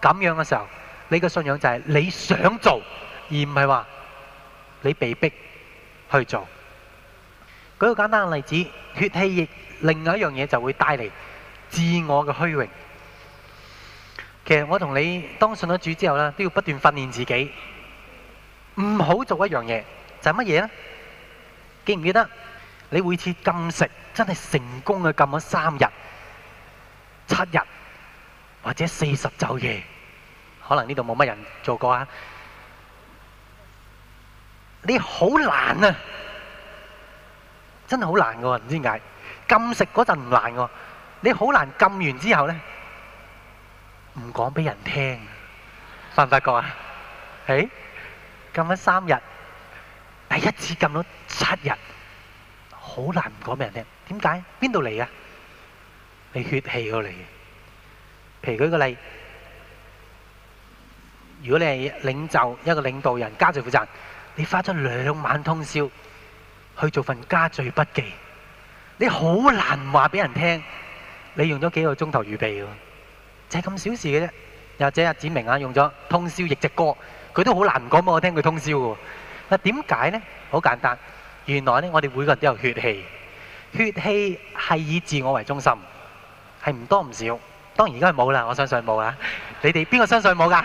咁樣嘅時候，你嘅信仰就係你想做，而唔係話你被逼去做。舉個簡單嘅例子，血氣逆，另外一樣嘢就會帶嚟自我嘅虛榮。其實我同你當信咗主之後呢，都要不斷訓練自己，唔好做一樣嘢，就係乜嘢呢？記唔記得？你每次禁食，真係成功嘅，禁咗三日、七日或者四十晝夜，可能呢度冇乜人做過啊！你好難啊，真係好難噶、啊，唔知點解禁食嗰陣唔難噶、啊，你好難禁完之後咧，唔講俾人聽，發唔發覺啊？誒、欸，禁咗三日。第一次撳到七日，好難講俾人聽。點解？邊度嚟嘅？係血氣嚟嘅。譬如舉個例，如果你係領袖一個領導人，家聚負責，你花咗兩晚通宵去做份家聚筆記，你好難話俾人聽。你用咗幾個鐘頭預備嘅，就係咁小事嘅啫。又或者阿子明啊，用咗通宵譯隻歌，佢都好難講俾我聽，佢通宵嘅。嗱，點解咧？好簡單，原來咧，我哋每個人都有血氣，血氣係以自我為中心，係唔多唔少。當然而家係冇啦，我相信冇啦！你哋邊個相信冇噶？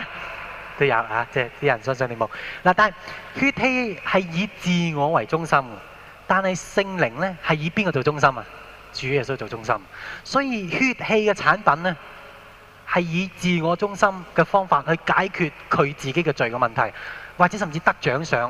都有啊，即係啲人相信你冇。嗱，但係血氣係以自我為中心嘅，但係聖靈咧係以邊個做中心啊？主耶穌做中心，所以血氣嘅產品咧係以自我中心嘅方法去解決佢自己嘅罪嘅問題，或者甚至得獎賞。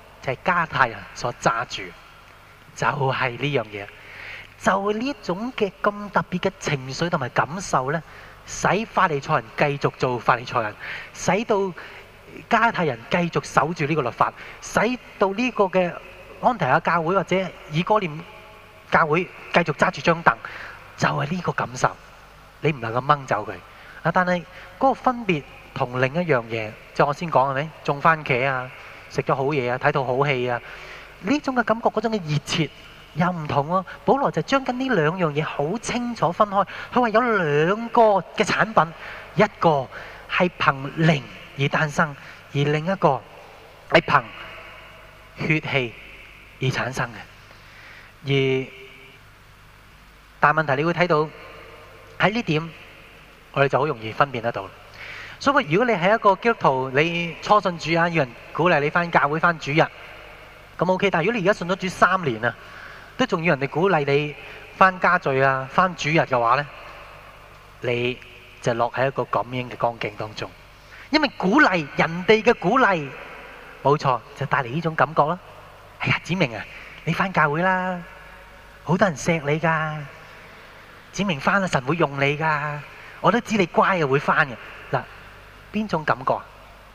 就係加泰人所揸住，就係呢樣嘢，就呢種嘅咁特別嘅情緒同埋感受咧，使法利賽人繼續做法利賽人，使到加泰人繼續守住呢個律法，使到呢個嘅安提阿教會或者以哥念教會繼續揸住張凳，就係呢個感受，你唔能夠掹走佢。啊，但係嗰個分別同另一樣嘢，即係我先講係咪？種番茄啊！食咗好嘢啊，睇到好戲啊，呢種嘅感覺，嗰種嘅熱切又唔同咯啊。保羅就將緊呢兩樣嘢好清楚分開，佢話有兩個嘅產品，一個係憑靈而誕生，而另一個係憑血氣而產生嘅。而但問題，你會睇到喺呢點，我哋就好容易分辨得到。所以，如果你係一個基督徒，你初信主啊，要人鼓勵你翻教會翻主日，咁 OK。但係如果你而家信咗主三年啊，都仲要人哋鼓勵你翻家聚啊，翻主日嘅話咧，你就落喺一個感應嘅光景當中，因為鼓勵人哋嘅鼓勵，冇錯，就帶嚟呢種感覺啦。哎呀，子明啊，你翻教會啦，好多人錫你㗎，子明翻啦，神會用你㗎，我都知你乖啊，會翻嘅。邊種感覺啊？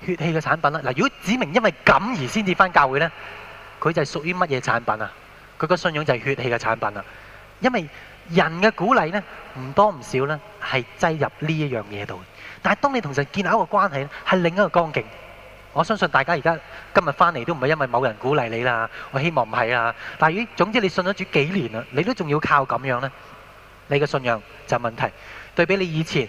血氣嘅產品啦，嗱，如果指明因為咁而先至返教會咧，佢就係屬於乜嘢產品啊？佢個信仰就係血氣嘅產品啦。因為人嘅鼓勵咧，唔多唔少咧，係擠入呢一樣嘢度。但係當你同神建立一個關係咧，係另一個光景。我相信大家而家今日返嚟都唔係因為某人鼓勵你啦，我希望唔係啊。但係總之你信咗主幾年啦，你都仲要靠咁樣咧，你嘅信仰就係問題。對比你以前。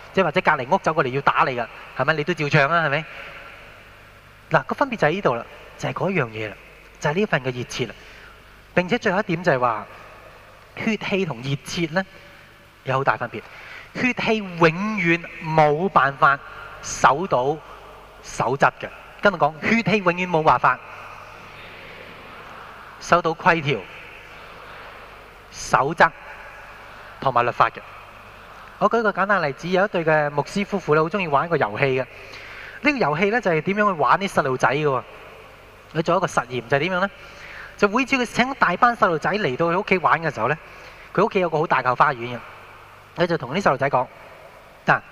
即係或者隔離屋走過嚟要打你噶，係咪？你都照唱啊，係咪？嗱，個分別就喺呢度啦，就係嗰一樣嘢啦，就係呢份嘅熱切啦。並且最後一點就係話，血氣同熱切咧有好大分別。血氣永遠冇辦法守到守則嘅，跟我講血氣永遠冇辦法守到規條、守則同埋律法嘅。我舉一個簡單例子，有一對嘅牧師夫婦咧，好中意玩一個遊戲嘅。呢、這個遊戲咧就係、是、點樣去玩啲細路仔嘅喎？佢做一個實驗就係、是、點樣呢？就每次佢請大班細路仔嚟到佢屋企玩嘅時候呢，佢屋企有個好大嚿花園嘅。佢就同啲細路仔講：嗱、啊，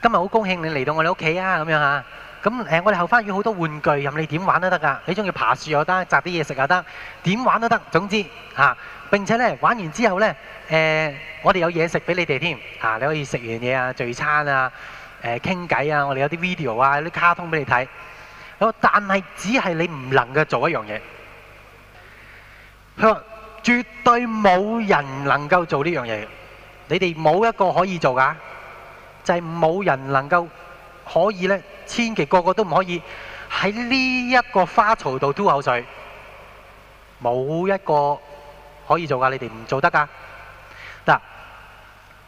今日好高興你嚟到我哋屋企啊！咁樣嚇、啊。咁、啊、誒、啊，我哋後花園好多玩具，任你點玩都得㗎。你中意爬樹又得，摘啲嘢食又得，點玩都得。總之嚇。啊並且咧玩完之後咧，誒我哋有嘢食俾你哋添，啊你可以食完嘢啊聚餐啊，誒傾偈啊，我哋有啲 video 啊啲卡通俾你睇。我但係只係你唔能夠做一樣嘢。佢話絕對冇人能夠做呢樣嘢，你哋冇一個可以做㗎，就係冇人能夠可以咧，千祈個個都唔可以喺呢一個花槽度吐口水，冇一個。可以做噶，你哋唔做得噶。嗱，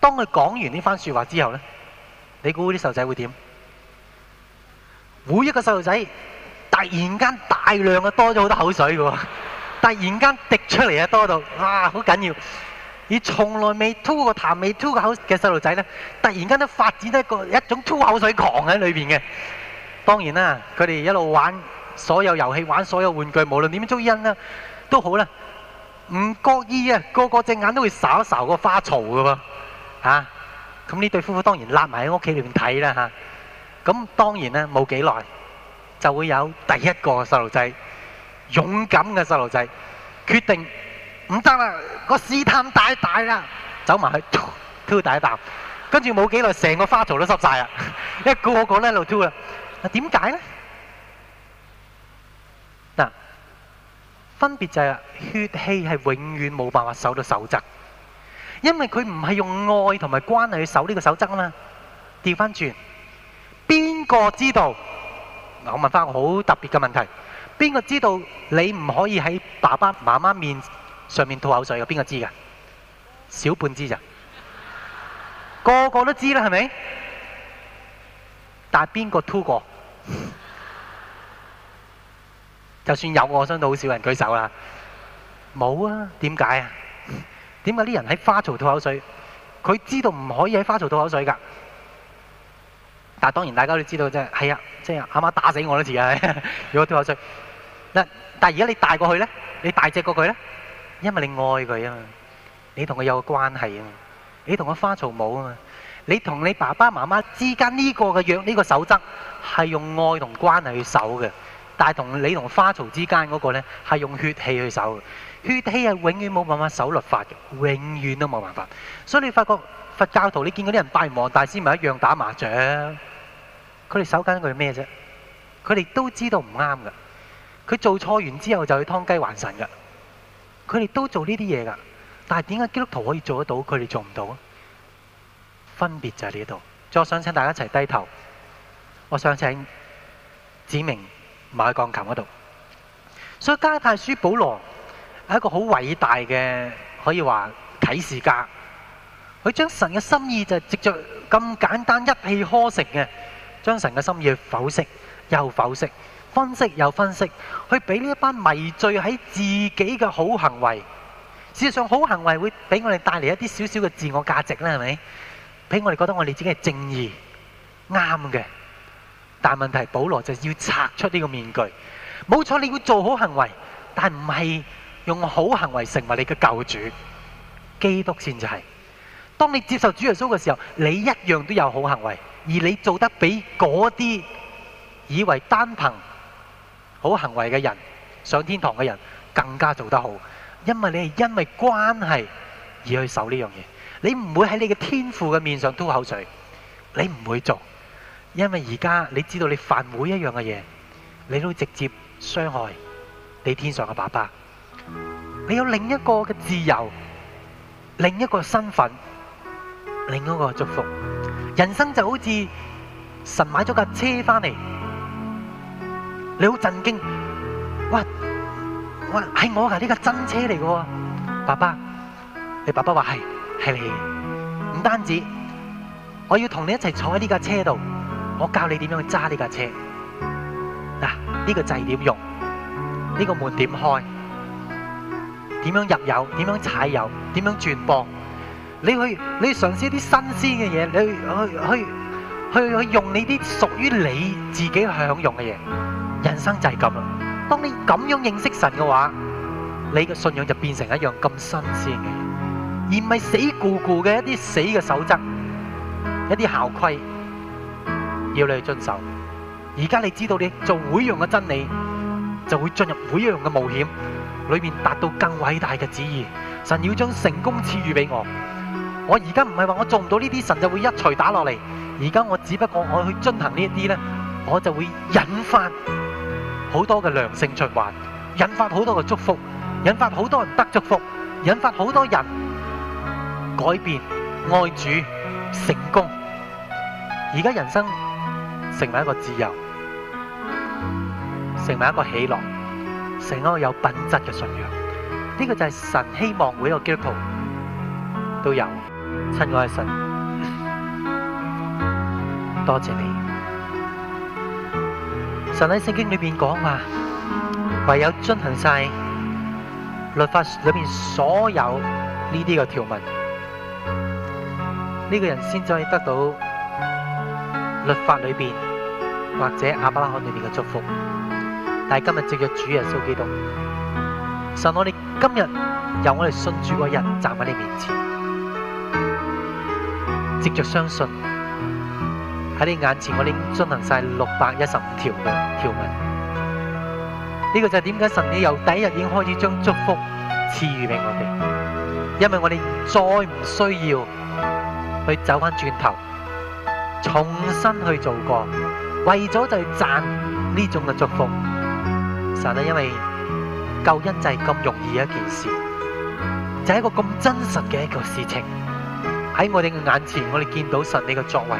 當佢講完呢番說話之後呢，你估啲細路仔會點？每一個細路仔突然間大量嘅多咗好多口水嘅喎，突然間滴出嚟啊多到啊好緊要！而從來未吐過痰、未吐過口嘅細路仔呢，突然間都發展到一個一種吐口水狂喺裏邊嘅。當然啦，佢哋一路玩所有遊戲、玩所有玩具，無論點樣捉因啦都好啦。唔覺意啊！個個隻眼都會睄一睄個花槽噶喎，嚇！咁呢對夫婦當然攬埋喺屋企裏面睇啦嚇。咁當然咧，冇幾耐就會有第一個細路仔，勇敢嘅細路仔決定唔得啦！個試探太大啦，走埋去吐吐第一啖，跟住冇幾耐成個花槽都濕晒啦，一個個都喺度吐啦，點解咧？分別就係血氣係永遠冇辦法守到守則，因為佢唔係用愛同埋關係去守呢個守則啊嘛。調翻轉，邊個知道？我問翻個好特別嘅問題：邊個知道你唔可以喺爸爸媽媽面上面吐口水？有邊個知㗎？小半支咋？個個都知啦，係咪？但係邊個吐過？就算有，我相信好少人舉手啦。冇啊，點解啊？點解啲人喺花槽吐口水？佢知道唔可以喺花槽吐口水噶。但係當然大家都知道，即係係啊，即係阿媽打死我都似啊！如果吐口水，但係而家你大過去呢，你大隻過佢呢，因為你愛佢啊嘛，你同佢有關係啊嘛，你同個花槽冇啊嘛，你同你爸爸媽媽之間呢個嘅約呢個守則係用愛同關係去守嘅。但係同你同花槽之間嗰個呢，係用血氣去守嘅。血氣係永遠冇辦法守律法嘅，永遠都冇辦法。所以你發覺佛教徒你見嗰啲人拜王大師咪一樣打麻將，佢哋守緊佢哋咩啫？佢哋都知道唔啱㗎。佢做錯完之後就去劏雞還神㗎。佢哋都做呢啲嘢㗎。但係點解基督徒可以做得到，佢哋做唔到？分別就喺呢度。再想請大家一齊低頭。我想請子明。埋喺鋼琴度，所以加泰舒·保羅係一個好偉大嘅，可以話啟示家。佢將神嘅心意就直著咁簡單一氣呵成嘅，將神嘅心意去剖析又剖析，分析又分析，去俾呢一班迷醉喺自己嘅好行為。事實上，好行為會俾我哋帶嚟一啲少少嘅自我價值啦，係咪？俾我哋覺得我哋自己係正義啱嘅。但係問題，保羅就要拆出呢個面具。冇錯，你要做好行為，但唔係用好行為成為你嘅救主。基督先至係。當你接受主耶穌嘅時候，你一樣都有好行為，而你做得比嗰啲以為單憑好行為嘅人上天堂嘅人更加做得好。因為你係因為關係而去守呢樣嘢，你唔會喺你嘅天父嘅面上吐口水，你唔會做。因為而家你知道你犯每一樣嘅嘢，你都直接傷害你天上嘅爸爸。你有另一個嘅自由，另一個身份，另一個祝福。人生就好似神買咗架車翻嚟，你好震驚，哇！我係我噶呢架真車嚟嘅，爸爸，你爸爸話係係你，唔單止，我要同你一齊坐喺呢架車度。我教你點樣去揸呢架車，嗱、啊，呢、這個掣點用，呢、這個門點開，點樣入油，點樣踩油，點樣轉波。你去，你嘗試啲新鮮嘅嘢，你去，去，去，用你啲屬於你自己享用嘅嘢。人生就係咁啦。當你咁樣認識神嘅話，你嘅信仰就變成一樣咁新鮮嘅，而唔係死固固嘅一啲死嘅守則，一啲校規。要你去遵守，而家你知道你做每樣嘅真理，就會進入每樣嘅冒險裏面，達到更偉大嘅旨意。神要將成功賜予俾我，我而家唔係話我做唔到呢啲，神就會一錘打落嚟。而家我只不過我去進行呢一啲咧，我就會引發好多嘅良性循環，引發好多嘅祝福，引發好多人得祝福，引發好多人改變、愛主、成功。而家人生。成為一個自由，成為一個喜樂，成為一個有品質嘅信仰，呢個就係神希望每一個基督徒都有。親愛的神，多謝你。神喺聖經裏邊講話，唯有遵行晒律法裏邊所有呢啲嘅條文，呢個人先至可以得到律法裏邊。或者亞伯拉罕裏邊嘅祝福，但係今日藉着主耶穌基督，神我哋今日由我哋信主嗰人，站喺你面前，藉着相信喺你眼前，我哋進行晒六百一十五條條文。呢個就係點解神你由第一日已經開始將祝福賜予俾我哋，因為我哋再唔需要去走翻轉頭，重新去做過。為咗就係賺呢種嘅祝福，神咧，因為救恩就係咁容易一件事，就係、是、一個咁真實嘅一個事情，喺我哋嘅眼前，我哋見到神你嘅作為，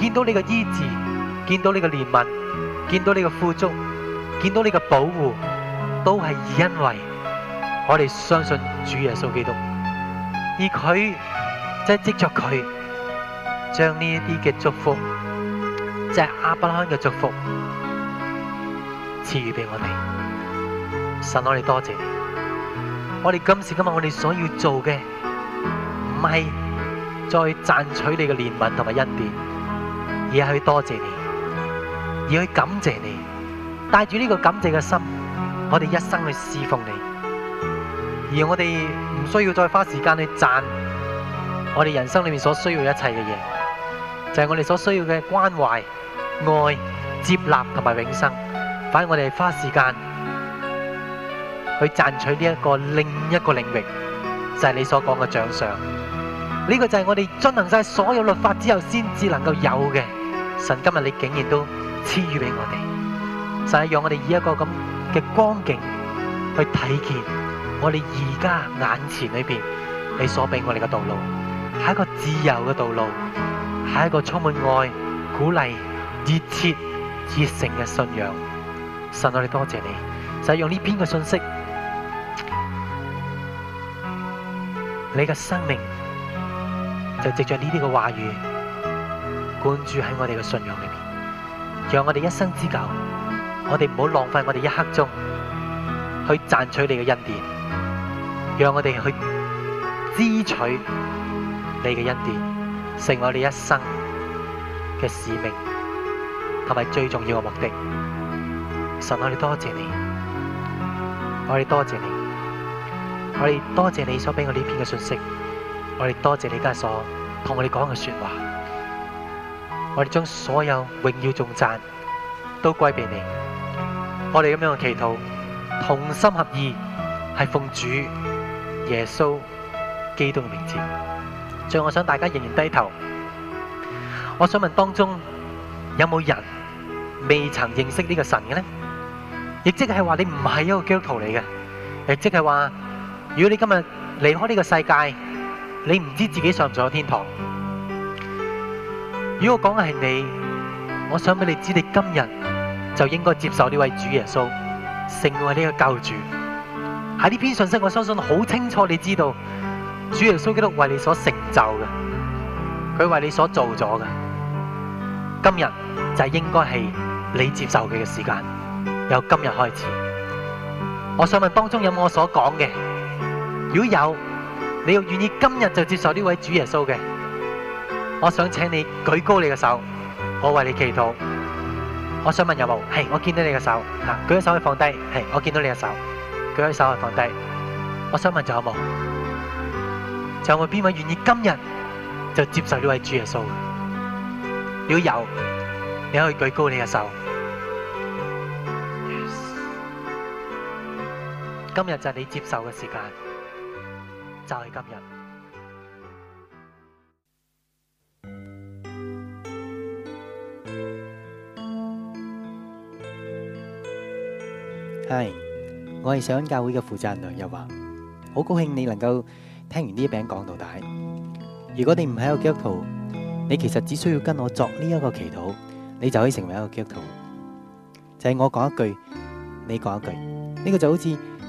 見到你嘅醫治，見到你嘅憐憫，見到你嘅富足，見到你嘅保護，都係因為我哋相信主耶穌基督，而佢即係藉着佢將呢一啲嘅祝福。就係亞伯拉罕嘅祝福賜予俾我哋，神我哋多謝你，我哋今時今日我哋所要做嘅，唔係再賺取你嘅憐憫同埋恩典，而係去多謝你，而去感謝你，帶住呢個感謝嘅心，我哋一生去侍奉你，而我哋唔需要再花時間去賺我哋人生裏面所需要一切嘅嘢，就係我哋所需要嘅關懷，愛、接納同埋永生，反而我哋花時間去賺取呢一個另一個領域，就係、是、你所講嘅獎賞。呢、這個就係我哋遵行晒所有律法之後先至能夠有嘅。神今日你竟然都賜予俾我哋，就係讓我哋以一個咁嘅光景去睇見我哋而家眼前裏邊你所俾我哋嘅道路，係一個自由嘅道路，係一個充滿愛、鼓勵。熱切、熱誠嘅信仰，神我哋多謝你，使用呢篇嘅信息，你嘅生命就藉着呢啲嘅話語，灌注喺我哋嘅信仰裏面。讓我哋一生之久，我哋唔好浪費我哋一刻鐘去賺取你嘅恩典，讓我哋去支取你嘅恩典，成我哋一生嘅使命。係咪最重要嘅目的？神，我哋多謝你，我哋多謝你，我哋多謝你所俾我呢篇嘅信息，我哋多謝你所同我哋講嘅說話，我哋將所有榮耀頌讚都歸俾你。我哋咁樣嘅祈禱，同心合意，係奉主耶穌基督嘅名字。最後，我想大家仍然低頭。我想問當中有冇人，未曾認識呢個神嘅呢，亦即係話你唔係一個基督徒嚟嘅，亦即係話，如果你今日離開呢個世界，你唔知自己上唔上天堂。如果我講嘅係你，我想俾你知，你今日就應該接受呢位主耶穌，成為呢個救主。喺呢篇信息，我相信好清楚你知道，主耶穌基督為你所成就嘅，佢為你所做咗嘅，今日就係應該係。你接受佢嘅時間由今日開始。我想問當中有冇我所講嘅？如果有，你又願意今日就接受呢位主耶穌嘅？我想請你舉高你嘅手，我為你祈禱。我想問有冇？係，我見到你嘅手，吓，舉起手去放低。係，我見到你嘅手，舉起手去放低。我想問仲有冇？仲有冇邊位願意今日就接受呢位主耶穌？如果有，你可以舉高你嘅手。今日就係你接受嘅時間，就係今日。係，我係上教會嘅負責人梁日華，好高興你能夠聽完呢一篇講到底。如果你唔係一個基督徒，你其實只需要跟我作呢一個祈禱，你就可以成為一個基督徒。就係我講一句，你講一句，呢個就好似。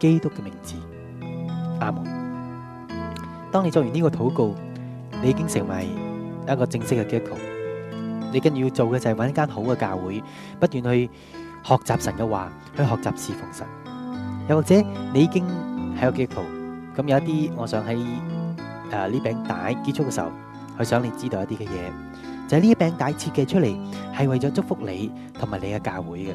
基督嘅名字，阿門。當你做完呢個禱告，你已經成為一個正式嘅基督徒。你跟住要做嘅就係揾一間好嘅教會，不斷去學習神嘅話，去學習侍奉神。又或者你已經係一個基督徒，咁有一啲，我想喺誒呢餅帶結束嘅時候，去想你知道一啲嘅嘢，就係呢餅帶設計出嚟係為咗祝福你同埋你嘅教會嘅。